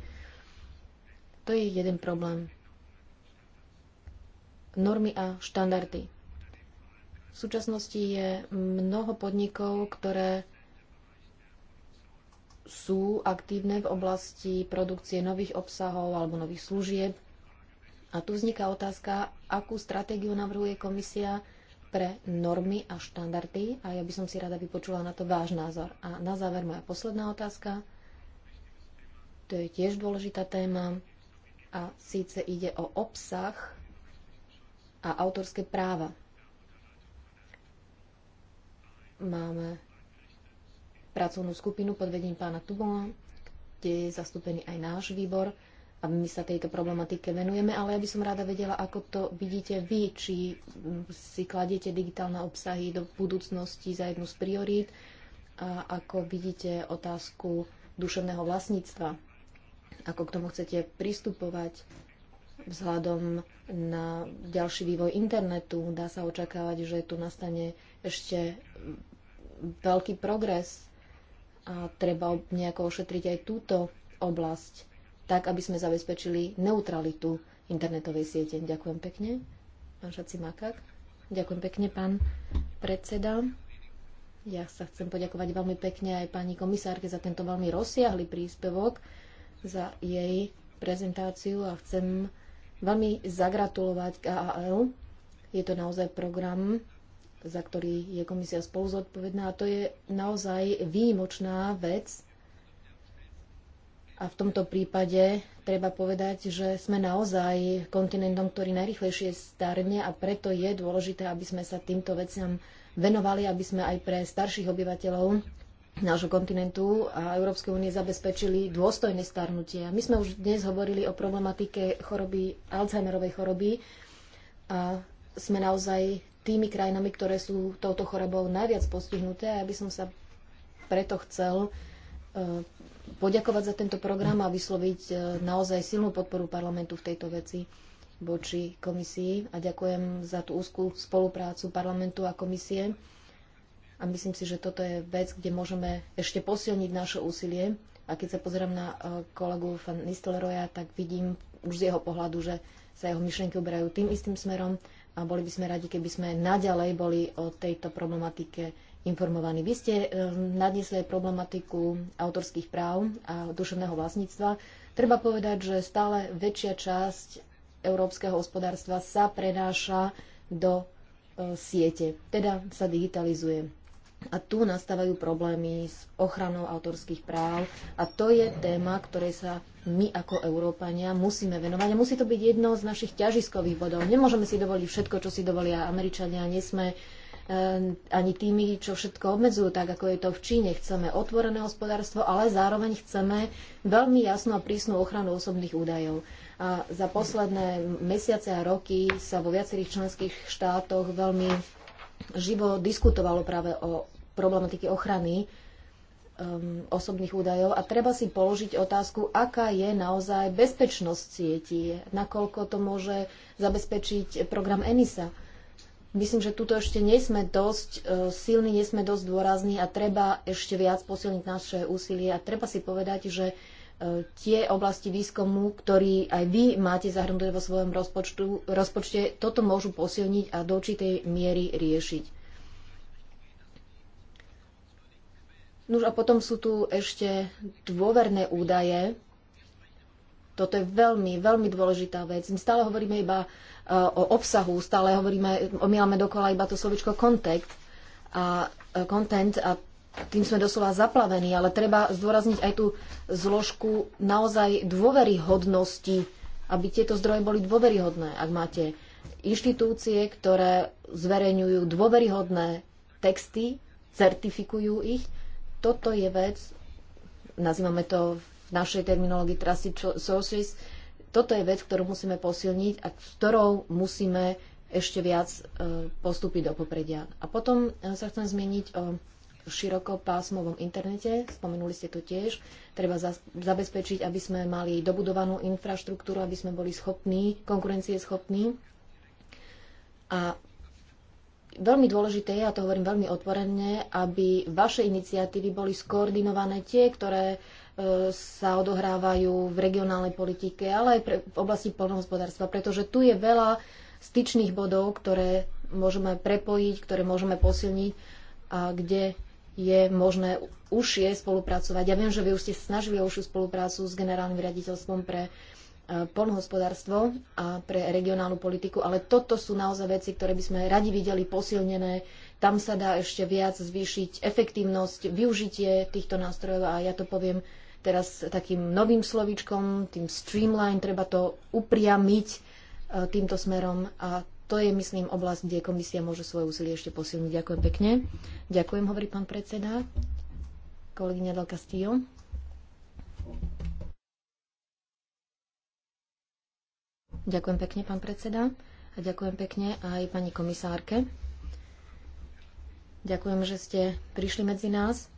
To je jeden problém. Normy a štandardy. V súčasnosti je mnoho podnikov, ktoré sú aktívne v oblasti produkcie nových obsahov alebo nových služieb. A tu vzniká otázka, akú stratégiu navrhuje komisia pre normy a štandardy a ja by som si rada vypočula na to váš názor. A na záver moja posledná otázka. To je tiež dôležitá téma a síce ide o obsah a autorské práva. Máme pracovnú skupinu pod vedením pána Tubona, kde je zastúpený aj náš výbor a my sa tejto problematike venujeme, ale ja by som rada vedela, ako to vidíte vy, či mm, si kladiete digitálne obsahy do budúcnosti za jednu z priorít a ako vidíte otázku duševného vlastníctva, ako k tomu chcete pristupovať vzhľadom na ďalší vývoj internetu. Dá sa očakávať, že tu nastane ešte veľký progres a treba nejako ošetriť aj túto oblasť tak aby sme zabezpečili neutralitu internetovej siete. Ďakujem pekne. Pán Makak. Ďakujem pekne, pán predseda. Ja sa chcem poďakovať veľmi pekne aj pani komisárke za tento veľmi rozsiahly príspevok, za jej prezentáciu a chcem veľmi zagratulovať KAL. Je to naozaj program, za ktorý je komisia spolu zodpovedná a to je naozaj výjimočná vec, a v tomto prípade treba povedať, že sme naozaj kontinentom, ktorý najrychlejšie starne a preto je dôležité, aby sme sa týmto veciam venovali, aby sme aj pre starších obyvateľov nášho kontinentu a Európskej únie zabezpečili dôstojné starnutie. My sme už dnes hovorili o problematike choroby, Alzheimerovej choroby a sme naozaj tými krajinami, ktoré sú touto chorobou najviac postihnuté a ja by som sa preto chcel e, poďakovať za tento program a vysloviť e, naozaj silnú podporu parlamentu v tejto veci voči komisii a ďakujem za tú úzkú spoluprácu parlamentu a komisie. A myslím si, že toto je vec, kde môžeme ešte posilniť naše úsilie. A keď sa pozerám na e, kolegu van Nistelroja, tak vidím už z jeho pohľadu, že sa jeho myšlienky uberajú tým istým smerom a boli by sme radi, keby sme naďalej boli o tejto problematike informovaní. Vy ste e, nadnesli problematiku autorských práv a duševného vlastníctva. Treba povedať, že stále väčšia časť európskeho hospodárstva sa prenáša do e, siete, teda sa digitalizuje. A tu nastávajú problémy s ochranou autorských práv a to je téma, ktorej sa my ako Európania musíme venovať. A musí to byť jedno z našich ťažiskových bodov. Nemôžeme si dovoliť všetko, čo si dovolia Američania. Nie sme uh, Ehm, ani tými, čo všetko obmedzujú, tak ako je to v Číne. Chceme otvorené hospodárstvo, ale zároveň chceme veľmi jasnú a prísnu ochranu osobných údajov. A za posledné mesiace a roky sa vo viacerých členských štátoch veľmi živo diskutovalo práve o problematike ochrany um, osobných údajov a treba si položiť otázku, aká je naozaj bezpečnosť sietí, nakoľko to môže zabezpečiť program ENISA. Myslím, že tuto ešte nie sme dosť e, silní, nie sme dosť dôrazní a treba ešte viac posilniť naše úsilie a treba si povedať, že e, tie oblasti výskumu, ktorý aj vy máte zahrnuté vo svojom rozpočtu, rozpočte, toto môžu posilniť a do určitej miery riešiť. No, a potom sú tu ešte dôverné údaje. Toto je veľmi, veľmi dôležitá vec. My stále hovoríme iba o obsahu, stále hovoríme, omielame dokola iba to slovičko contact a e, content a tým sme doslova zaplavení, ale treba zdôrazniť aj tú zložku naozaj dôveryhodnosti, aby tieto zdroje boli dôveryhodné. Ak máte inštitúcie, ktoré zverejňujú dôveryhodné texty, certifikujú ich, toto je vec, nazývame to v našej terminológii trusted sources, toto je vec, ktorú musíme posilniť a s ktorou musíme ešte viac e, postúpiť do popredia. A potom e, sa chcem zmieniť o širokopásmovom internete, spomenuli ste to tiež, treba zabezpečiť, aby sme mali dobudovanú infraštruktúru, aby sme boli schopní, konkurencieschopní. A veľmi dôležité je, a to hovorím veľmi otvorene, aby vaše iniciatívy boli skoordinované tie, ktoré uh, sa odohrávajú v regionálnej politike, ale aj pre, v oblasti polnohospodárstva, pretože tu je veľa styčných bodov, ktoré môžeme prepojiť, ktoré môžeme posilniť a kde je možné užšie spolupracovať. Ja viem, že vy už ste snažili o užšiu spoluprácu s generálnym riaditeľstvom pre e, polnohospodárstvo a pre regionálnu politiku, ale toto sú naozaj veci, ktoré by sme radi videli posilnené. Tam sa dá ešte viac zvýšiť efektívnosť, využitie týchto nástrojov a ja to poviem teraz takým novým slovíčkom, tým streamline, treba to upriamiť e, týmto smerom a to je, myslím, oblasť, kde komisia môže svoje úsilie ešte posilniť. Ďakujem pekne. Ďakujem, hovorí pán predseda. Kolegyňa Del Castillo. Ďakujem pekne, pán predseda. A ďakujem pekne aj pani komisárke. Ďakujem, že ste prišli medzi nás.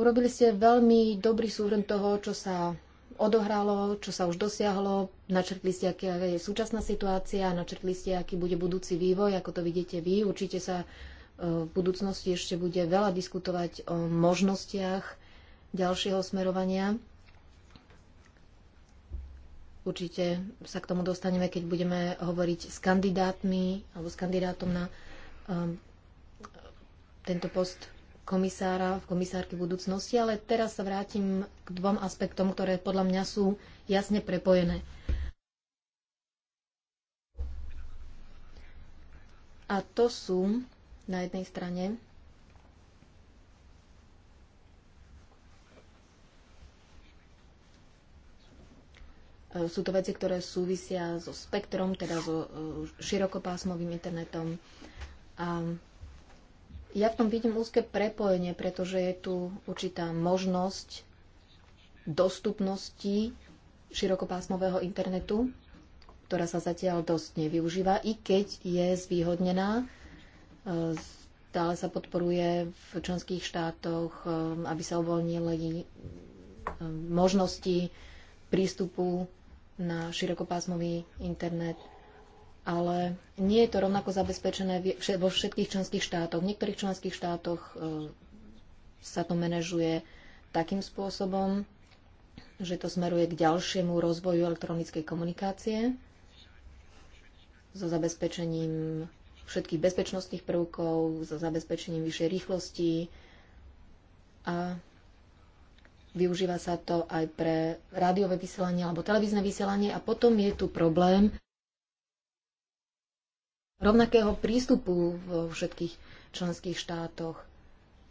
Urobili ste veľmi dobrý súhrn toho, čo sa odohralo, čo sa už dosiahlo, načrtli ste, aká je súčasná situácia, načrtli ste, aký bude budúci vývoj, ako to vidíte vy. Určite sa e, v budúcnosti ešte bude veľa diskutovať o možnostiach ďalšieho smerovania. Určite sa k tomu dostaneme, keď budeme hovoriť s kandidátmi alebo s kandidátom na um, tento post komisára, v komisárky budúcnosti, ale teraz sa vrátim k dvom aspektom, ktoré podľa mňa sú jasne prepojené. A to sú na jednej strane Sú to veci, ktoré súvisia so spektrom, teda so e, širokopásmovým internetom a ja v tom vidím úzke prepojenie, pretože je tu určitá možnosť dostupnosti širokopásmového internetu, ktorá sa zatiaľ dosť nevyužíva, i keď je zvýhodnená. E, stále sa podporuje v členských štátoch, e, aby sa uvoľnili e, možnosti prístupu na širokopásmový internet ale nie je to rovnako zabezpečené vo všetkých členských štátoch. V niektorých členských štátoch e, sa to manažuje takým spôsobom, že to smeruje k ďalšiemu rozvoju elektronickej komunikácie so zabezpečením všetkých bezpečnostných prvkov, so zabezpečením vyššej rýchlosti a využíva sa to aj pre rádiové vysielanie alebo televízne vysielanie a potom je tu problém rovnakého prístupu vo všetkých členských štátoch.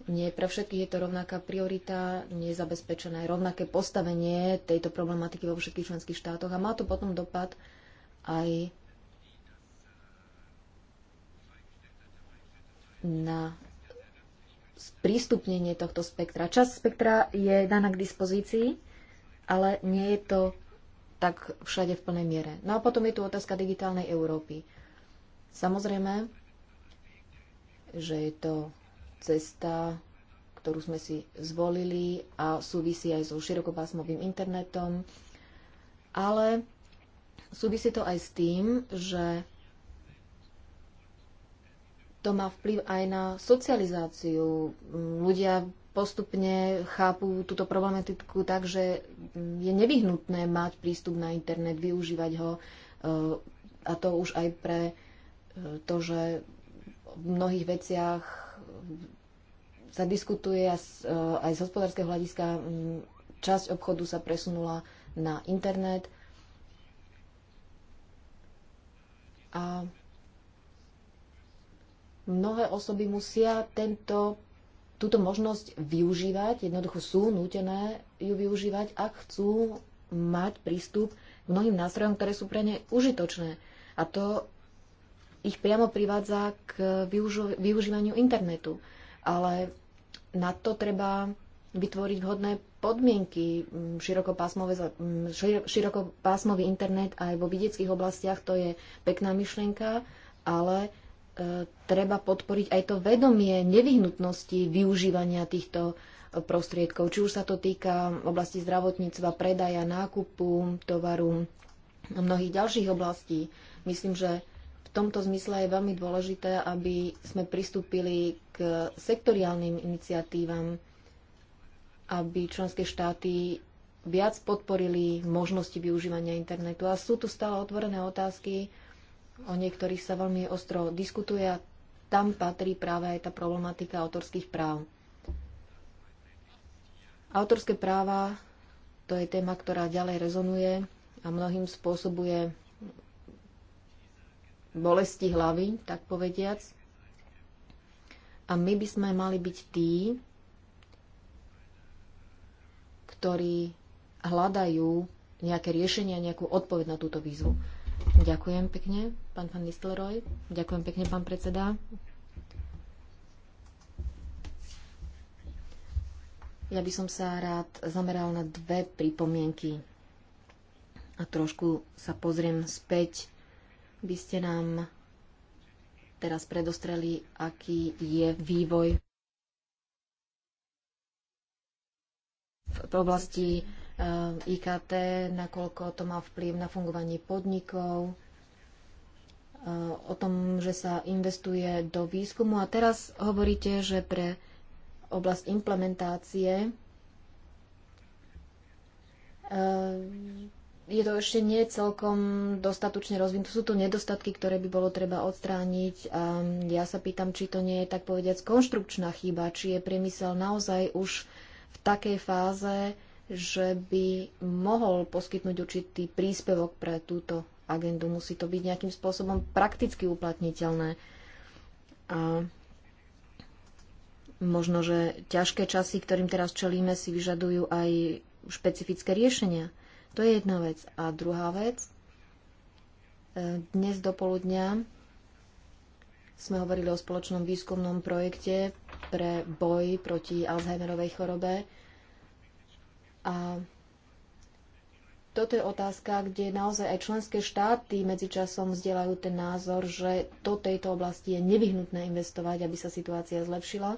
Nie pre všetkých je to rovnaká priorita, nie je zabezpečené rovnaké postavenie tejto problematiky vo všetkých členských štátoch a má to potom dopad aj na sprístupnenie tohto spektra. Čas spektra je daná k dispozícii, ale nie je to tak všade v plnej miere. No a potom je tu otázka digitálnej Európy. Samozrejme, že je to cesta, ktorú sme si zvolili a súvisí aj so širokopásmovým internetom, ale súvisí to aj s tým, že to má vplyv aj na socializáciu. Ľudia postupne chápu túto problematiku tak, že je nevyhnutné mať prístup na internet, využívať ho e, a to už aj pre to, že v mnohých veciach sa diskutuje e, aj z hospodárskeho hľadiska. Časť obchodu sa presunula na internet. A mnohé osoby musia tento, túto možnosť využívať, jednoducho sú nútené ju využívať, ak chcú mať prístup k mnohým nástrojom, ktoré sú pre ne užitočné. A to ich priamo privádza k využívaniu internetu. Ale na to treba vytvoriť vhodné podmienky. Širokopásmové, širokopásmový internet aj vo vidieckých oblastiach to je pekná myšlienka, ale e, treba podporiť aj to vedomie nevyhnutnosti využívania týchto e, prostriedkov. Či už sa to týka oblasti zdravotníctva, predaja, nákupu, tovaru a mnohých ďalších oblastí. Myslím, že v tomto zmysle je veľmi dôležité, aby sme pristúpili k sektoriálnym iniciatívam, aby členské štáty viac podporili možnosti využívania internetu. A sú tu stále otvorené otázky, o niektorých sa veľmi ostro diskutuje a tam patrí práve aj tá problematika autorských práv. Autorské práva to je téma, ktorá ďalej rezonuje a mnohým spôsobuje bolesti hlavy, tak povediac. A my by sme mali byť tí, ktorí hľadajú nejaké riešenia, nejakú odpoveď na túto výzvu. Ďakujem pekne, pán van Nistelrooy. Ďakujem pekne, pán predseda. Ja by som sa rád zameral na dve pripomienky a trošku sa pozriem späť by ste nám teraz predostreli, aký je vývoj v oblasti eh, IKT, nakoľko to má vplyv na fungovanie podnikov, eh, o tom, že sa investuje do výskumu. A teraz hovoríte, že pre oblasť implementácie eh, je to ešte nie celkom dostatočne rozvinuté. Sú to nedostatky, ktoré by bolo treba odstrániť. A ja sa pýtam, či to nie je tak povediac konštrukčná chyba, či je priemysel naozaj už v takej fáze, že by mohol poskytnúť určitý príspevok pre túto agendu. Musí to byť nejakým spôsobom prakticky uplatniteľné. A možno, že ťažké časy, ktorým teraz čelíme, si vyžadujú aj špecifické riešenia. To je jedna vec. A druhá vec, e, dnes do poludňa sme hovorili o spoločnom výskumnom projekte pre boj proti Alzheimerovej chorobe. A toto je otázka, kde naozaj aj členské štáty medzičasom vzdelajú ten názor, že do tejto oblasti je nevyhnutné investovať, aby sa situácia zlepšila.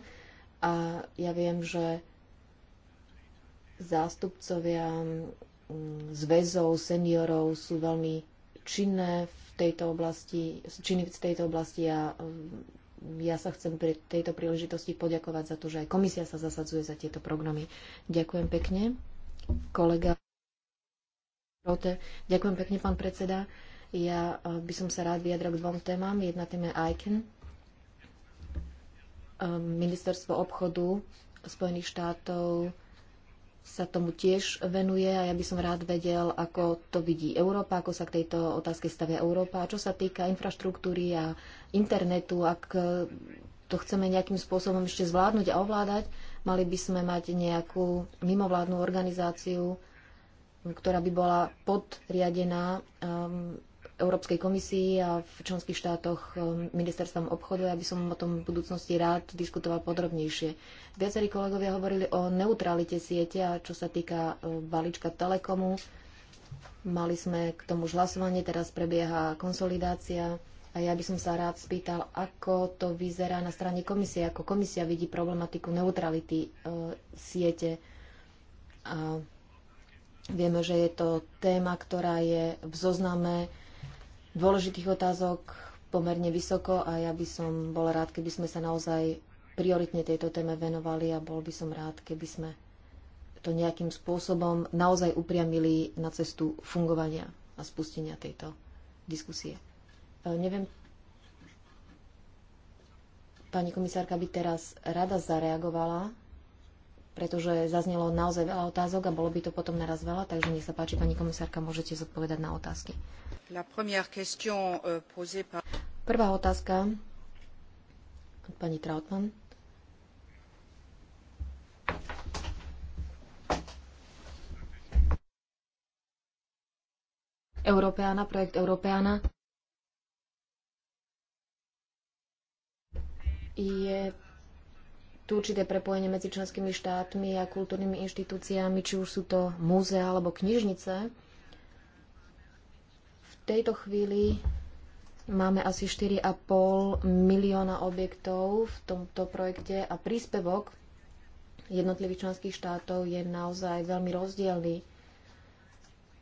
A ja viem, že zástupcovia zväzov seniorov sú veľmi činné v tejto oblasti, činy v tejto oblasti a mm, ja sa chcem pri tejto príležitosti poďakovať za to, že aj komisia sa zasadzuje za tieto programy. Ďakujem pekne. Kolega Rote, ďakujem pekne, pán predseda. Ja e, by som sa rád vyjadral k dvom témam. Jedna téma je ICAN. E, Ministerstvo obchodu Spojených štátov sa tomu tiež venuje a ja by som rád vedel, ako to vidí Európa, ako sa k tejto otázke stavia Európa. A čo sa týka infraštruktúry a internetu, ak to chceme nejakým spôsobom ešte zvládnuť a ovládať, mali by sme mať nejakú mimovládnu organizáciu, ktorá by bola podriadená um, Európskej komisii a v členských štátoch e, ministerstvom obchodu, aby som o tom v budúcnosti rád diskutoval podrobnejšie. Viacerí kolegovia hovorili o neutralite siete a čo sa týka e, balíčka Telekomu. Mali sme k tomu už hlasovanie, teraz prebieha konsolidácia a ja by som sa rád spýtal, ako to vyzerá na strane komisie, ako komisia vidí problematiku neutrality e, siete. A Vieme, že je to téma, ktorá je v zozname dôležitých otázok pomerne vysoko a ja by som bol rád, keby sme sa naozaj prioritne tejto téme venovali a bol by som rád, keby sme to nejakým spôsobom naozaj upriamili na cestu fungovania a spustenia tejto diskusie. E, neviem, pani komisárka by teraz rada zareagovala pretože zaznelo naozaj veľa otázok a bolo by to potom naraz veľa, takže nech sa páči, pani komisárka, môžete zodpovedať na otázky. Euh, Prvá otázka od pani Trautmann. Európeána, projekt Európeána je tu určité prepojenie medzi členskými štátmi a kultúrnymi inštitúciami, či už sú to múzea alebo knižnice. V tejto chvíli máme asi 4,5 milióna objektov v tomto projekte a príspevok jednotlivých členských štátov je naozaj veľmi rozdielný.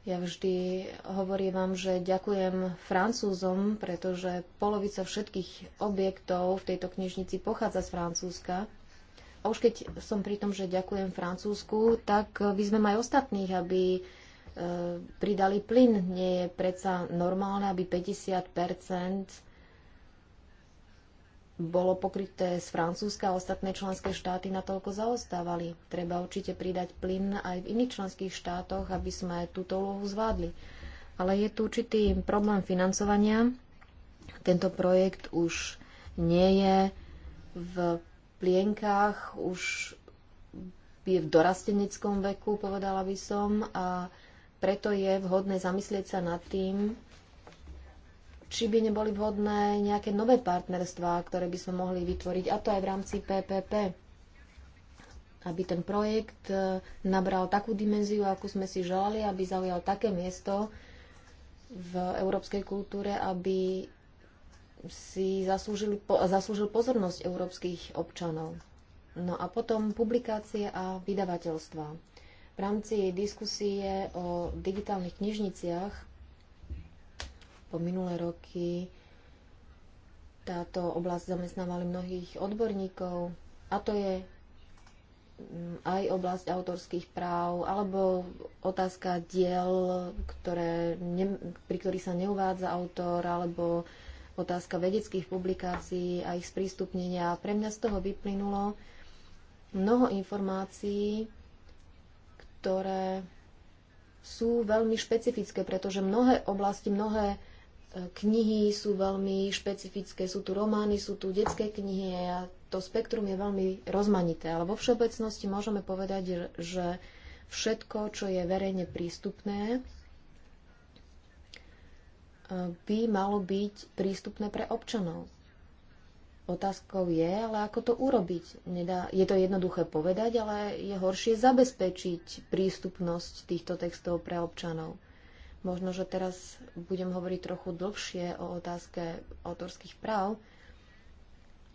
Ja vždy hovorím vám, že ďakujem Francúzom, pretože polovica všetkých objektov v tejto knižnici pochádza z Francúzska. A už keď som pri tom, že ďakujem Francúzsku, tak vyzvem e, aj ostatných, aby e, pridali plyn. Nie je predsa normálne, aby 50 bolo pokryté z Francúzska a ostatné členské štáty natoľko zaostávali. Treba určite pridať plyn aj v iných členských štátoch, aby sme túto úlohu zvládli. Ale je tu určitý problém financovania. Tento projekt už nie je v plienkách, už je v dorasteneckom veku, povedala by som, a preto je vhodné zamyslieť sa nad tým, či by neboli vhodné nejaké nové partnerstvá, ktoré by sme mohli vytvoriť, a to aj v rámci PPP, aby ten projekt e, nabral takú dimenziu, akú sme si želali, aby zaujal také miesto v európskej kultúre, aby si zaslúžil, po, zaslúžil pozornosť európskych občanov. No a potom publikácie a vydavateľstva. V rámci diskusie o digitálnych knižniciach po minulé roky táto oblasť zamestnávali mnohých odborníkov a to je mm, aj oblasť autorských práv alebo otázka diel, ktoré ne, pri ktorých sa neuvádza autor alebo otázka vedeckých publikácií a ich sprístupnenia. Pre mňa z toho vyplynulo mnoho informácií, ktoré sú veľmi špecifické, pretože mnohé oblasti, mnohé e, knihy sú veľmi špecifické, sú tu romány, sú tu detské knihy a to spektrum je veľmi rozmanité. Ale vo všeobecnosti môžeme povedať, že všetko, čo je verejne prístupné, by malo byť prístupné pre občanov. Otázkou je, ale ako to urobiť? Nedá, je to jednoduché povedať, ale je horšie zabezpečiť prístupnosť týchto textov pre občanov. Možno, že teraz budem hovoriť trochu dlhšie o otázke autorských práv,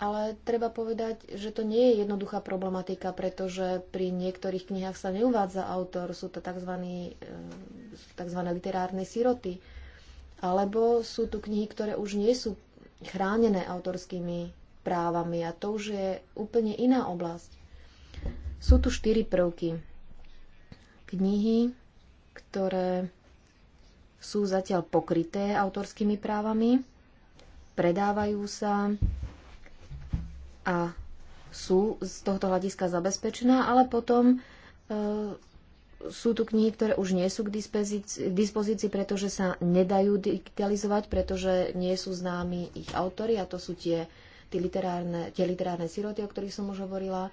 ale treba povedať, že to nie je jednoduchá problematika, pretože pri niektorých knihách sa neuvádza autor, sú to tzv. E, tzv. literárne siroty. Alebo sú tu knihy, ktoré už nie sú chránené autorskými právami a to už je úplne iná oblasť. Sú tu štyri prvky. Knihy, ktoré sú zatiaľ pokryté autorskými právami, predávajú sa a sú z tohto hľadiska zabezpečená, ale potom e, sú tu knihy, ktoré už nie sú k dispozícii, dispozícii, pretože sa nedajú digitalizovať, pretože nie sú známi ich autory a to sú tie, tie, literárne, tie literárne siroty, o ktorých som už hovorila.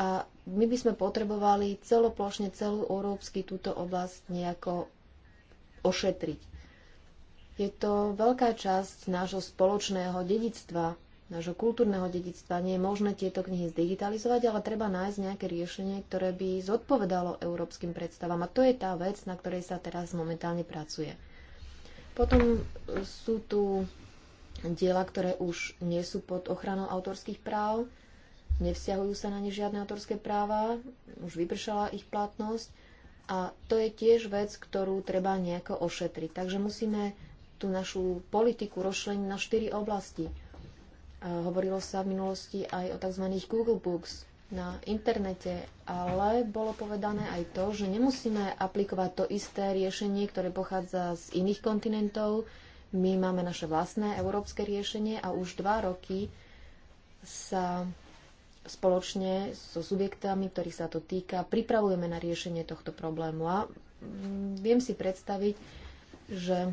A my by sme potrebovali celoplošne, celú európsky túto oblasť nejako ošetriť. Je to veľká časť nášho spoločného dedictva, nášho kultúrneho dedictva. Nie je možné tieto knihy zdigitalizovať, ale treba nájsť nejaké riešenie, ktoré by zodpovedalo európskym predstavám. A to je tá vec, na ktorej sa teraz momentálne pracuje. Potom sú tu diela, ktoré už nie sú pod ochranou autorských práv, nevzťahujú sa na ne žiadne autorské práva, už vypršala ich platnosť a to je tiež vec, ktorú treba nejako ošetriť. Takže musíme tú našu politiku rozšleniť na štyri oblasti – Hovorilo sa v minulosti aj o tzv. Google Books na internete, ale bolo povedané aj to, že nemusíme aplikovať to isté riešenie, ktoré pochádza z iných kontinentov. My máme naše vlastné európske riešenie a už dva roky sa spoločne so subjektami, ktorých sa to týka, pripravujeme na riešenie tohto problému. A mm, viem si predstaviť, že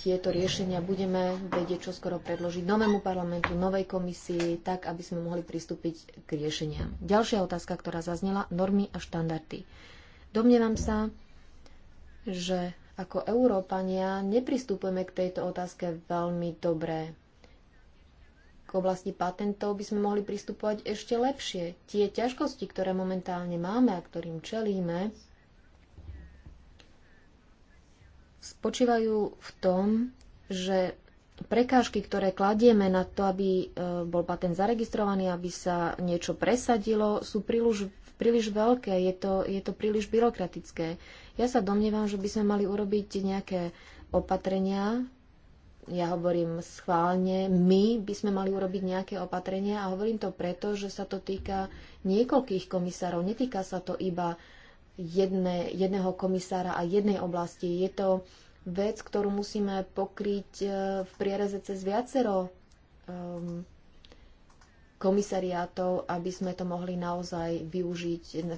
tieto riešenia budeme vedieť čoskoro predložiť novému parlamentu, novej komisii, tak, aby sme mohli pristúpiť k riešeniam. Ďalšia otázka, ktorá zaznela, normy a štandardy. Domnievam sa, že ako Európania nepristupujeme k tejto otázke veľmi dobre. K oblasti patentov by sme mohli pristupovať ešte lepšie. Tie ťažkosti, ktoré momentálne máme a ktorým čelíme, spočívajú v tom, že prekážky, ktoré kladieme na to, aby e, bol patent zaregistrovaný, aby sa niečo presadilo, sú príliš, príliš veľké, je to, je to príliš byrokratické. Ja sa domnievam, že by sme mali urobiť nejaké opatrenia, ja hovorím schválne, my by sme mali urobiť nejaké opatrenia a hovorím to preto, že sa to týka niekoľkých komisárov, netýka sa to iba jedne, jedného komisára a jednej oblasti. Je to vec, ktorú musíme pokryť e, v priereze cez viacero um, komisariátov, aby sme to mohli naozaj využiť v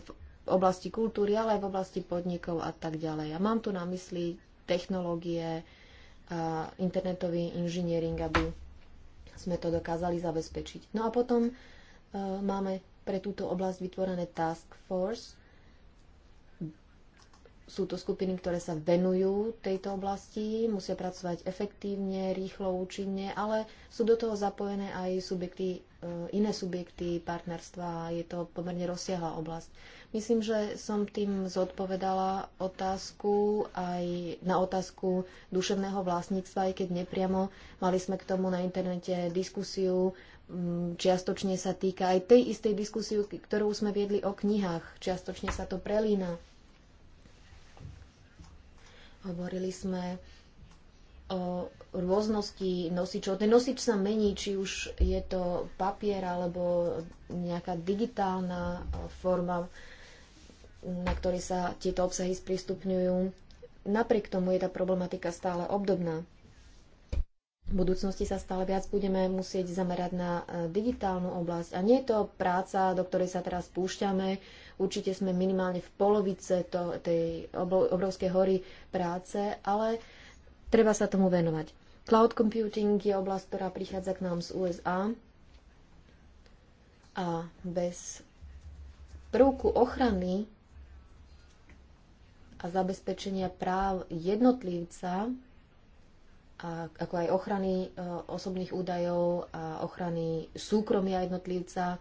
oblasti kultúry, ale aj v oblasti podnikov a tak ďalej. Ja mám tu na mysli technológie, a internetový inžiniering, aby sme to dokázali zabezpečiť. No a potom e, máme pre túto oblasť vytvorené task force, sú to skupiny, ktoré sa venujú tejto oblasti, musia pracovať efektívne, rýchlo, účinne, ale sú do toho zapojené aj subjekty, e, iné subjekty partnerstva. Je to pomerne rozsiahla oblasť. Myslím, že som tým zodpovedala otázku aj na otázku duševného vlastníctva, aj keď nepriamo. Mali sme k tomu na internete diskusiu, čiastočne sa týka aj tej istej diskusiu, ktorú sme viedli o knihách. Čiastočne sa to prelína. Hovorili sme o rôznosti nosičov. Ten nosič sa mení, či už je to papier alebo nejaká digitálna e, forma, na ktorej sa tieto obsahy sprístupňujú. Napriek tomu je tá problematika stále obdobná. V budúcnosti sa stále viac budeme musieť zamerať na e, digitálnu oblasť. A nie je to práca, do ktorej sa teraz púšťame, Určite sme minimálne v polovice to, tej obrovskej hory práce, ale treba sa tomu venovať. Cloud computing je oblasť, ktorá prichádza k nám z USA a bez prvku ochrany a zabezpečenia práv jednotlivca, a ako aj ochrany e, osobných údajov a ochrany súkromia jednotlivca,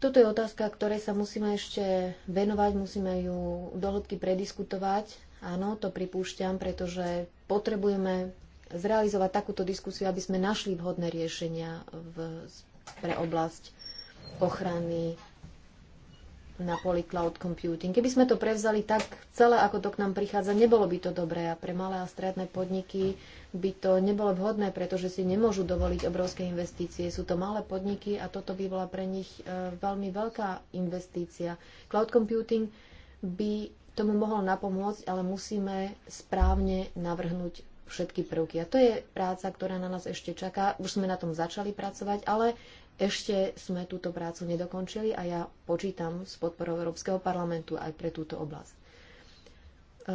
toto je otázka, ktorej sa musíme ešte venovať, musíme ju dohlbky prediskutovať. Áno, to pripúšťam, pretože potrebujeme zrealizovať takúto diskusiu, aby sme našli vhodné riešenia v, pre oblasť ochrany na poli cloud computing. Keby sme to prevzali tak celé, ako to k nám prichádza, nebolo by to dobré a pre malé a stredné podniky by to nebolo vhodné, pretože si nemôžu dovoliť obrovské investície. Sú to malé podniky a toto by bola pre nich e, veľmi veľká investícia. Cloud computing by tomu mohol napomôcť, ale musíme správne navrhnúť všetky prvky. A to je práca, ktorá na nás ešte čaká. Už sme na tom začali pracovať, ale ešte sme túto prácu nedokončili a ja počítam s podporou Európskeho parlamentu aj pre túto oblasť. E,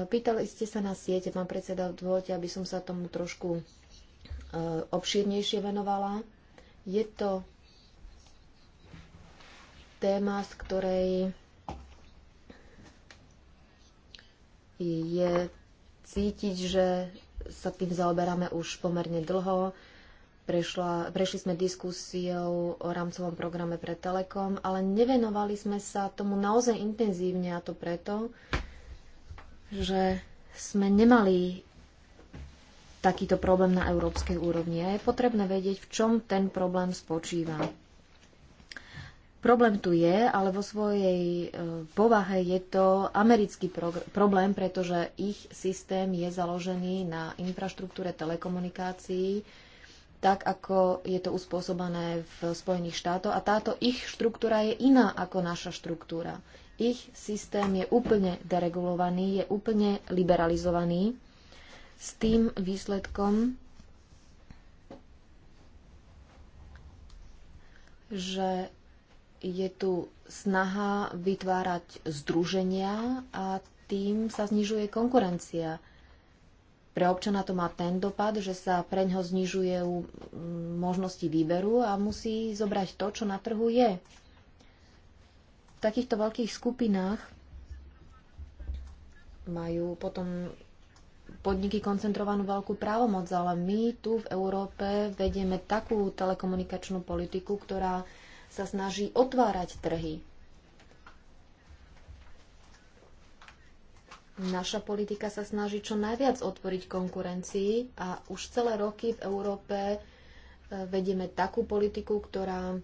pýtali ste sa na siete, pán predseda, dovolte, aby som sa tomu trošku e, obširnejšie venovala. Je to téma, z ktorej je cítiť, že sa tým zaoberáme už pomerne dlho Prešla, prešli sme diskusiou o rámcovom programe pre Telekom, ale nevenovali sme sa tomu naozaj intenzívne a to preto, že sme nemali takýto problém na európskej úrovni a je potrebné vedieť, v čom ten problém spočíva. Problém tu je, ale vo svojej e, povahe je to americký problém, pretože ich systém je založený na infraštruktúre telekomunikácií, tak ako je to uspôsobené v Spojených štátoch a táto ich štruktúra je iná ako naša štruktúra. Ich systém je úplne deregulovaný, je úplne liberalizovaný s tým výsledkom, že je tu snaha vytvárať združenia a tým sa znižuje konkurencia. Pre občana to má ten dopad, že sa pre ňo znižuje možnosti výberu a musí zobrať to, čo na trhu je. V takýchto veľkých skupinách majú potom podniky koncentrovanú veľkú právomoc, ale my tu v Európe vedieme takú telekomunikačnú politiku, ktorá sa snaží otvárať trhy Naša politika sa snaží čo najviac otvoriť konkurencii a už celé roky v Európe e, vedieme takú politiku, ktorá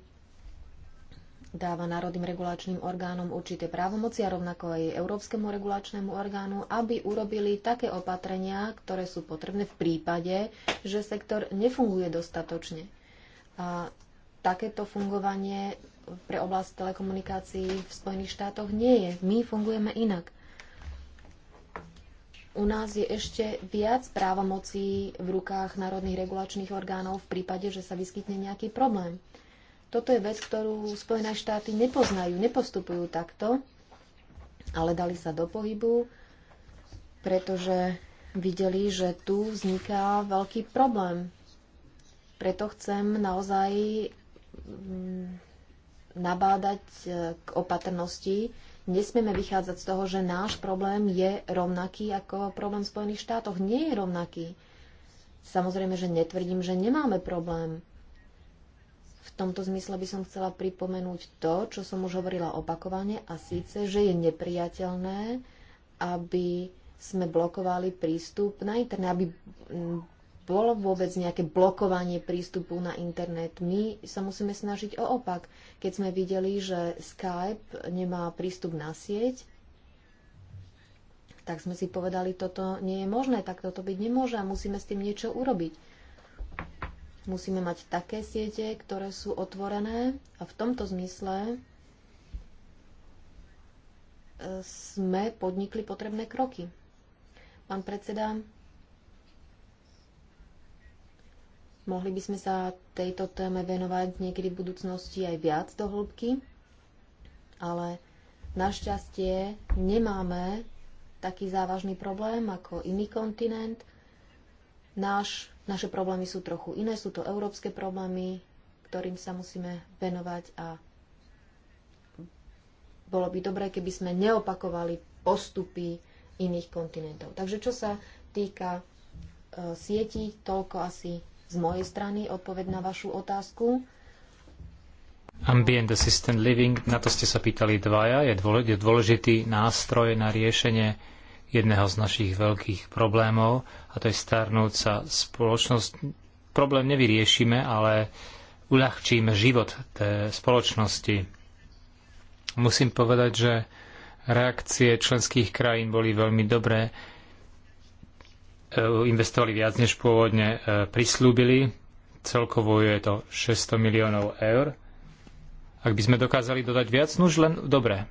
dáva národným regulačným orgánom určité právomoci a rovnako aj Európskemu regulačnému orgánu, aby urobili také opatrenia, ktoré sú potrebné v prípade, že sektor nefunguje dostatočne. A takéto fungovanie pre oblasť telekomunikácií v Spojených štátoch nie je. My fungujeme inak u nás je ešte viac právomocí v rukách národných regulačných orgánov v prípade, že sa vyskytne nejaký problém. Toto je vec, ktorú Spojené štáty nepoznajú, nepostupujú takto, ale dali sa do pohybu, pretože videli, že tu vzniká veľký problém. Preto chcem naozaj mm, nabádať eh, k opatrnosti, Nesmieme vychádzať z toho, že náš problém je rovnaký ako problém v Spojených štátoch. Nie je rovnaký. Samozrejme, že netvrdím, že nemáme problém. V tomto zmysle by som chcela pripomenúť to, čo som už hovorila opakovane, a síce, že je nepriateľné, aby sme blokovali prístup na internet, aby bolo vôbec nejaké blokovanie prístupu na internet. My sa musíme snažiť o opak. Keď sme videli, že Skype nemá prístup na sieť, tak sme si povedali, toto nie je možné, tak toto byť nemôže a musíme s tým niečo urobiť. Musíme mať také siete, ktoré sú otvorené a v tomto zmysle e, sme podnikli potrebné kroky. Pán predseda, Mohli by sme sa tejto téme venovať niekedy v budúcnosti aj viac do hĺbky, ale našťastie nemáme taký závažný problém ako iný kontinent. Náš, naše problémy sú trochu iné, sú to európske problémy, ktorým sa musíme venovať a bolo by dobré, keby sme neopakovali postupy iných kontinentov. Takže čo sa týka e, sietí, toľko asi z mojej strany odpoveď na vašu otázku. Ambient Assistant Living, na to ste sa pýtali dvaja, je dôležitý nástroj na riešenie jedného z našich veľkých problémov, a to je starnúca spoločnosť. Problém nevyriešime, ale uľahčíme život tej spoločnosti. Musím povedať, že reakcie členských krajín boli veľmi dobré Eh, investovali viac, než pôvodne eh, prislúbili. Celkovo je to 600 miliónov eur. Ak by sme dokázali dodať viac, nuž no len dobre.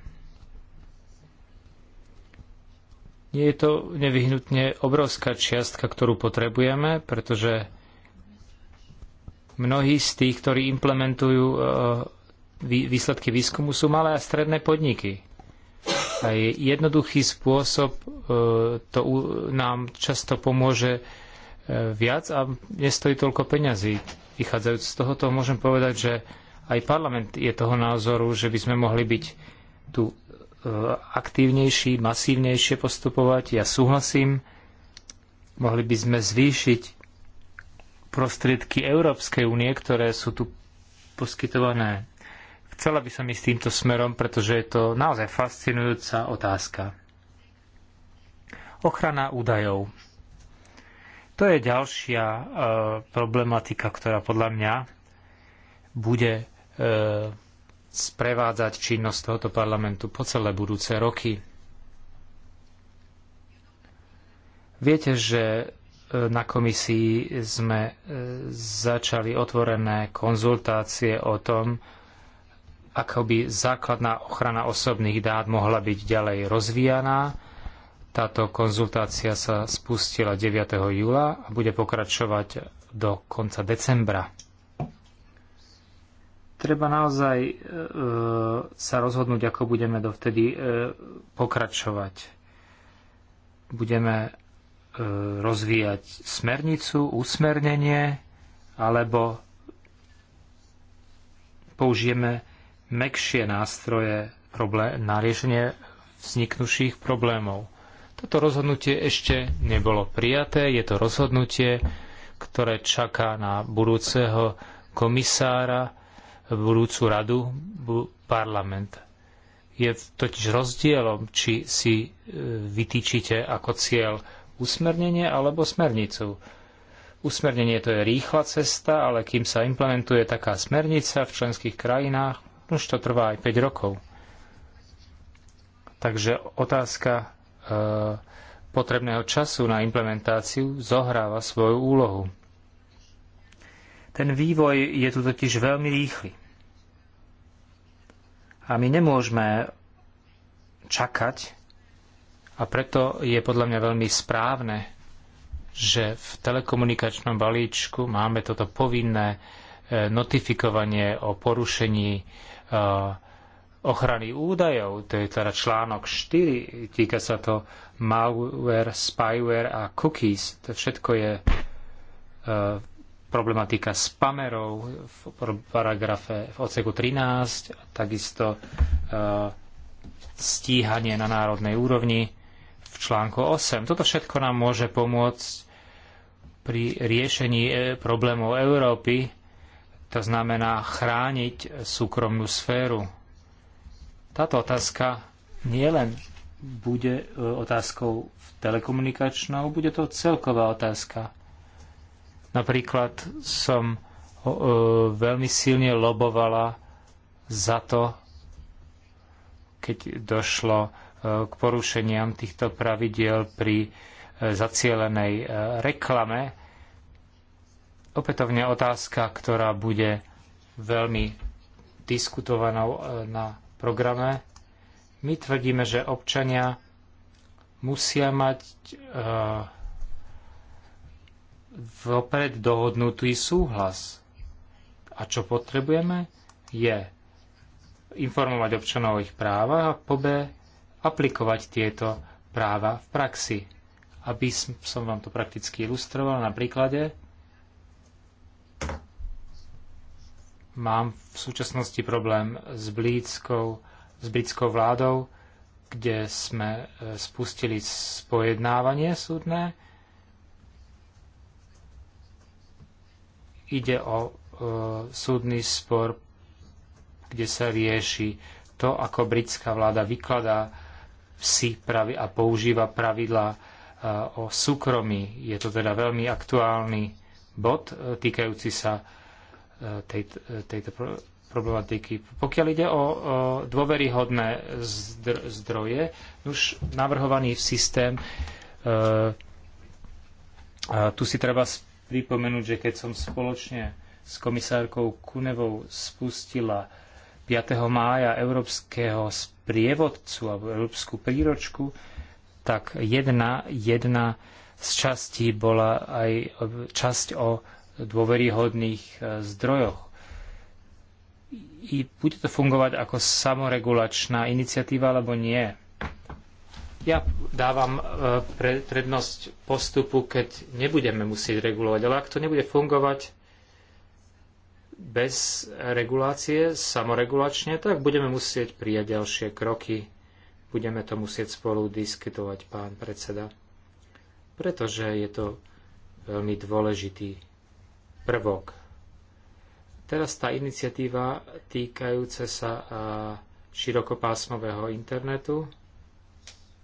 Nie je to nevyhnutne obrovská čiastka, ktorú potrebujeme, pretože mnohí z tých, ktorí implementujú eh, výsledky výskumu, sú malé a stredné podniky. Jednoduchý spôsob e, to nám často pomôže e, viac a nestojí toľko peňazí. Vychádzajúc z tohoto môžem povedať, že aj parlament je toho názoru, že by sme mohli byť tu e, aktívnejší, masívnejšie postupovať. Ja súhlasím, mohli by sme zvýšiť prostriedky Európskej únie, ktoré sú tu poskytované Chcela by som ísť týmto smerom, pretože je to naozaj fascinujúca otázka. Ochrana údajov. To je ďalšia e, problematika, ktorá podľa mňa bude e, sprevádzať činnosť tohoto parlamentu po celé budúce roky. Viete, že e, na komisii sme e, začali otvorené konzultácie o tom, ako by základná ochrana osobných dát mohla byť ďalej rozvíjaná. Táto konzultácia sa spustila 9. júla a bude pokračovať do konca decembra. Treba naozaj e, sa rozhodnúť, ako budeme dovtedy e, pokračovať. Budeme e, rozvíjať smernicu, usmernenie alebo použijeme mekšie nástroje na riešenie vzniknúších problémov. Toto rozhodnutie ešte nebolo prijaté, je to rozhodnutie, ktoré čaká na budúceho komisára, budúcu radu, parlament. Je totiž rozdielom, či si e, vytýčite ako cieľ usmernenie alebo smernicu. Usmernenie to je rýchla cesta, ale kým sa implementuje taká smernica v členských krajinách, už to trvá aj 5 rokov. Takže otázka e, potrebného času na implementáciu zohráva svoju úlohu. Ten vývoj je tu totiž veľmi rýchly. A my nemôžeme čakať a preto je podľa mňa veľmi správne, že v telekomunikačnom balíčku máme toto povinné e, notifikovanie o porušení Eh, ochrany údajov, to je teda článok 4, týka sa to malware, spyware a cookies. To všetko je eh, problematika spamerov v paragrafe v odseku 13, takisto eh, stíhanie na národnej úrovni v článku 8. Toto všetko nám môže pomôcť pri riešení problémov Európy, to znamená chrániť súkromnú sféru. Táto otázka nielen bude e, otázkou telekomunikačnou, bude to celková otázka. Napríklad som e, veľmi silne lobovala za to, keď došlo e, k porušeniam týchto pravidiel pri zacielenej reklame, Opätovne otázka, ktorá bude veľmi diskutovanou e, na programe. My tvrdíme, že občania musia mať e, vopred dohodnutý súhlas. A čo potrebujeme, je informovať občanov o ich právach a po B aplikovať tieto práva v praxi. Aby som vám to prakticky ilustroval na príklade, Mám v súčasnosti problém s blídskou, s britskou vládou, kde sme e, spustili spojednávanie súdne. Ide o e, súdny spor, kde sa rieši to, ako britská vláda vykladá si pravi a používa e, o súkromí. Je to teda veľmi aktuálny bod e, týkajúci sa e, tej, e, tejto problematiky. Pokiaľ ide o, dôveryhodné zdroje, už navrhovaný v systém, tu si treba pripomenúť, že keď som spoločne s komisárkou Kunevou spustila 5. mája európskeho sprievodcu alebo európsku príročku, tak jedna, jedna z časti bola aj časť o dôveryhodných e, zdrojoch. I bude to fungovať ako samoregulačná iniciatíva alebo nie? Ja dávam e, prednosť postupu, keď nebudeme musieť regulovať, ale ak to nebude fungovať bez regulácie, samoregulačne, tak budeme musieť prijať ďalšie kroky. Budeme to musieť spolu diskutovať, pán predseda pretože je to veľmi dôležitý prvok. Teraz tá iniciatíva týkajúce sa širokopásmového internetu.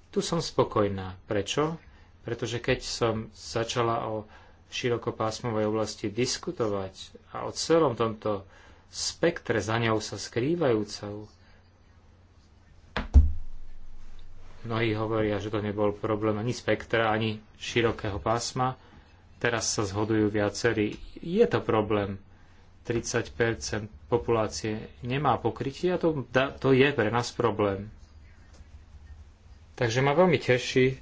Tu som spokojná. Prečo? Pretože keď som začala o širokopásmovej oblasti diskutovať a o celom tomto spektre za ňou sa skrývajúcou Mnohí hovoria, že to nebol problém ani spektra, ani širokého pásma. Teraz sa zhodujú viacerí. Je to problém. 30 populácie nemá pokrytie a to, to je pre nás problém. Takže ma veľmi teší,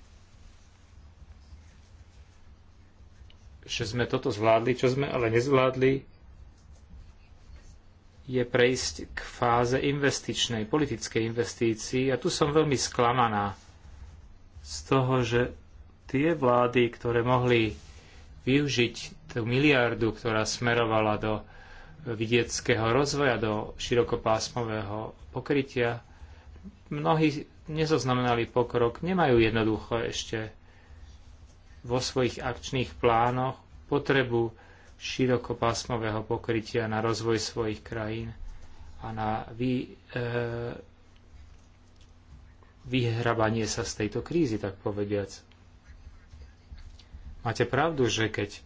že sme toto zvládli, čo sme ale nezvládli, je prejsť k fáze investičnej, politickej investícii. A tu som veľmi sklamaná z toho, že tie vlády, ktoré mohli využiť tú miliardu, ktorá smerovala do vidieckého rozvoja, do širokopásmového pokrytia, mnohí nezoznamenali pokrok, nemajú jednoducho ešte vo svojich akčných plánoch potrebu širokopásmového pokrytia na rozvoj svojich krajín a na vy, e, vyhrabanie sa z tejto krízy, tak povediac. Máte pravdu, že keď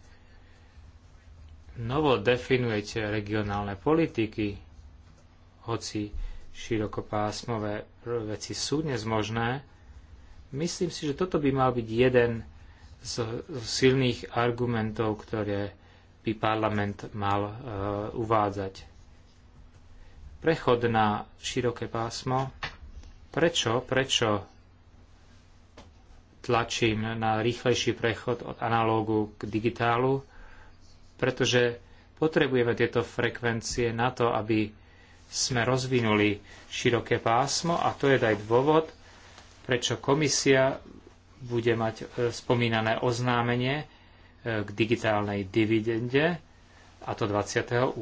novo definujete regionálne politiky, hoci širokopásmové veci sú dnes možné, myslím si, že toto by mal byť jeden z silných argumentov, ktoré by parlament mal e, uvádzať. Prechod na široké pásmo. Prečo, prečo tlačím na rýchlejší prechod od analógu k digitálu? Pretože potrebujeme tieto frekvencie na to, aby sme rozvinuli široké pásmo a to je aj dôvod, prečo komisia bude mať e, spomínané oznámenie, k digitálnej dividende a to 28.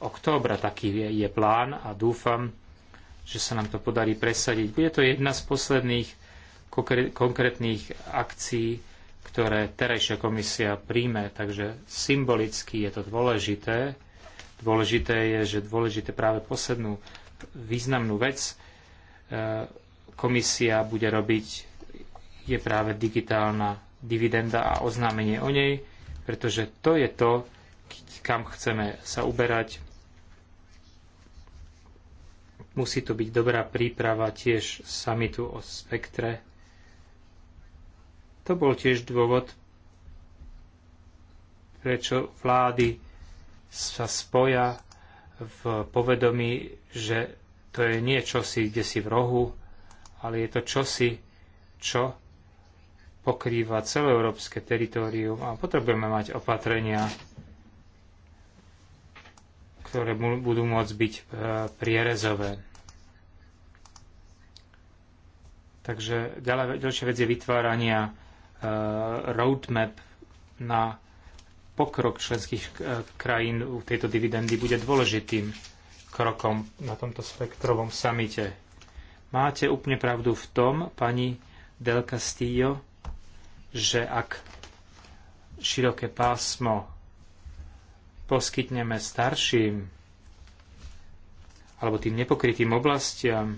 októbra. Taký je, je plán a dúfam, že sa nám to podarí presadiť. Bude to jedna z posledných konkrétnych akcií, ktoré terajšia komisia príjme, takže symbolicky je to dôležité. Dôležité je, že dôležité práve poslednú významnú vec e, komisia bude robiť, je práve digitálna dividenda a oznámenie o nej, pretože to je to, kam chceme sa uberať. Musí to byť dobrá príprava tiež samitu o spektre. To bol tiež dôvod, prečo vlády sa spoja v povedomí, že to je nie čosi, kde si v rohu, ale je to čosi, čo pokrýva celoeurópske teritorium a potrebujeme mať opatrenia, ktoré budú môcť byť e, prierezové. Takže ďalšia vec je vytvárania e, roadmap na pokrok členských e, krajín u tejto dividendy bude dôležitým krokom na tomto spektrovom samite. Máte úplne pravdu v tom, pani Del Castillo, že ak široké pásmo poskytneme starším alebo tým nepokrytým oblastiam,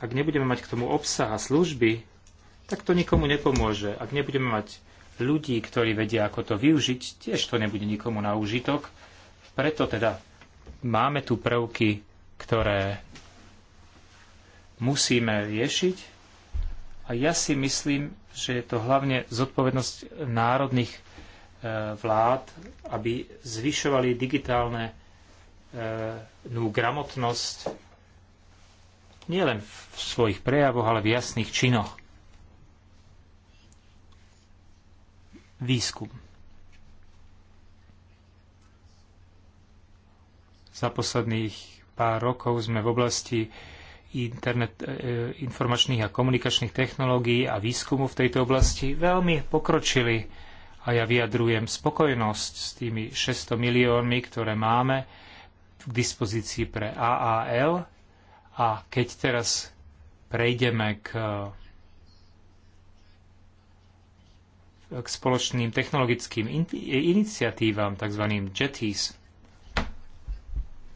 ak nebudeme mať k tomu obsah a služby, tak to nikomu nepomôže. Ak nebudeme mať ľudí, ktorí vedia, ako to využiť, tiež to nebude nikomu na úžitok. Preto teda máme tu prvky, ktoré musíme riešiť a ja si myslím, že je to hlavne zodpovednosť národných e, vlád, aby zvyšovali digitálne e, nú gramotnosť nielen v svojich prejavoch, ale v jasných činoch. Výskum. Za posledných pár rokov sme v oblasti internet, e, e, informačných a komunikačných technológií a výskumu v tejto oblasti veľmi pokročili a ja vyjadrujem spokojnosť s tými 600 miliónmi, ktoré máme k dispozícii pre AAL a keď teraz prejdeme k, k spoločným technologickým in, iniciatívam, tzv. JETIS,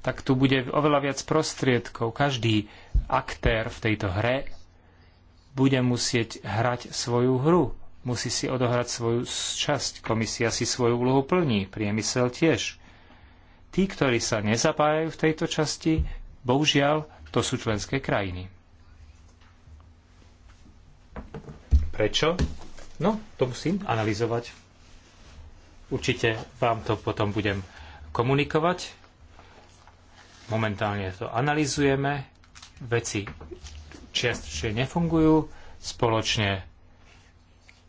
tak tu bude oveľa viac prostriedkov. Každý aktér v tejto hre bude musieť hrať svoju hru. Musí si odohrať svoju časť. Komisia si svoju úlohu plní, priemysel tiež. Tí, ktorí sa nezapájajú v tejto časti, bohužiaľ, to sú členské krajiny. Prečo? No, to musím analyzovať. Určite vám to potom budem komunikovať Momentálne to analizujeme, veci čiastočne nefungujú, spoločne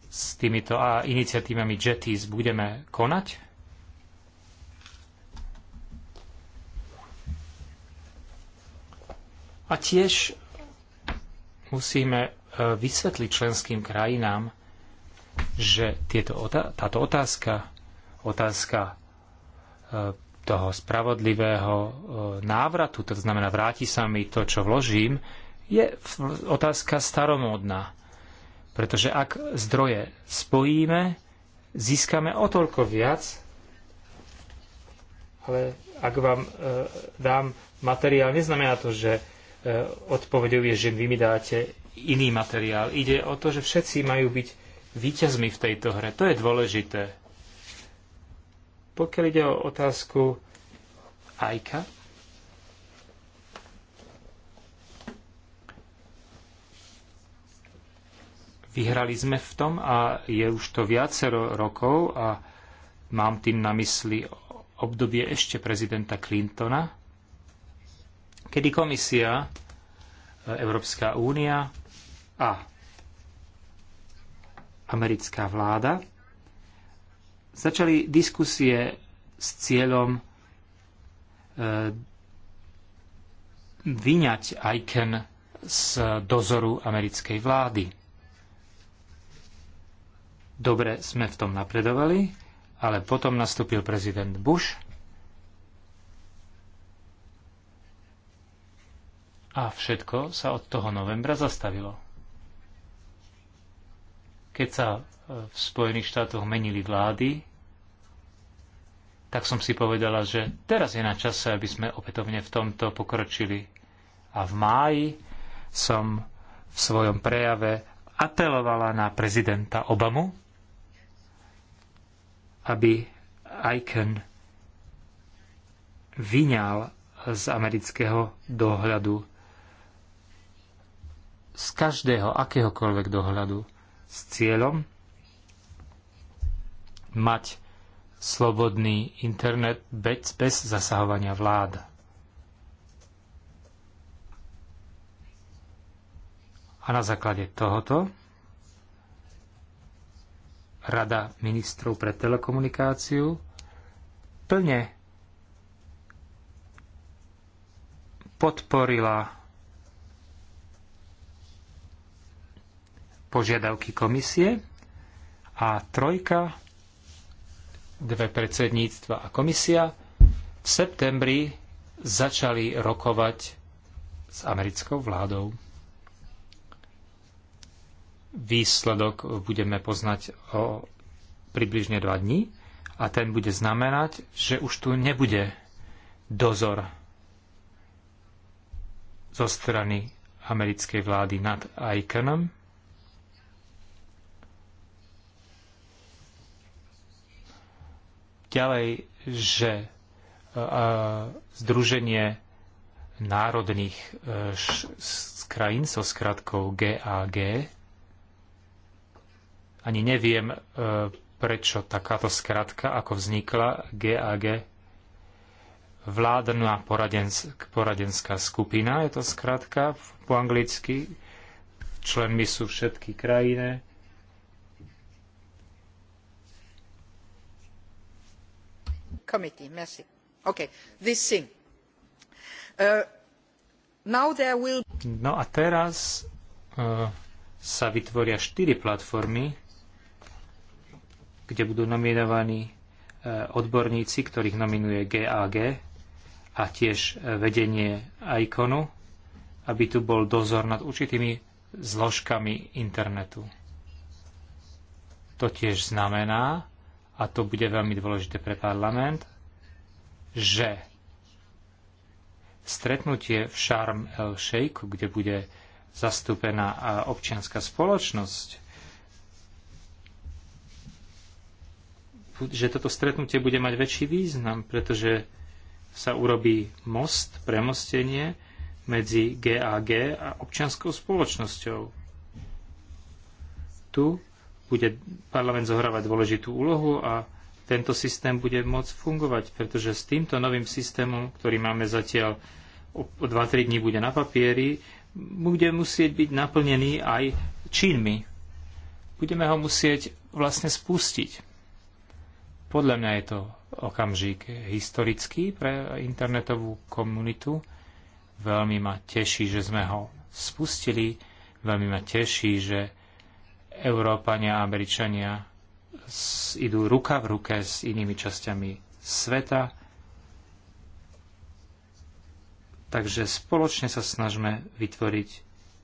s týmito a iniciatívami JETIS budeme konať. A tiež musíme e, vysvetliť členským krajinám, že tieto, táto otázka, otázka e, toho spravodlivého e, návratu, to znamená vráti sa mi to, čo vložím, je otázka staromódna. Pretože ak zdroje spojíme, získame o toľko viac, ale ak vám e, dám materiál, neznamená to, že e, odpovedou je, že vy mi dáte iný materiál. Ide o to, že všetci majú byť víťazmi v tejto hre. To je dôležité pokiaľ ide o otázku Ajka, vyhrali sme v tom a je už to viacero rokov a mám tým na mysli obdobie ešte prezidenta Clintona, kedy komisia, e, Európska únia a americká vláda Začali diskusie s cieľom e, vyňať Aiken z dozoru americkej vlády. Dobre sme v tom napredovali, ale potom nastúpil prezident Bush a všetko sa od toho novembra zastavilo. Keď sa e, v Spojených štátoch menili vlády, tak som si povedala, že teraz je na čase, aby sme opätovne v tomto pokročili. A v máji som v svojom prejave apelovala na prezidenta Obamu, aby ICAN vyňal z amerického dohľadu, z každého akéhokoľvek dohľadu, s cieľom mať slobodný internet bez, bez zasahovania vlád. A na základe tohoto Rada ministrov pre telekomunikáciu plne podporila požiadavky komisie a trojka dve predsedníctva a komisia v septembri začali rokovať s americkou vládou. Výsledok budeme poznať o približne dva dní a ten bude znamenať, že už tu nebude dozor zo strany americkej vlády nad ICANom, ďalej, že e, Združenie národných e, krajín so skratkou GAG ani neviem, e, prečo takáto skratka, ako vznikla GAG, vládna poradenská skupina, je to skratka po anglicky, členmi sú všetky krajiny, committee uh, no a teraz uh, sa vytvoria štyri platformy kde budú nominovaní uh, odborníci ktorých nominuje GAG a tiež uh, vedenie ICONu aby tu bol dozor nad určitými zložkami internetu to tiež znamená a to bude veľmi dôležité pre parlament, že stretnutie v Sharm el Sheikh, kde bude zastúpená občianská spoločnosť, že toto stretnutie bude mať väčší význam, pretože sa urobí most, premostenie medzi GAG a občianskou spoločnosťou. Tu bude parlament zohrávať dôležitú úlohu a tento systém bude môcť fungovať, pretože s týmto novým systémom, ktorý máme zatiaľ o 2-3 dní bude na papieri, bude musieť byť naplnený aj činmi. Budeme ho musieť vlastne spustiť. Podľa mňa je to okamžik historický pre internetovú komunitu. Veľmi ma teší, že sme ho spustili. Veľmi ma teší, že Európania a Američania idú ruka v ruke s inými časťami sveta. Takže spoločne sa snažme vytvoriť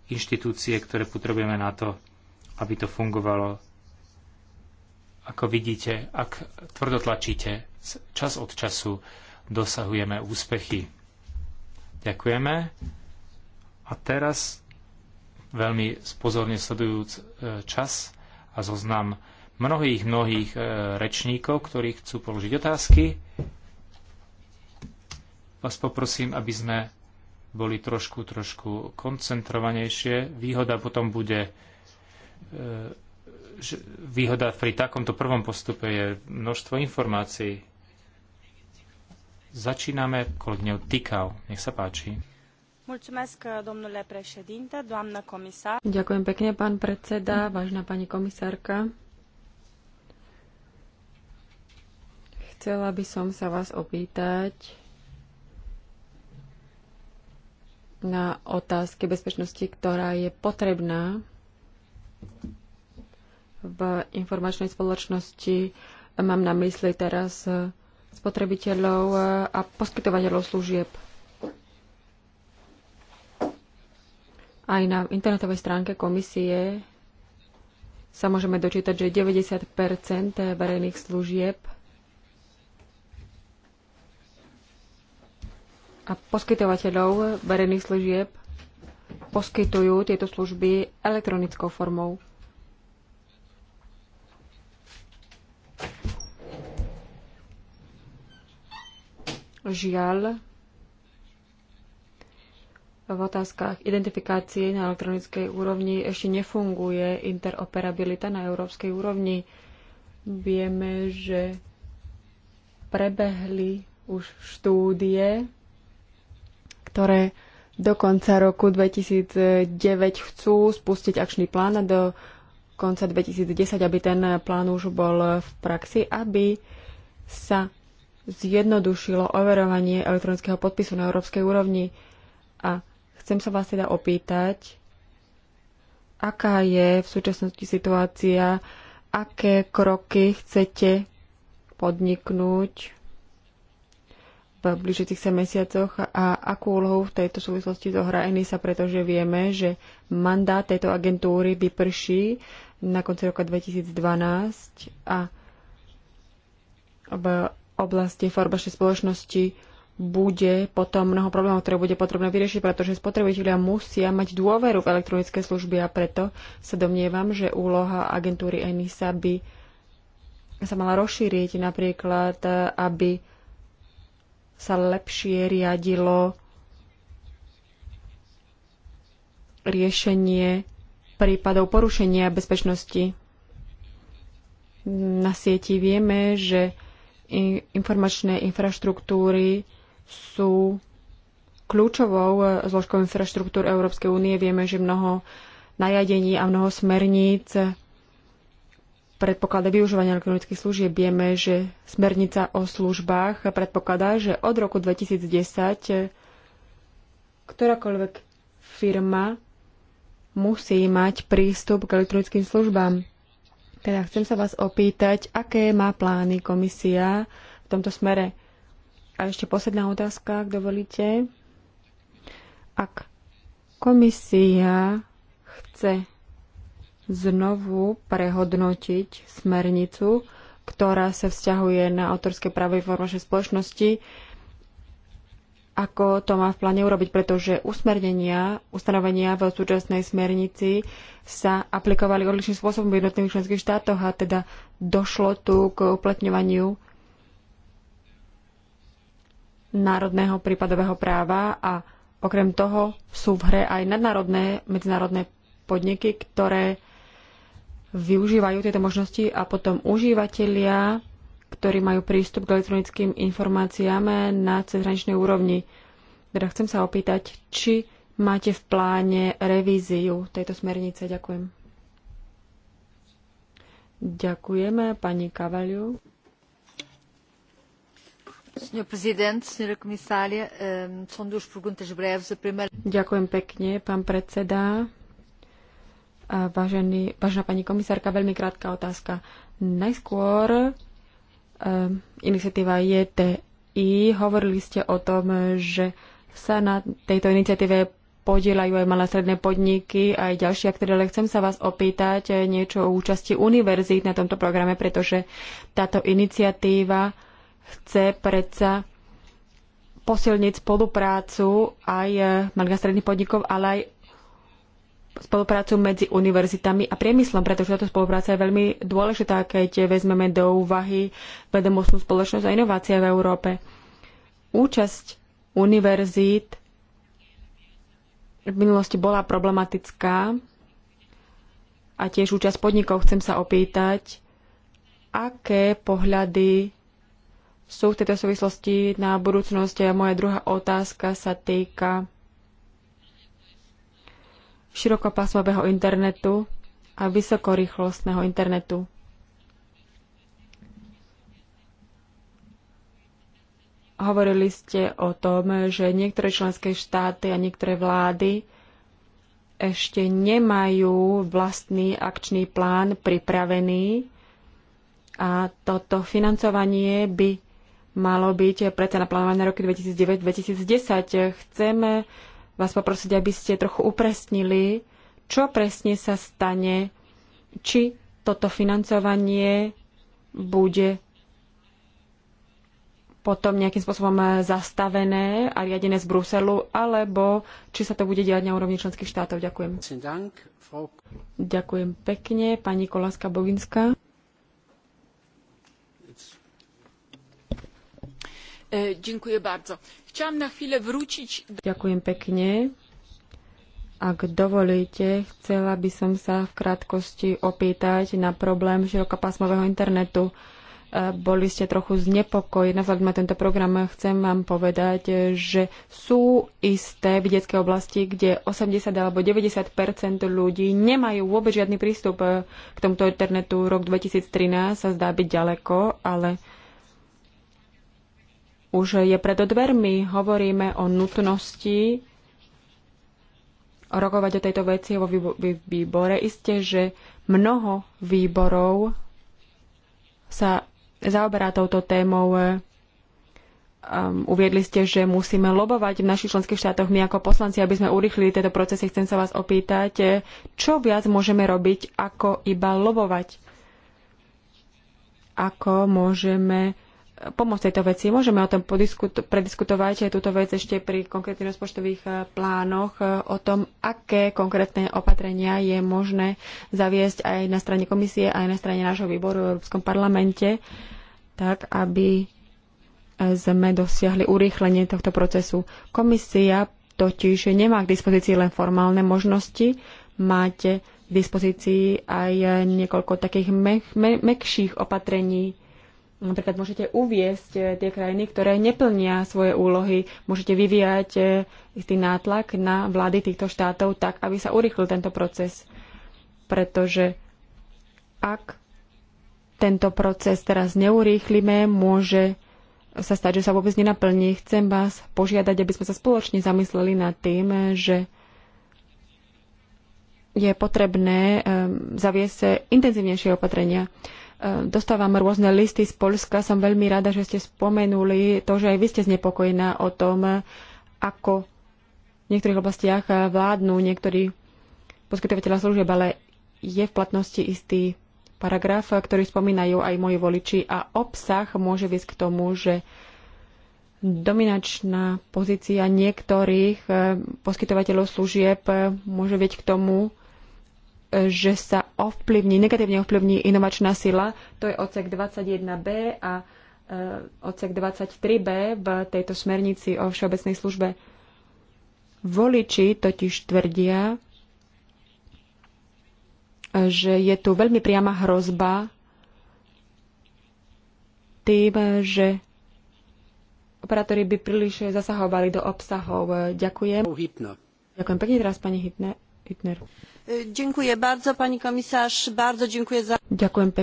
inštitúcie, ktoré potrebujeme na to, aby to fungovalo. Ako vidíte, ak tvrdo tlačíte, čas od času dosahujeme úspechy. Ďakujeme. A teraz veľmi pozorne sledujúc e, čas a zoznam mnohých, mnohých e, rečníkov, ktorí chcú položiť otázky. Vás poprosím, aby sme boli trošku, trošku koncentrovanejšie. Výhoda potom bude, e, výhoda pri takomto prvom postupe je množstvo informácií. Začíname kolegňou Tikau. Nech sa páči. Ďakujem pekne, pán predseda, vážna pani komisárka. Chcela by som sa vás opýtať na otázky bezpečnosti, ktorá je potrebná v informačnej spoločnosti. Mám na mysli teraz spotrebiteľov a poskytovateľov služieb. Aj na internetovej stránke komisie sa môžeme dočítať, že 90 verejných služieb a poskytovateľov verejných služieb poskytujú tieto služby elektronickou formou. Žiaľ, v otázkach identifikácie na elektronickej úrovni ešte nefunguje interoperabilita na európskej úrovni. Vieme, že prebehli už štúdie, ktoré do konca roku 2009 chcú spustiť akčný plán a do konca 2010, aby ten plán už bol v praxi, aby sa zjednodušilo overovanie elektronického podpisu na európskej úrovni a Chcem sa vás teda opýtať, aká je v súčasnosti situácia, aké kroky chcete podniknúť v blížiacich sa mesiacoch a akú úlohu v tejto súvislosti zohrá ENISA, pretože vieme, že mandát tejto agentúry vyprší na konci roka 2012 a v oblasti farbašej spoločnosti bude potom mnoho problémov, ktoré bude potrebné vyriešiť, pretože spotrebitelia musia mať dôveru v elektronické služby a preto sa domnievam, že úloha agentúry ENISA by sa mala rozšíriť napríklad, aby sa lepšie riadilo riešenie prípadov porušenia bezpečnosti na sieti. Vieme, že informačné infraštruktúry sú kľúčovou e, zložkou infraštruktúr Európskej únie. Vieme, že mnoho nariadení a mnoho smerníc predpokladá využívanie elektronických služieb. Vieme, že smernica o službách predpokladá, že od roku 2010 e, ktorákoľvek firma musí mať prístup k elektronickým službám. Teda chcem sa vás opýtať, aké má plány komisia v tomto smere. A ešte posledná otázka, ak dovolíte. Ak komisia chce znovu prehodnotiť smernicu, ktorá sa vzťahuje na autorské právo vašej spoločnosti, ako to má v pláne urobiť, pretože usmernenia, ustanovenia v súčasnej smernici sa aplikovali odlišným spôsobom v jednotlivých členských štátoch a teda došlo tu k uplatňovaniu národného prípadového práva a okrem toho sú v hre aj nadnárodné medzinárodné podniky, ktoré využívajú tieto možnosti a potom užívateľia, ktorí majú prístup k elektronickým informáciám na cezhraničnej úrovni. Teda chcem sa opýtať, či máte v pláne revíziu tejto smernice. Ďakujem. Ďakujeme pani Kavaliu. Ehm, Ďakujem pekne, pán predseda. Vážený, vážená pani komisárka, veľmi krátka otázka. Najskôr um, iniciatíva JTI. Hovorili ste o tom, že sa na tejto iniciatíve podielajú aj malé stredné podniky, aj ďalšie aktéry, ale chcem sa vás opýtať eh, niečo o účasti univerzít na tomto programe, pretože táto iniciatíva chce predsa posilniť spoluprácu aj eh, malých a stredných podnikov, ale aj spoluprácu medzi univerzitami a priemyslom, pretože táto spolupráca je veľmi dôležitá, keď vezmeme do úvahy vedomostnú spoločnosť a inovácie v Európe. Účasť univerzít v minulosti bola problematická a tiež účasť podnikov. Chcem sa opýtať, aké pohľady sú v tejto súvislosti na budúcnosť. A moja druhá otázka sa týka širokopásmového internetu a vysokorýchlostného internetu. Hovorili ste o tom, že niektoré členské štáty a niektoré vlády ešte nemajú vlastný akčný plán pripravený a toto financovanie by malo byť predsa naplánované na roky 2009-2010. Chceme vás poprosiť, aby ste trochu upresnili, čo presne sa stane, či toto financovanie bude potom nejakým spôsobom zastavené a riadené z Bruselu, alebo či sa to bude diať na úrovni členských štátov. Ďakujem. Ďakujem pekne, pani Kolaska Bovinská. E, Ďakujem pekne. Ak dovolíte, chcela by som sa v krátkosti opýtať na problém širokopásmového internetu. E, boli ste trochu znepokojení vzhľadom na tento program. Chcem vám povedať, že sú isté v detskej oblasti, kde 80 alebo 90 ľudí nemajú vôbec žiadny prístup e, k tomuto internetu. Rok 2013 sa zdá byť ďaleko, ale už je pred dvermi. Hovoríme o nutnosti rokovať o tejto veci vo výbore. Isté, že mnoho výborov sa zaoberá touto témou. Um, uviedli ste, že musíme lobovať v našich členských štátoch my ako poslanci, aby sme urychlili tieto procesy. Chcem sa vás opýtať, eh, čo viac môžeme robiť, ako iba lobovať? Ako môžeme pomôcť tejto veci. Môžeme o tom prediskutovať aj túto vec ešte pri konkrétnych rozpočtových eh, plánoch eh, o tom, aké konkrétne opatrenia je možné zaviesť aj na strane komisie, aj na strane nášho výboru v Európskom parlamente, tak aby eh, sme dosiahli urýchlenie tohto procesu. Komisia totiž nemá k dispozícii len formálne možnosti, máte k dispozícii aj niekoľko takých mekších opatrení, Napríklad môžete uviesť eh, tie krajiny, ktoré neplnia svoje úlohy. Môžete vyvíjať eh, istý nátlak na vlády týchto štátov tak, aby sa urýchlil tento proces. Pretože ak tento proces teraz neurýchlime, môže sa stať, že sa vôbec nenaplní. Chcem vás požiadať, aby sme sa spoločne zamysleli nad tým, že je potrebné eh, zaviesť intenzívnejšie opatrenia. Dostávam rôzne listy z Polska. Som veľmi rada, že ste spomenuli to, že aj vy ste znepokojená o tom, ako v niektorých oblastiach vládnu niektorí poskytovateľa služieb, ale je v platnosti istý paragraf, ktorý spomínajú aj moji voliči a obsah môže viesť k tomu, že dominačná pozícia niektorých eh, poskytovateľov služieb eh, môže viesť k tomu, že sa ovplyvní, negatívne ovplyvní inovačná sila. To je odsek 21b a e, odsek 23b v tejto smernici o všeobecnej službe. Voliči totiž tvrdia, že je tu veľmi priama hrozba tým, že operátori by príliš zasahovali do obsahov. Ďakujem. Ďakujem pekne teraz, pani Hitner. Ďakujem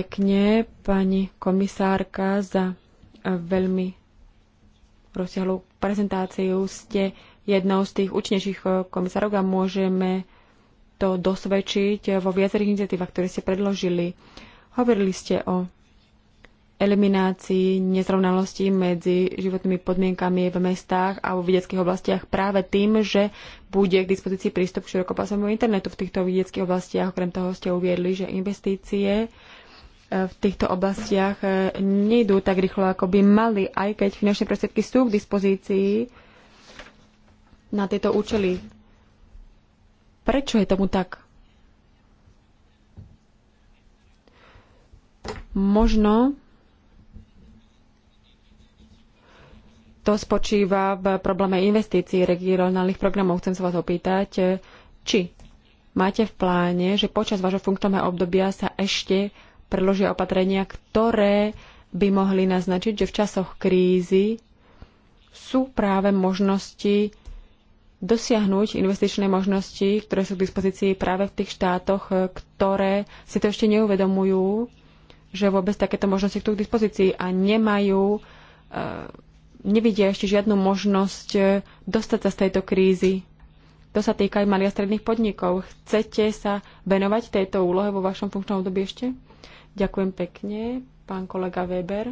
pekne, pani komisárka, za e, veľmi rozsiahlu prezentáciu. Ste jednou z tých účnejších e, komisárok a môžeme to dosvedčiť e, vo viacerých iniciatívach, ktoré ste predložili. Hovorili ste o eliminácii nezrovnalostí medzi životnými podmienkami v mestách a v vidieckých oblastiach práve tým, že bude k dispozícii prístup k širokopásmovému internetu v týchto vidieckých oblastiach. Okrem toho ste uviedli, že investície e, v týchto oblastiach e, nejdú tak rýchlo, ako by mali, aj keď finančné prostriedky sú k dispozícii na tieto účely. Prečo je tomu tak? Možno to spočíva v probléme investícií regionálnych programov. Chcem sa vás opýtať, či máte v pláne, že počas vášho funkčného obdobia sa ešte predložia opatrenia, ktoré by mohli naznačiť, že v časoch krízy sú práve možnosti dosiahnuť investičné možnosti, ktoré sú k dispozícii práve v tých štátoch, ktoré si to ešte neuvedomujú, že vôbec takéto možnosti sú k dispozícii a nemajú eh, nevidia ešte žiadnu možnosť e, dostať sa z tejto krízy. To sa týka aj malých a stredných podnikov. Chcete sa venovať tejto úlohe vo vašom funkčnom období ešte? Ďakujem pekne, pán kolega Weber.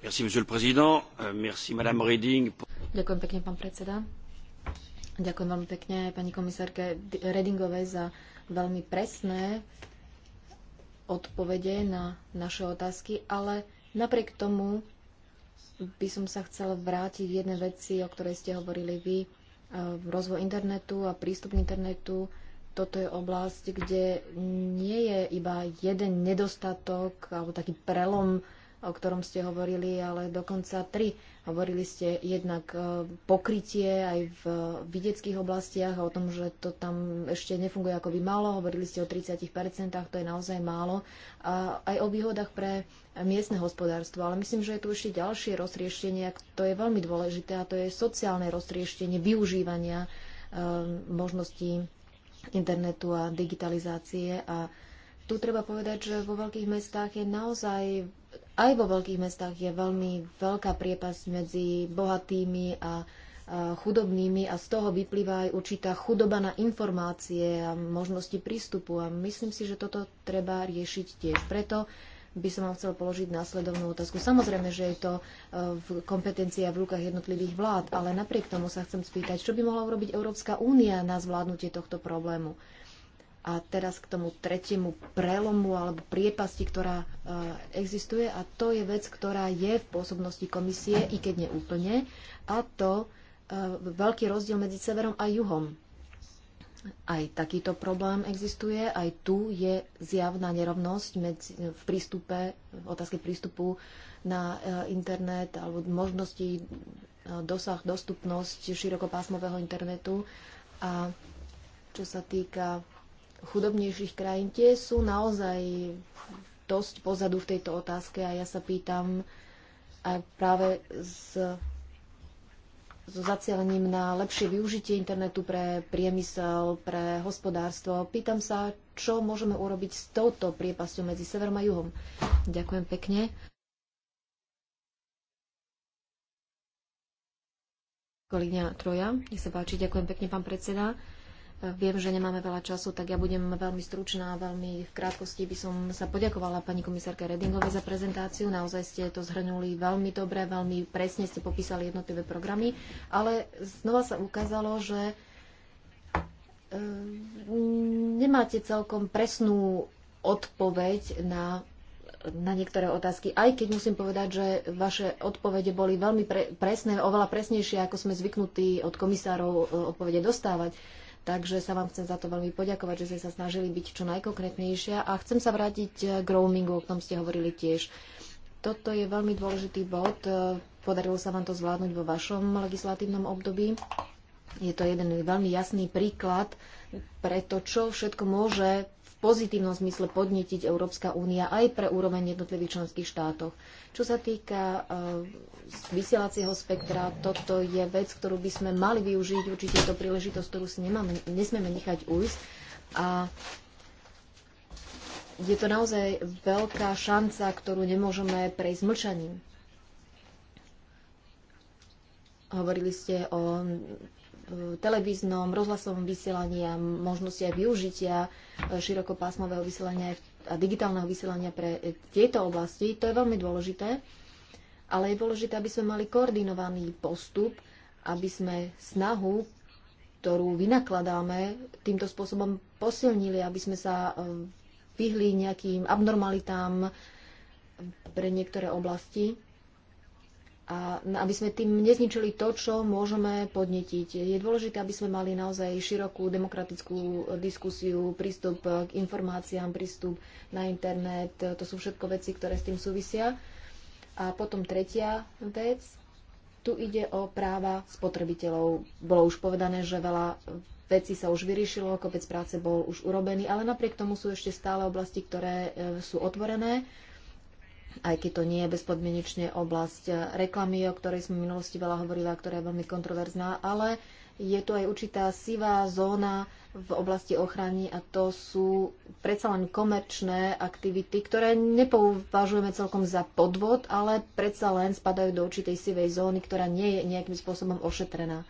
Merci, monsieur le président. Euh, merci, madame Reding. Ďakujem pekne, pán predseda. Ďakujem veľmi pekne pani komisárke Redingovej za veľmi presné odpovede na naše otázky, ale napriek tomu by som sa chcela vrátiť v jednej veci, o ktorej ste hovorili vy. E, rozvoj internetu a prístup k internetu. Toto je oblasť, kde nie je iba jeden nedostatok alebo taký prelom o ktorom ste hovorili, ale dokonca tri. Hovorili ste jednak e, pokrytie aj v videckých oblastiach a o tom, že to tam ešte nefunguje ako by malo. Hovorili ste o 30%, to je naozaj málo. A aj o výhodách pre miestne hospodárstvo. Ale myslím, že je tu ešte ďalšie roztrieštenie, to je veľmi dôležité a to je sociálne rozrieštenie využívania e, možností internetu a digitalizácie a tu treba povedať, že vo veľkých mestách je naozaj aj vo veľkých mestách je veľmi veľká priepasť medzi bohatými a chudobnými a z toho vyplýva aj určitá chudoba na informácie a možnosti prístupu. A myslím si, že toto treba riešiť tiež. Preto by som vám chcel položiť následovnú otázku. Samozrejme, že je to e, v kompetencii a v rukách jednotlivých vlád, ale napriek tomu sa chcem spýtať, čo by mohla urobiť Európska únia na zvládnutie tohto problému. A teraz k tomu tretiemu prelomu alebo priepasti, ktorá e, existuje. A to je vec, ktorá je v pôsobnosti komisie, i keď neúplne. A to e, veľký rozdiel medzi severom a juhom. Aj takýto problém existuje, aj tu je zjavná nerovnosť medzi, v prístupe, v otázke prístupu na e, internet alebo možnosti dosah, dostupnosť širokopásmového internetu. A čo sa týka chudobnejších krajín, tie sú naozaj dosť pozadu v tejto otázke a ja sa pýtam aj práve s, so zacielením na lepšie využitie internetu pre priemysel, pre hospodárstvo. Pýtam sa, čo môžeme urobiť s touto priepasťou medzi severom a juhom. Ďakujem pekne. Kolíňa Troja, nech sa páči, ďakujem pekne, pán predseda. Viem, že nemáme veľa času, tak ja budem veľmi stručná. Veľmi v krátkosti by som sa poďakovala pani komisárke Redingovej za prezentáciu. Naozaj ste to zhrnuli veľmi dobre, veľmi presne ste popísali jednotlivé programy, ale znova sa ukázalo, že eh, nemáte celkom presnú odpoveď na, na niektoré otázky, aj keď musím povedať, že vaše odpovede boli veľmi pre, presné, oveľa presnejšie, ako sme zvyknutí od komisárov eh, odpovede dostávať. Takže sa vám chcem za to veľmi poďakovať, že ste sa snažili byť čo najkonkrétnejšia a chcem sa vrátiť k roamingu, o ktorom ste hovorili tiež. Toto je veľmi dôležitý bod. Podarilo sa vám to zvládnuť vo vašom legislatívnom období. Je to jeden veľmi jasný príklad pre to, čo všetko môže pozitívnom zmysle podnetiť Európska únia aj pre úroveň jednotlivých členských štátov. Čo sa týka e, vysielacieho spektra, toto je vec, ktorú by sme mali využiť. Určite je to príležitosť, ktorú si nemáme, nesmieme nechať ujsť. A je to naozaj veľká šanca, ktorú nemôžeme prejsť mlčaním. Hovorili ste o televíznom, rozhlasovom vysielaní a možnosti aj využitia e, širokopásmového vysielania a digitálneho vysielania pre e, tieto oblasti. To je veľmi dôležité, ale je dôležité, aby sme mali koordinovaný postup, aby sme snahu, ktorú vynakladáme, týmto spôsobom posilnili, aby sme sa e, vyhli nejakým abnormalitám pre niektoré oblasti a aby sme tým nezničili to, čo môžeme podnetiť. Je dôležité, aby sme mali naozaj širokú demokratickú diskusiu, prístup k informáciám, prístup na internet. To sú všetko veci, ktoré s tým súvisia. A potom tretia vec. Tu ide o práva spotrebiteľov. Bolo už povedané, že veľa vecí sa už vyriešilo, kopec práce bol už urobený, ale napriek tomu sú ešte stále oblasti, ktoré e, sú otvorené aj keď to nie je bezpodmienečne oblasť eh, reklamy, o ktorej sme v minulosti veľa hovorili a ktorá je veľmi kontroverzná, ale je tu aj určitá sivá zóna v oblasti ochrany a to sú predsa len komerčné aktivity, ktoré nepovažujeme celkom za podvod, ale predsa len spadajú do určitej sivej zóny, ktorá nie je nejakým spôsobom ošetrená.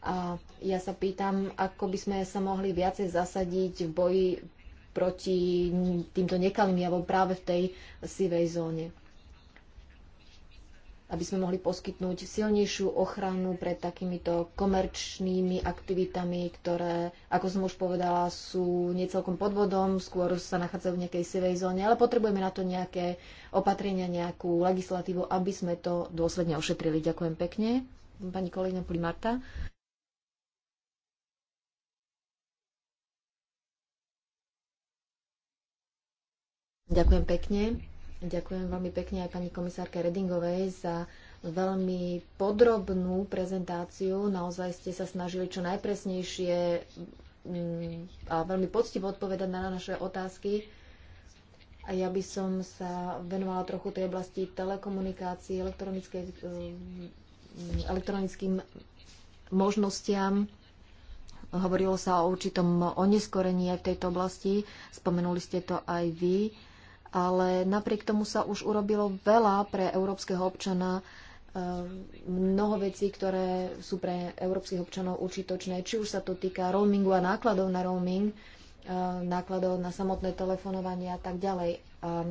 A ja sa pýtam, ako by sme sa mohli viacej zasadiť v boji proti týmto nekalým javom práve v tej sivej zóne aby sme mohli poskytnúť silnejšiu ochranu pred takýmito komerčnými aktivitami, ktoré, ako som už povedala, sú necelkom podvodom, skôr sa nachádzajú v nejakej sivej zóne, ale potrebujeme na to nejaké opatrenia, nejakú legislatívu, aby sme to dôsledne ošetrili. Ďakujem pekne, pani kolegyňa Plimarta. Ďakujem pekne. Ďakujem veľmi pekne aj pani komisárke Redingovej za veľmi podrobnú prezentáciu. Naozaj ste sa snažili čo najpresnejšie mm, a veľmi poctivo odpovedať na naše otázky. A ja by som sa venovala trochu tej oblasti telekomunikácií, mm, elektronickým možnostiam. Hovorilo sa o určitom oneskorení aj v tejto oblasti. Spomenuli ste to aj vy ale napriek tomu sa už urobilo veľa pre európskeho občana, eh, mnoho vecí, ktoré sú pre európskych občanov užitočné, či už sa to týka roamingu a nákladov na roaming, eh, nákladov na samotné telefonovanie a tak ďalej. A eh,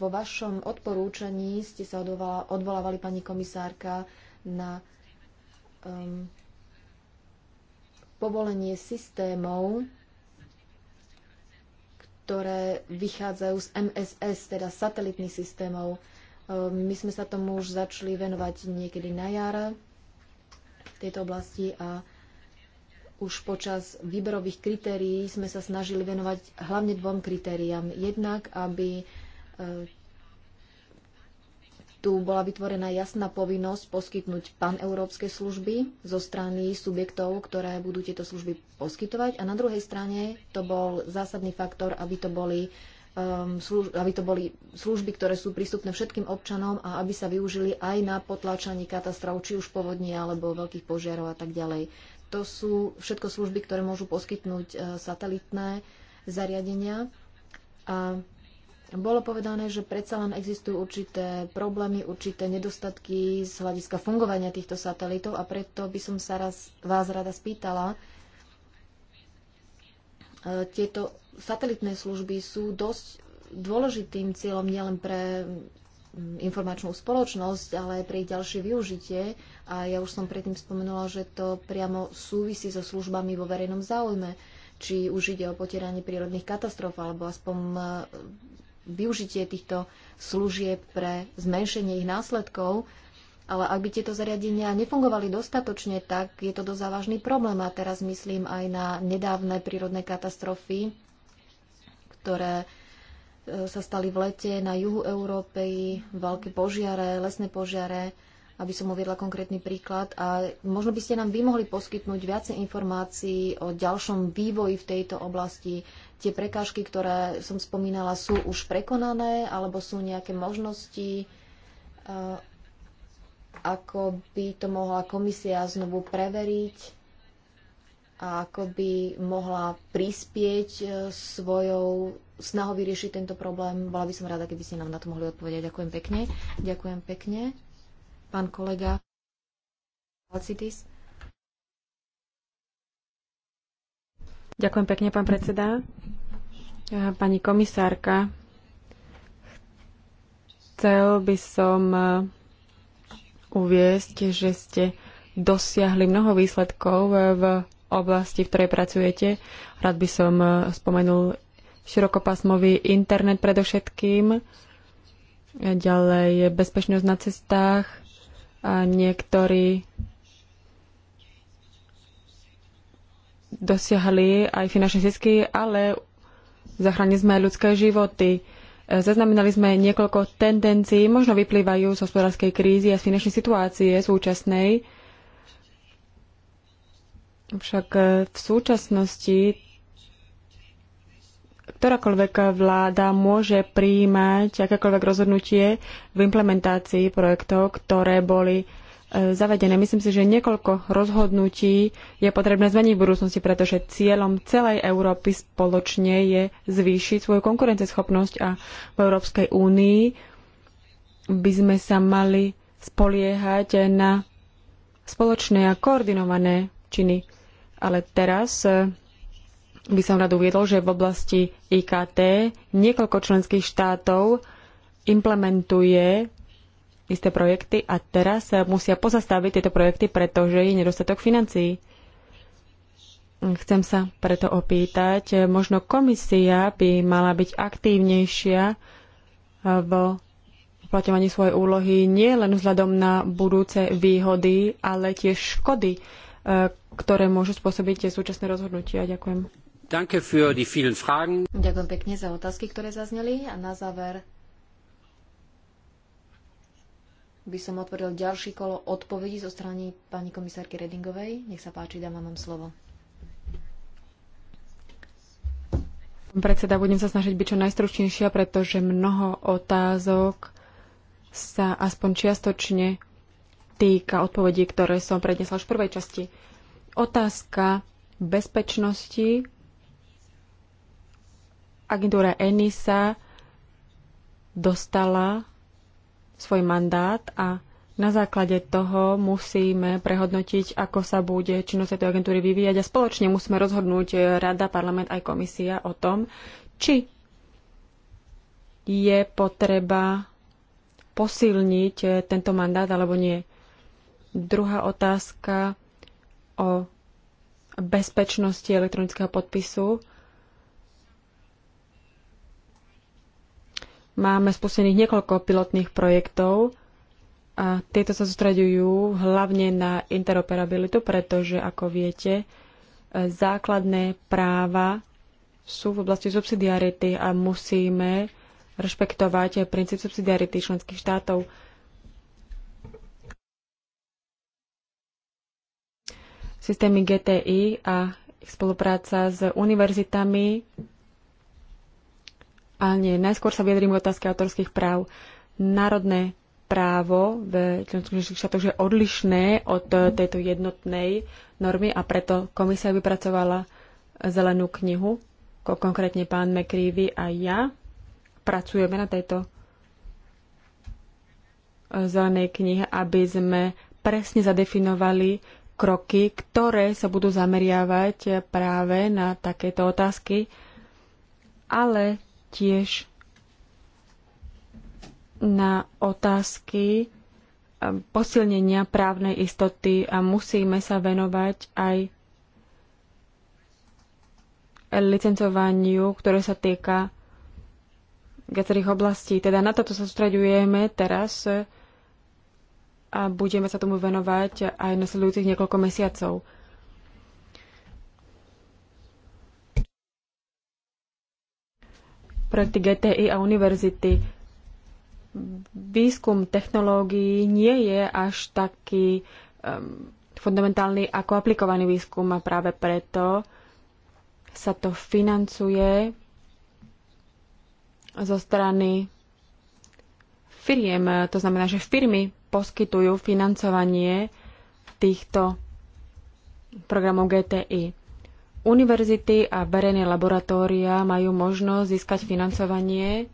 vo vašom odporúčaní ste sa odvolávali, pani komisárka, na um, povolenie systémov, ktoré vychádzajú z MSS, teda satelitných systémov. E, my sme sa tomu už začali venovať niekedy na jara v tejto oblasti a už počas výberových kritérií sme sa snažili venovať hlavne dvom kritériám. Jednak, aby e, tu bola vytvorená jasná povinnosť poskytnúť paneurópske služby zo strany subjektov, ktoré budú tieto služby poskytovať. A na druhej strane to bol zásadný faktor, aby to boli um, služ- aby to boli služby, ktoré sú prístupné všetkým občanom a aby sa využili aj na potláčanie katastrof, či už povodní alebo veľkých požiarov a tak ďalej. To sú všetko služby, ktoré môžu poskytnúť uh, satelitné zariadenia. A bolo povedané, že predsa len existujú určité problémy, určité nedostatky z hľadiska fungovania týchto satelitov a preto by som sa raz, vás rada spýtala, e, tieto satelitné služby sú dosť dôležitým cieľom nielen pre mm, informačnú spoločnosť, ale aj pre ich ďalšie využitie. A ja už som predtým spomenula, že to priamo súvisí so službami vo verejnom záujme či už ide o potieranie prírodných katastrof alebo aspoň e, využitie týchto služieb pre zmenšenie ich následkov, ale ak by tieto zariadenia nefungovali dostatočne, tak je to dosť závažný problém. A teraz myslím aj na nedávne prírodné katastrofy, ktoré e, sa stali v lete na juhu Európy, veľké požiare, lesné požiare, aby som uviedla konkrétny príklad. A možno by ste nám vy mohli poskytnúť viacej informácií o ďalšom vývoji v tejto oblasti, tie prekážky, ktoré som spomínala, sú už prekonané, alebo sú nejaké možnosti, eh, ako by to mohla komisia znovu preveriť a ako by mohla prispieť eh, svojou snahou vyriešiť tento problém. Bola by som rada, keby ste nám na to mohli odpovedať. Ďakujem pekne. Ďakujem pekne. Pán kolega Ďakujem pekne, pán predseda. Pani komisárka, chcel by som e, uviesť, že ste dosiahli mnoho výsledkov e, v oblasti, v ktorej pracujete. Rád by som e, spomenul širokopásmový internet predovšetkým, ďalej bezpečnosť na cestách a niektorí dosiahli aj finančné zisky, ale zachránili sme aj ľudské životy. E, zaznamenali sme niekoľko tendencií, možno vyplývajú z hospodárskej krízy a z finančnej situácie súčasnej. Však e, v súčasnosti ktorákoľvek vláda môže prijímať akékoľvek rozhodnutie v implementácii projektov, ktoré boli zavedené. Myslím si, že niekoľko rozhodnutí je potrebné zmeniť v budúcnosti, pretože cieľom celej Európy spoločne je zvýšiť svoju konkurenceschopnosť a v Európskej únii by sme sa mali spoliehať na spoločné a koordinované činy. Ale teraz eh, by som rád uviedol, že v oblasti IKT niekoľko členských štátov implementuje isté projekty a teraz musia pozastaviť tieto projekty, pretože je nedostatok financií. Chcem sa preto opýtať, možno komisia by mala byť aktívnejšia v uplatňovaní svojej úlohy nie len vzhľadom na budúce výhody, ale tiež škody, e, ktoré môžu spôsobiť tie súčasné rozhodnutia. Ďakujem. Ďakujem pekne za otázky, ktoré zazneli a na záver by som otvoril ďalší kolo odpovedí zo strany pani komisárky Redingovej. Nech sa páči, dám vám slovo. Predseda, budem sa snažiť byť čo najstručnejšia, pretože mnoho otázok sa aspoň čiastočne týka odpovedí, ktoré som prednesla už v prvej časti. Otázka bezpečnosti agentúra ENISA dostala svoj mandát a na základe toho musíme prehodnotiť, ako sa bude činnosť tejto agentúry vyvíjať a spoločne musíme rozhodnúť e, Rada, Parlament aj Komisia o tom, či je potreba posilniť e, tento mandát alebo nie. Druhá otázka o bezpečnosti elektronického podpisu. Máme spustených niekoľko pilotných projektov a tieto sa sústreďujú hlavne na interoperabilitu, pretože, ako viete, základné práva sú v oblasti subsidiarity a musíme rešpektovať princíp subsidiarity členských štátov. Systémy GTI a ich spolupráca s univerzitami a nie, najskôr sa vyjadrím k otázke autorských práv. Národné právo v členských štátoch je odlišné od tejto jednotnej normy a preto komisia vypracovala zelenú knihu. Konkrétne pán McCreevy a ja pracujeme na tejto e, zelenej knihe, aby sme presne zadefinovali kroky, ktoré sa budú zameriavať práve na takéto otázky, ale tiež na otázky um, posilnenia právnej istoty a musíme sa venovať aj licencovaniu, ktoré sa týka viacerých oblastí. Teda na toto sa sústredujeme teraz a budeme sa tomu venovať aj na sledujúcich niekoľko mesiacov. projekty GTI a univerzity. Výskum technológií nie je až taký um, fundamentálny ako aplikovaný výskum a práve preto sa to financuje zo strany firiem. To znamená, že firmy poskytujú financovanie týchto programov GTI. Univerzity a verejné laboratória majú možnosť získať financovanie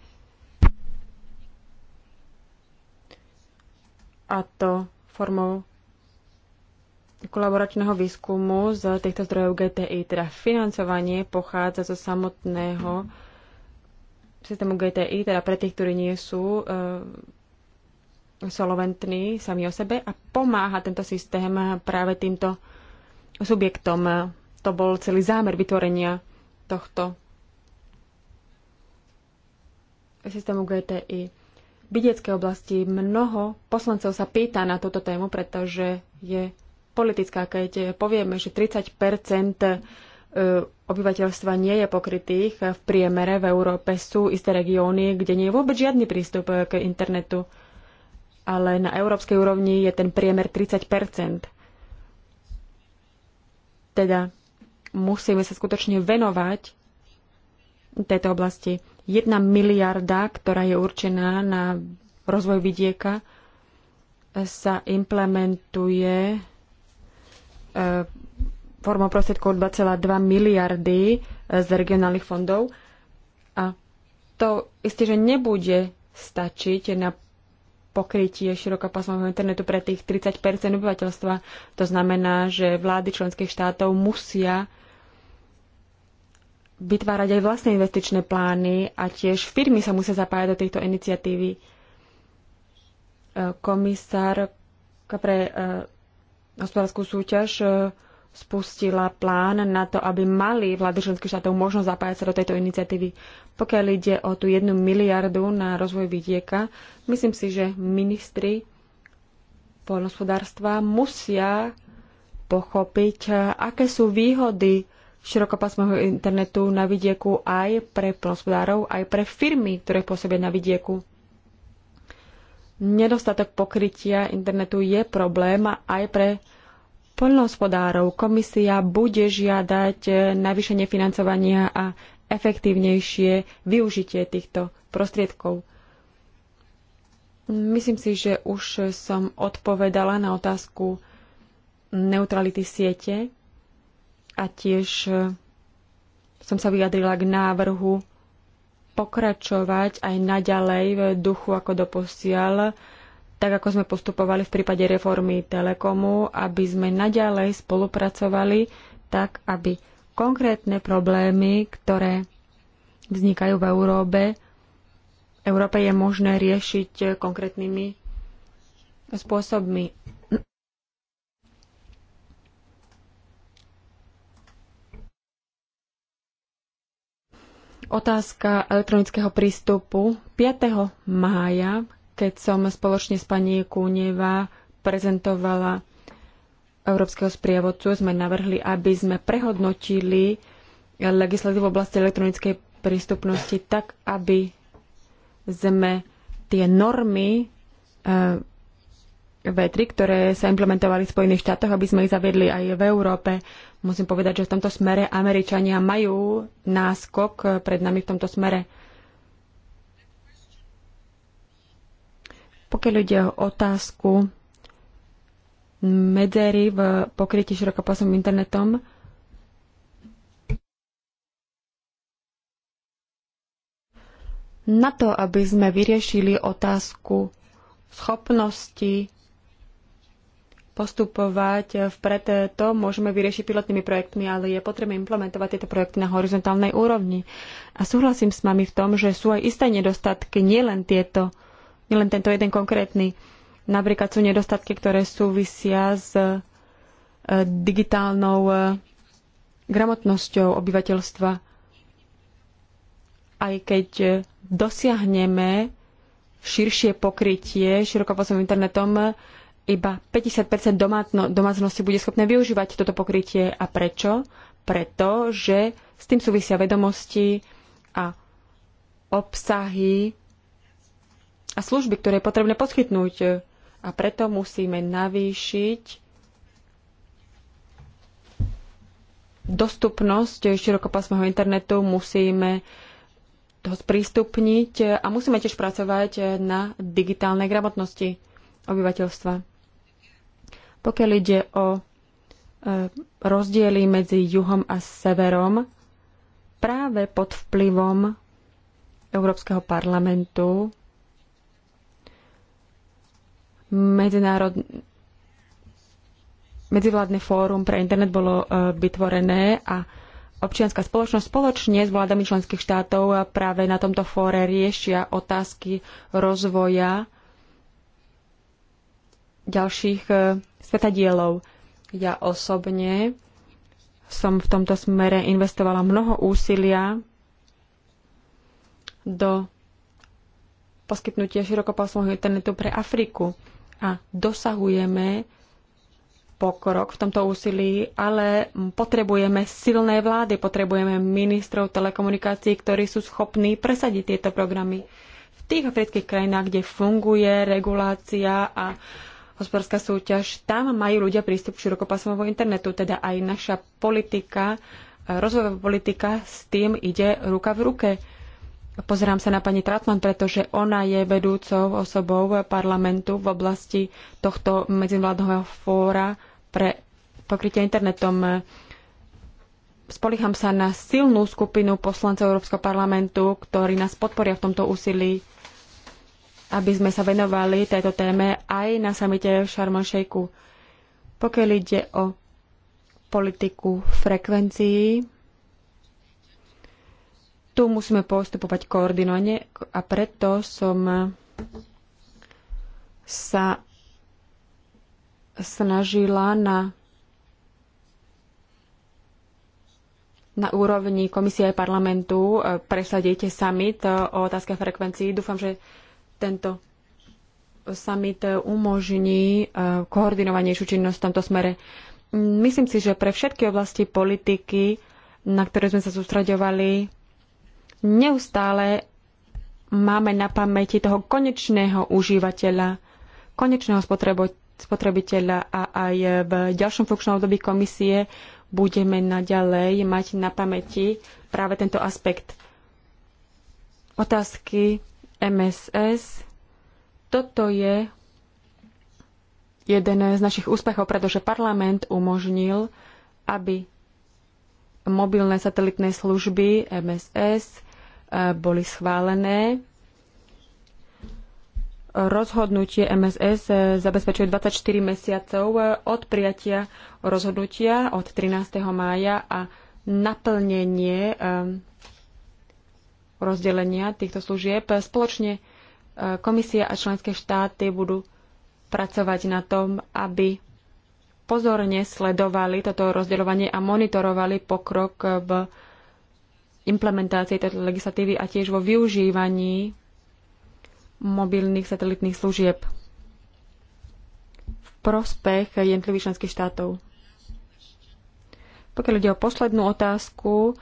a to formou kolaboračného výskumu z týchto zdrojov GTI, teda financovanie pochádza zo samotného systému GTI, teda pre tých, ktorí nie sú e, solventní sami o sebe a pomáha tento systém práve týmto subjektom to bol celý zámer vytvorenia tohto systému GTI. V vidieckej oblasti mnoho poslancov sa pýta na túto tému, pretože je politická, keď povieme, že 30 e, obyvateľstva nie je pokrytých. V priemere v Európe sú isté regióny, kde nie je vôbec žiadny prístup k internetu, ale na európskej úrovni je ten priemer 30 Teda musíme sa skutočne venovať tejto oblasti. Jedna miliarda, ktorá je určená na rozvoj vidieka, sa implementuje e, formou prostriedkov 2,2 miliardy e, z regionálnych fondov. A to isté, že nebude stačiť na pokrytie širokopásmového internetu pre tých 30 obyvateľstva. To znamená, že vlády členských štátov musia vytvárať aj vlastné investičné plány a tiež firmy sa musia zapájať do tejto iniciatívy. E, Komisár pre e, hospodárskú súťaž e, spustila plán na to, aby mali vlády členských štátov možnosť zapájať sa do tejto iniciatívy. Pokiaľ ide o tú jednu miliardu na rozvoj vidieka, myslím si, že ministri poľnohospodárstva musia pochopiť, aké sú výhody širokopásmového internetu na vidieku aj pre plnospodárov, aj pre firmy, ktoré pôsobia na vidieku. Nedostatok pokrytia internetu je problém aj pre poľnohospodárov. Komisia bude žiadať navýšenie financovania a efektívnejšie využitie týchto prostriedkov. Myslím si, že už som odpovedala na otázku neutrality siete a tiež e, som sa vyjadrila k návrhu pokračovať aj naďalej v duchu ako doposiaľ, tak ako sme postupovali v prípade reformy Telekomu, aby sme naďalej spolupracovali tak, aby konkrétne problémy, ktoré vznikajú v Európe, Európe je možné riešiť konkrétnymi spôsobmi Otázka elektronického prístupu. 5. mája, keď som spoločne s pani Kúneva prezentovala európskeho sprievodcu, sme navrhli, aby sme prehodnotili legislatívu v oblasti elektronickej prístupnosti tak, aby sme tie normy eh, v ktoré sa implementovali v Spojených štátoch, aby sme ich zaviedli aj v Európe. Musím povedať, že v tomto smere Američania majú náskok pred nami v tomto smere. Pokiaľ ide o otázku medzery v pokrytí širokopasom internetom, na to, aby sme vyriešili otázku schopnosti postupovať vpred. To môžeme vyriešiť pilotnými projektmi, ale je potrebné implementovať tieto projekty na horizontálnej úrovni. A súhlasím s vami v tom, že sú aj isté nedostatky, nielen tieto, nielen tento jeden konkrétny. Napríklad sú nedostatky, ktoré súvisia s e, digitálnou e, gramotnosťou obyvateľstva. Aj keď dosiahneme širšie pokrytie širokopásovým internetom, iba 50 domácnosti bude schopné využívať toto pokrytie. A prečo? Preto, že s tým súvisia vedomosti a obsahy a služby, ktoré je potrebné poskytnúť. A preto musíme navýšiť dostupnosť širokopásmeho internetu, musíme to sprístupniť a musíme tiež pracovať na digitálnej gramotnosti obyvateľstva. Pokiaľ ide o e, rozdiely medzi juhom a severom, práve pod vplyvom Európskeho parlamentu medzinárod... medzivládne fórum pre internet bolo e, vytvorené a občianská spoločnosť spoločne s vládami členských štátov práve na tomto fóre riešia otázky rozvoja ďalších e, svetadielov. Ja osobne som v tomto smere investovala mnoho úsilia do poskytnutia širokopásmového internetu pre Afriku a dosahujeme pokrok v tomto úsilí, ale potrebujeme silné vlády, potrebujeme ministrov telekomunikácií, ktorí sú schopní presadiť tieto programy. V tých afrických krajinách, kde funguje regulácia a hospodárska súťaž, tam majú ľudia prístup k širokopásmovému internetu, teda aj naša politika, eh, rozvojová politika s tým ide ruka v ruke. Pozerám sa na pani Tratman, pretože ona je vedúcou osobou parlamentu v oblasti tohto medzinvládneho fóra pre pokrytie internetom. Spolíham sa na silnú skupinu poslancov Európskeho parlamentu, ktorí nás podporia v tomto úsilí aby sme sa venovali tejto téme aj na samite v Sharm Pokiaľ ide o politiku frekvencií, tu musíme postupovať koordinovane a preto som sa snažila na na úrovni komisie aj parlamentu eh, presadíte summit o otázke frekvencií. Dúfam, že tento summit umožní eh, koordinovanejšiu činnosť v tomto smere. Myslím si, že pre všetky oblasti politiky, na ktoré sme sa sústraďovali, neustále máme na pamäti toho konečného užívateľa, konečného spotrebo- spotrebiteľa a aj v ďalšom funkčnom období komisie budeme naďalej mať na pamäti práve tento aspekt. Otázky MSS. Toto je jeden z našich úspechov, pretože parlament umožnil, aby mobilné satelitné služby MSS eh, boli schválené. Rozhodnutie MSS eh, zabezpečuje 24 mesiacov eh, od prijatia rozhodnutia od 13. mája a naplnenie rozdelenia týchto služieb. Spoločne e, komisia a členské štáty budú pracovať na tom, aby pozorne sledovali toto rozdeľovanie a monitorovali pokrok v implementácii tejto legislatívy a tiež vo využívaní mobilných satelitných služieb v prospech jednotlivých členských štátov. Pokiaľ ide o poslednú otázku,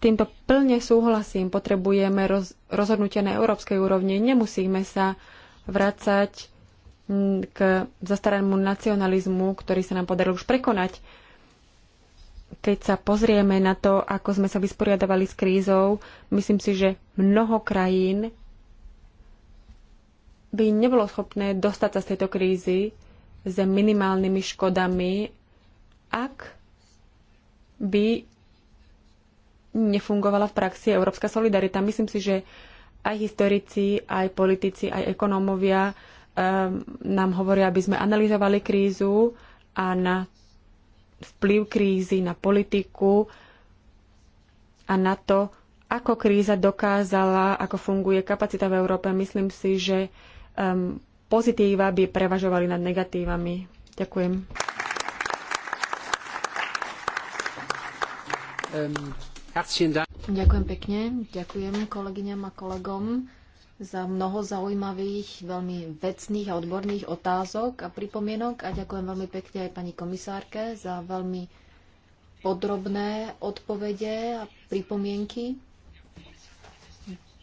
týmto plne súhlasím. Potrebujeme roz, rozhodnutia na európskej úrovni. Nemusíme sa vracať k zastaranému nacionalizmu, ktorý sa nám podaril už prekonať. Keď sa pozrieme na to, ako sme sa vysporiadavali s krízou, myslím si, že mnoho krajín by nebolo schopné dostať sa z tejto krízy s minimálnymi škodami, ak by nefungovala v praxi európska solidarita. Myslím si, že aj historici, aj politici, aj ekonómovia um, nám hovoria, aby sme analyzovali krízu a na vplyv krízy na politiku a na to, ako kríza dokázala, ako funguje kapacita v Európe. Myslím si, že um, pozitíva by prevažovali nad negatívami. Ďakujem. Um. Ďakujem pekne. Ďakujem kolegyňam a kolegom za mnoho zaujímavých, veľmi vecných a odborných otázok a pripomienok a ďakujem veľmi pekne aj pani komisárke za veľmi podrobné odpovede a pripomienky.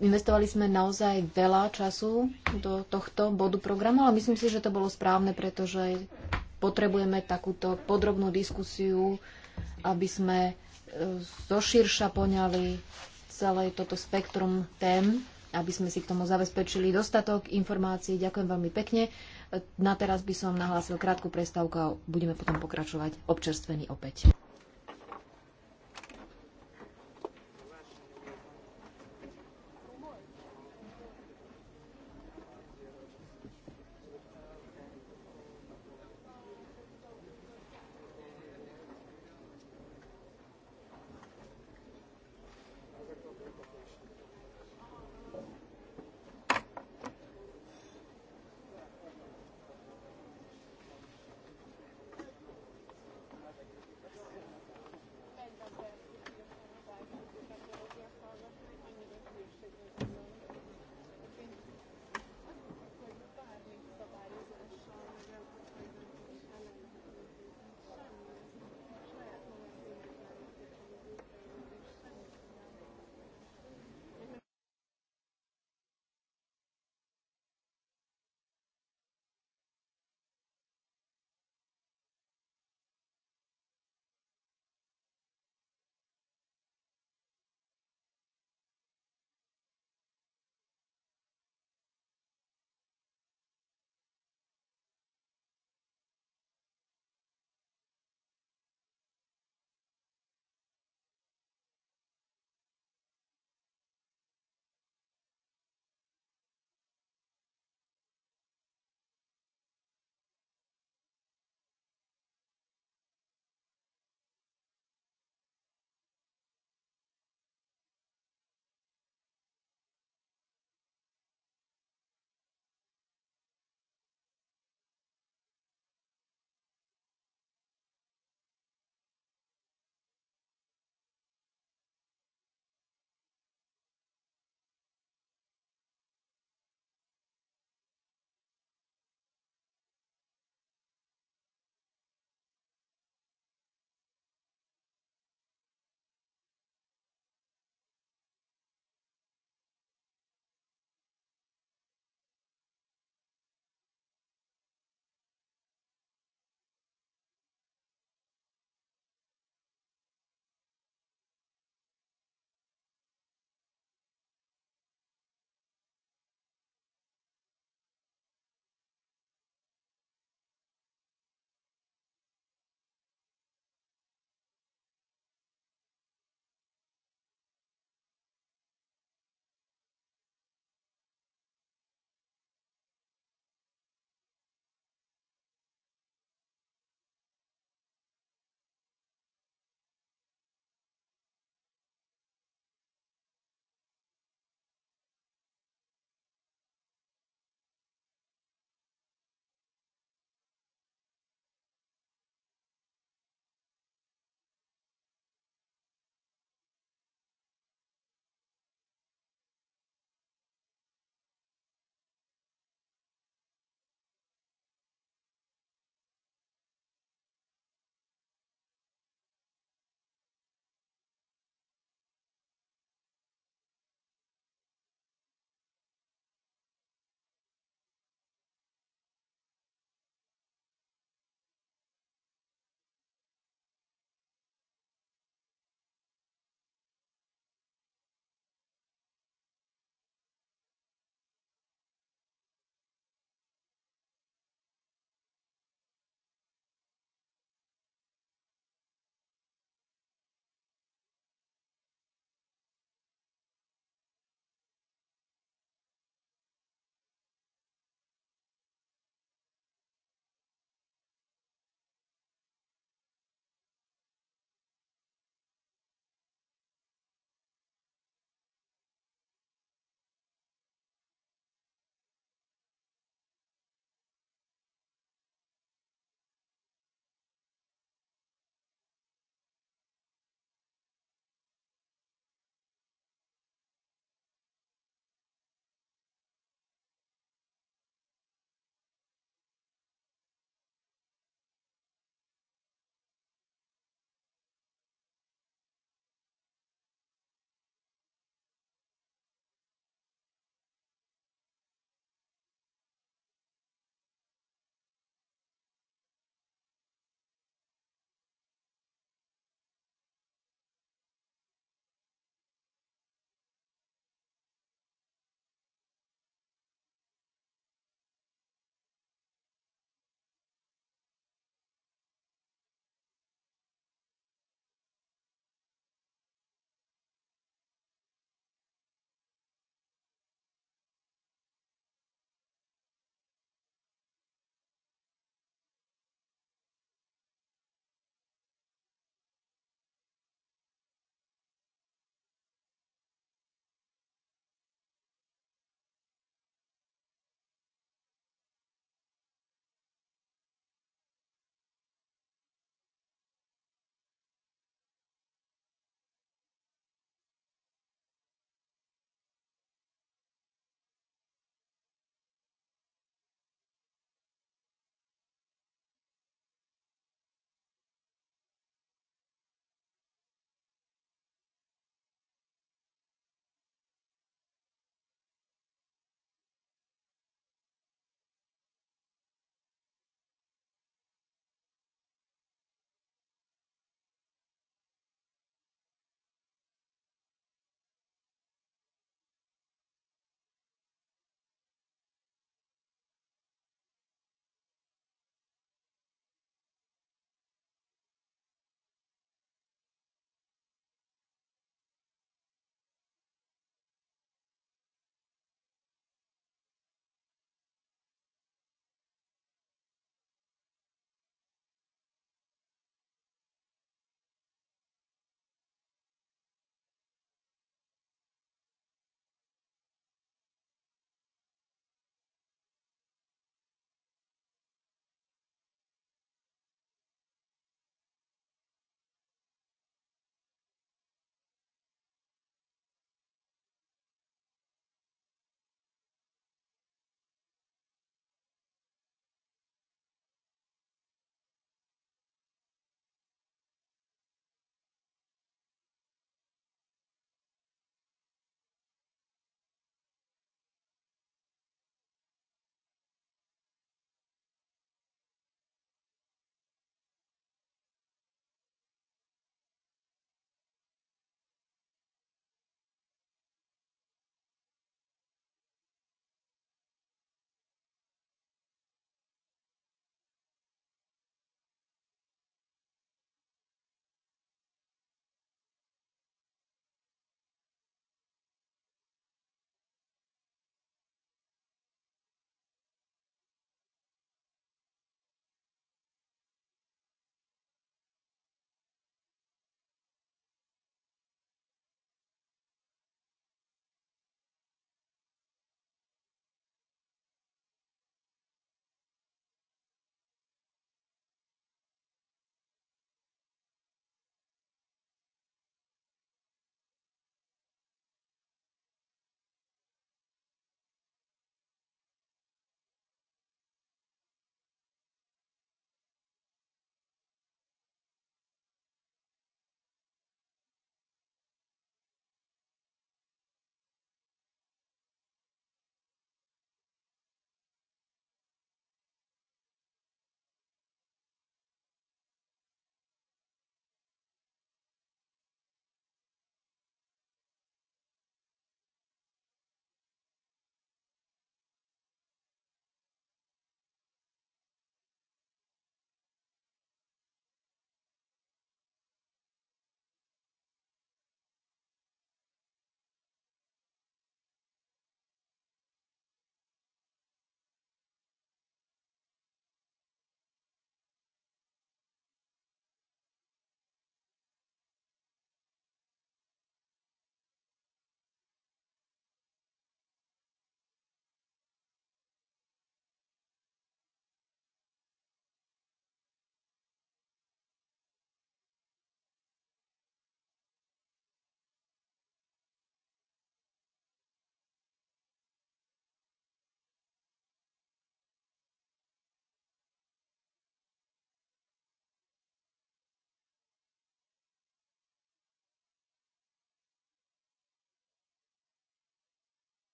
Investovali sme naozaj veľa času do tohto bodu programu, ale myslím si, že to bolo správne, pretože potrebujeme takúto podrobnú diskusiu, aby sme zoširša poňali celé toto spektrum tém, aby sme si k tomu zabezpečili dostatok informácií. Ďakujem veľmi pekne. Na teraz by som nahlásil krátku prestávku a budeme potom pokračovať občerstvení opäť.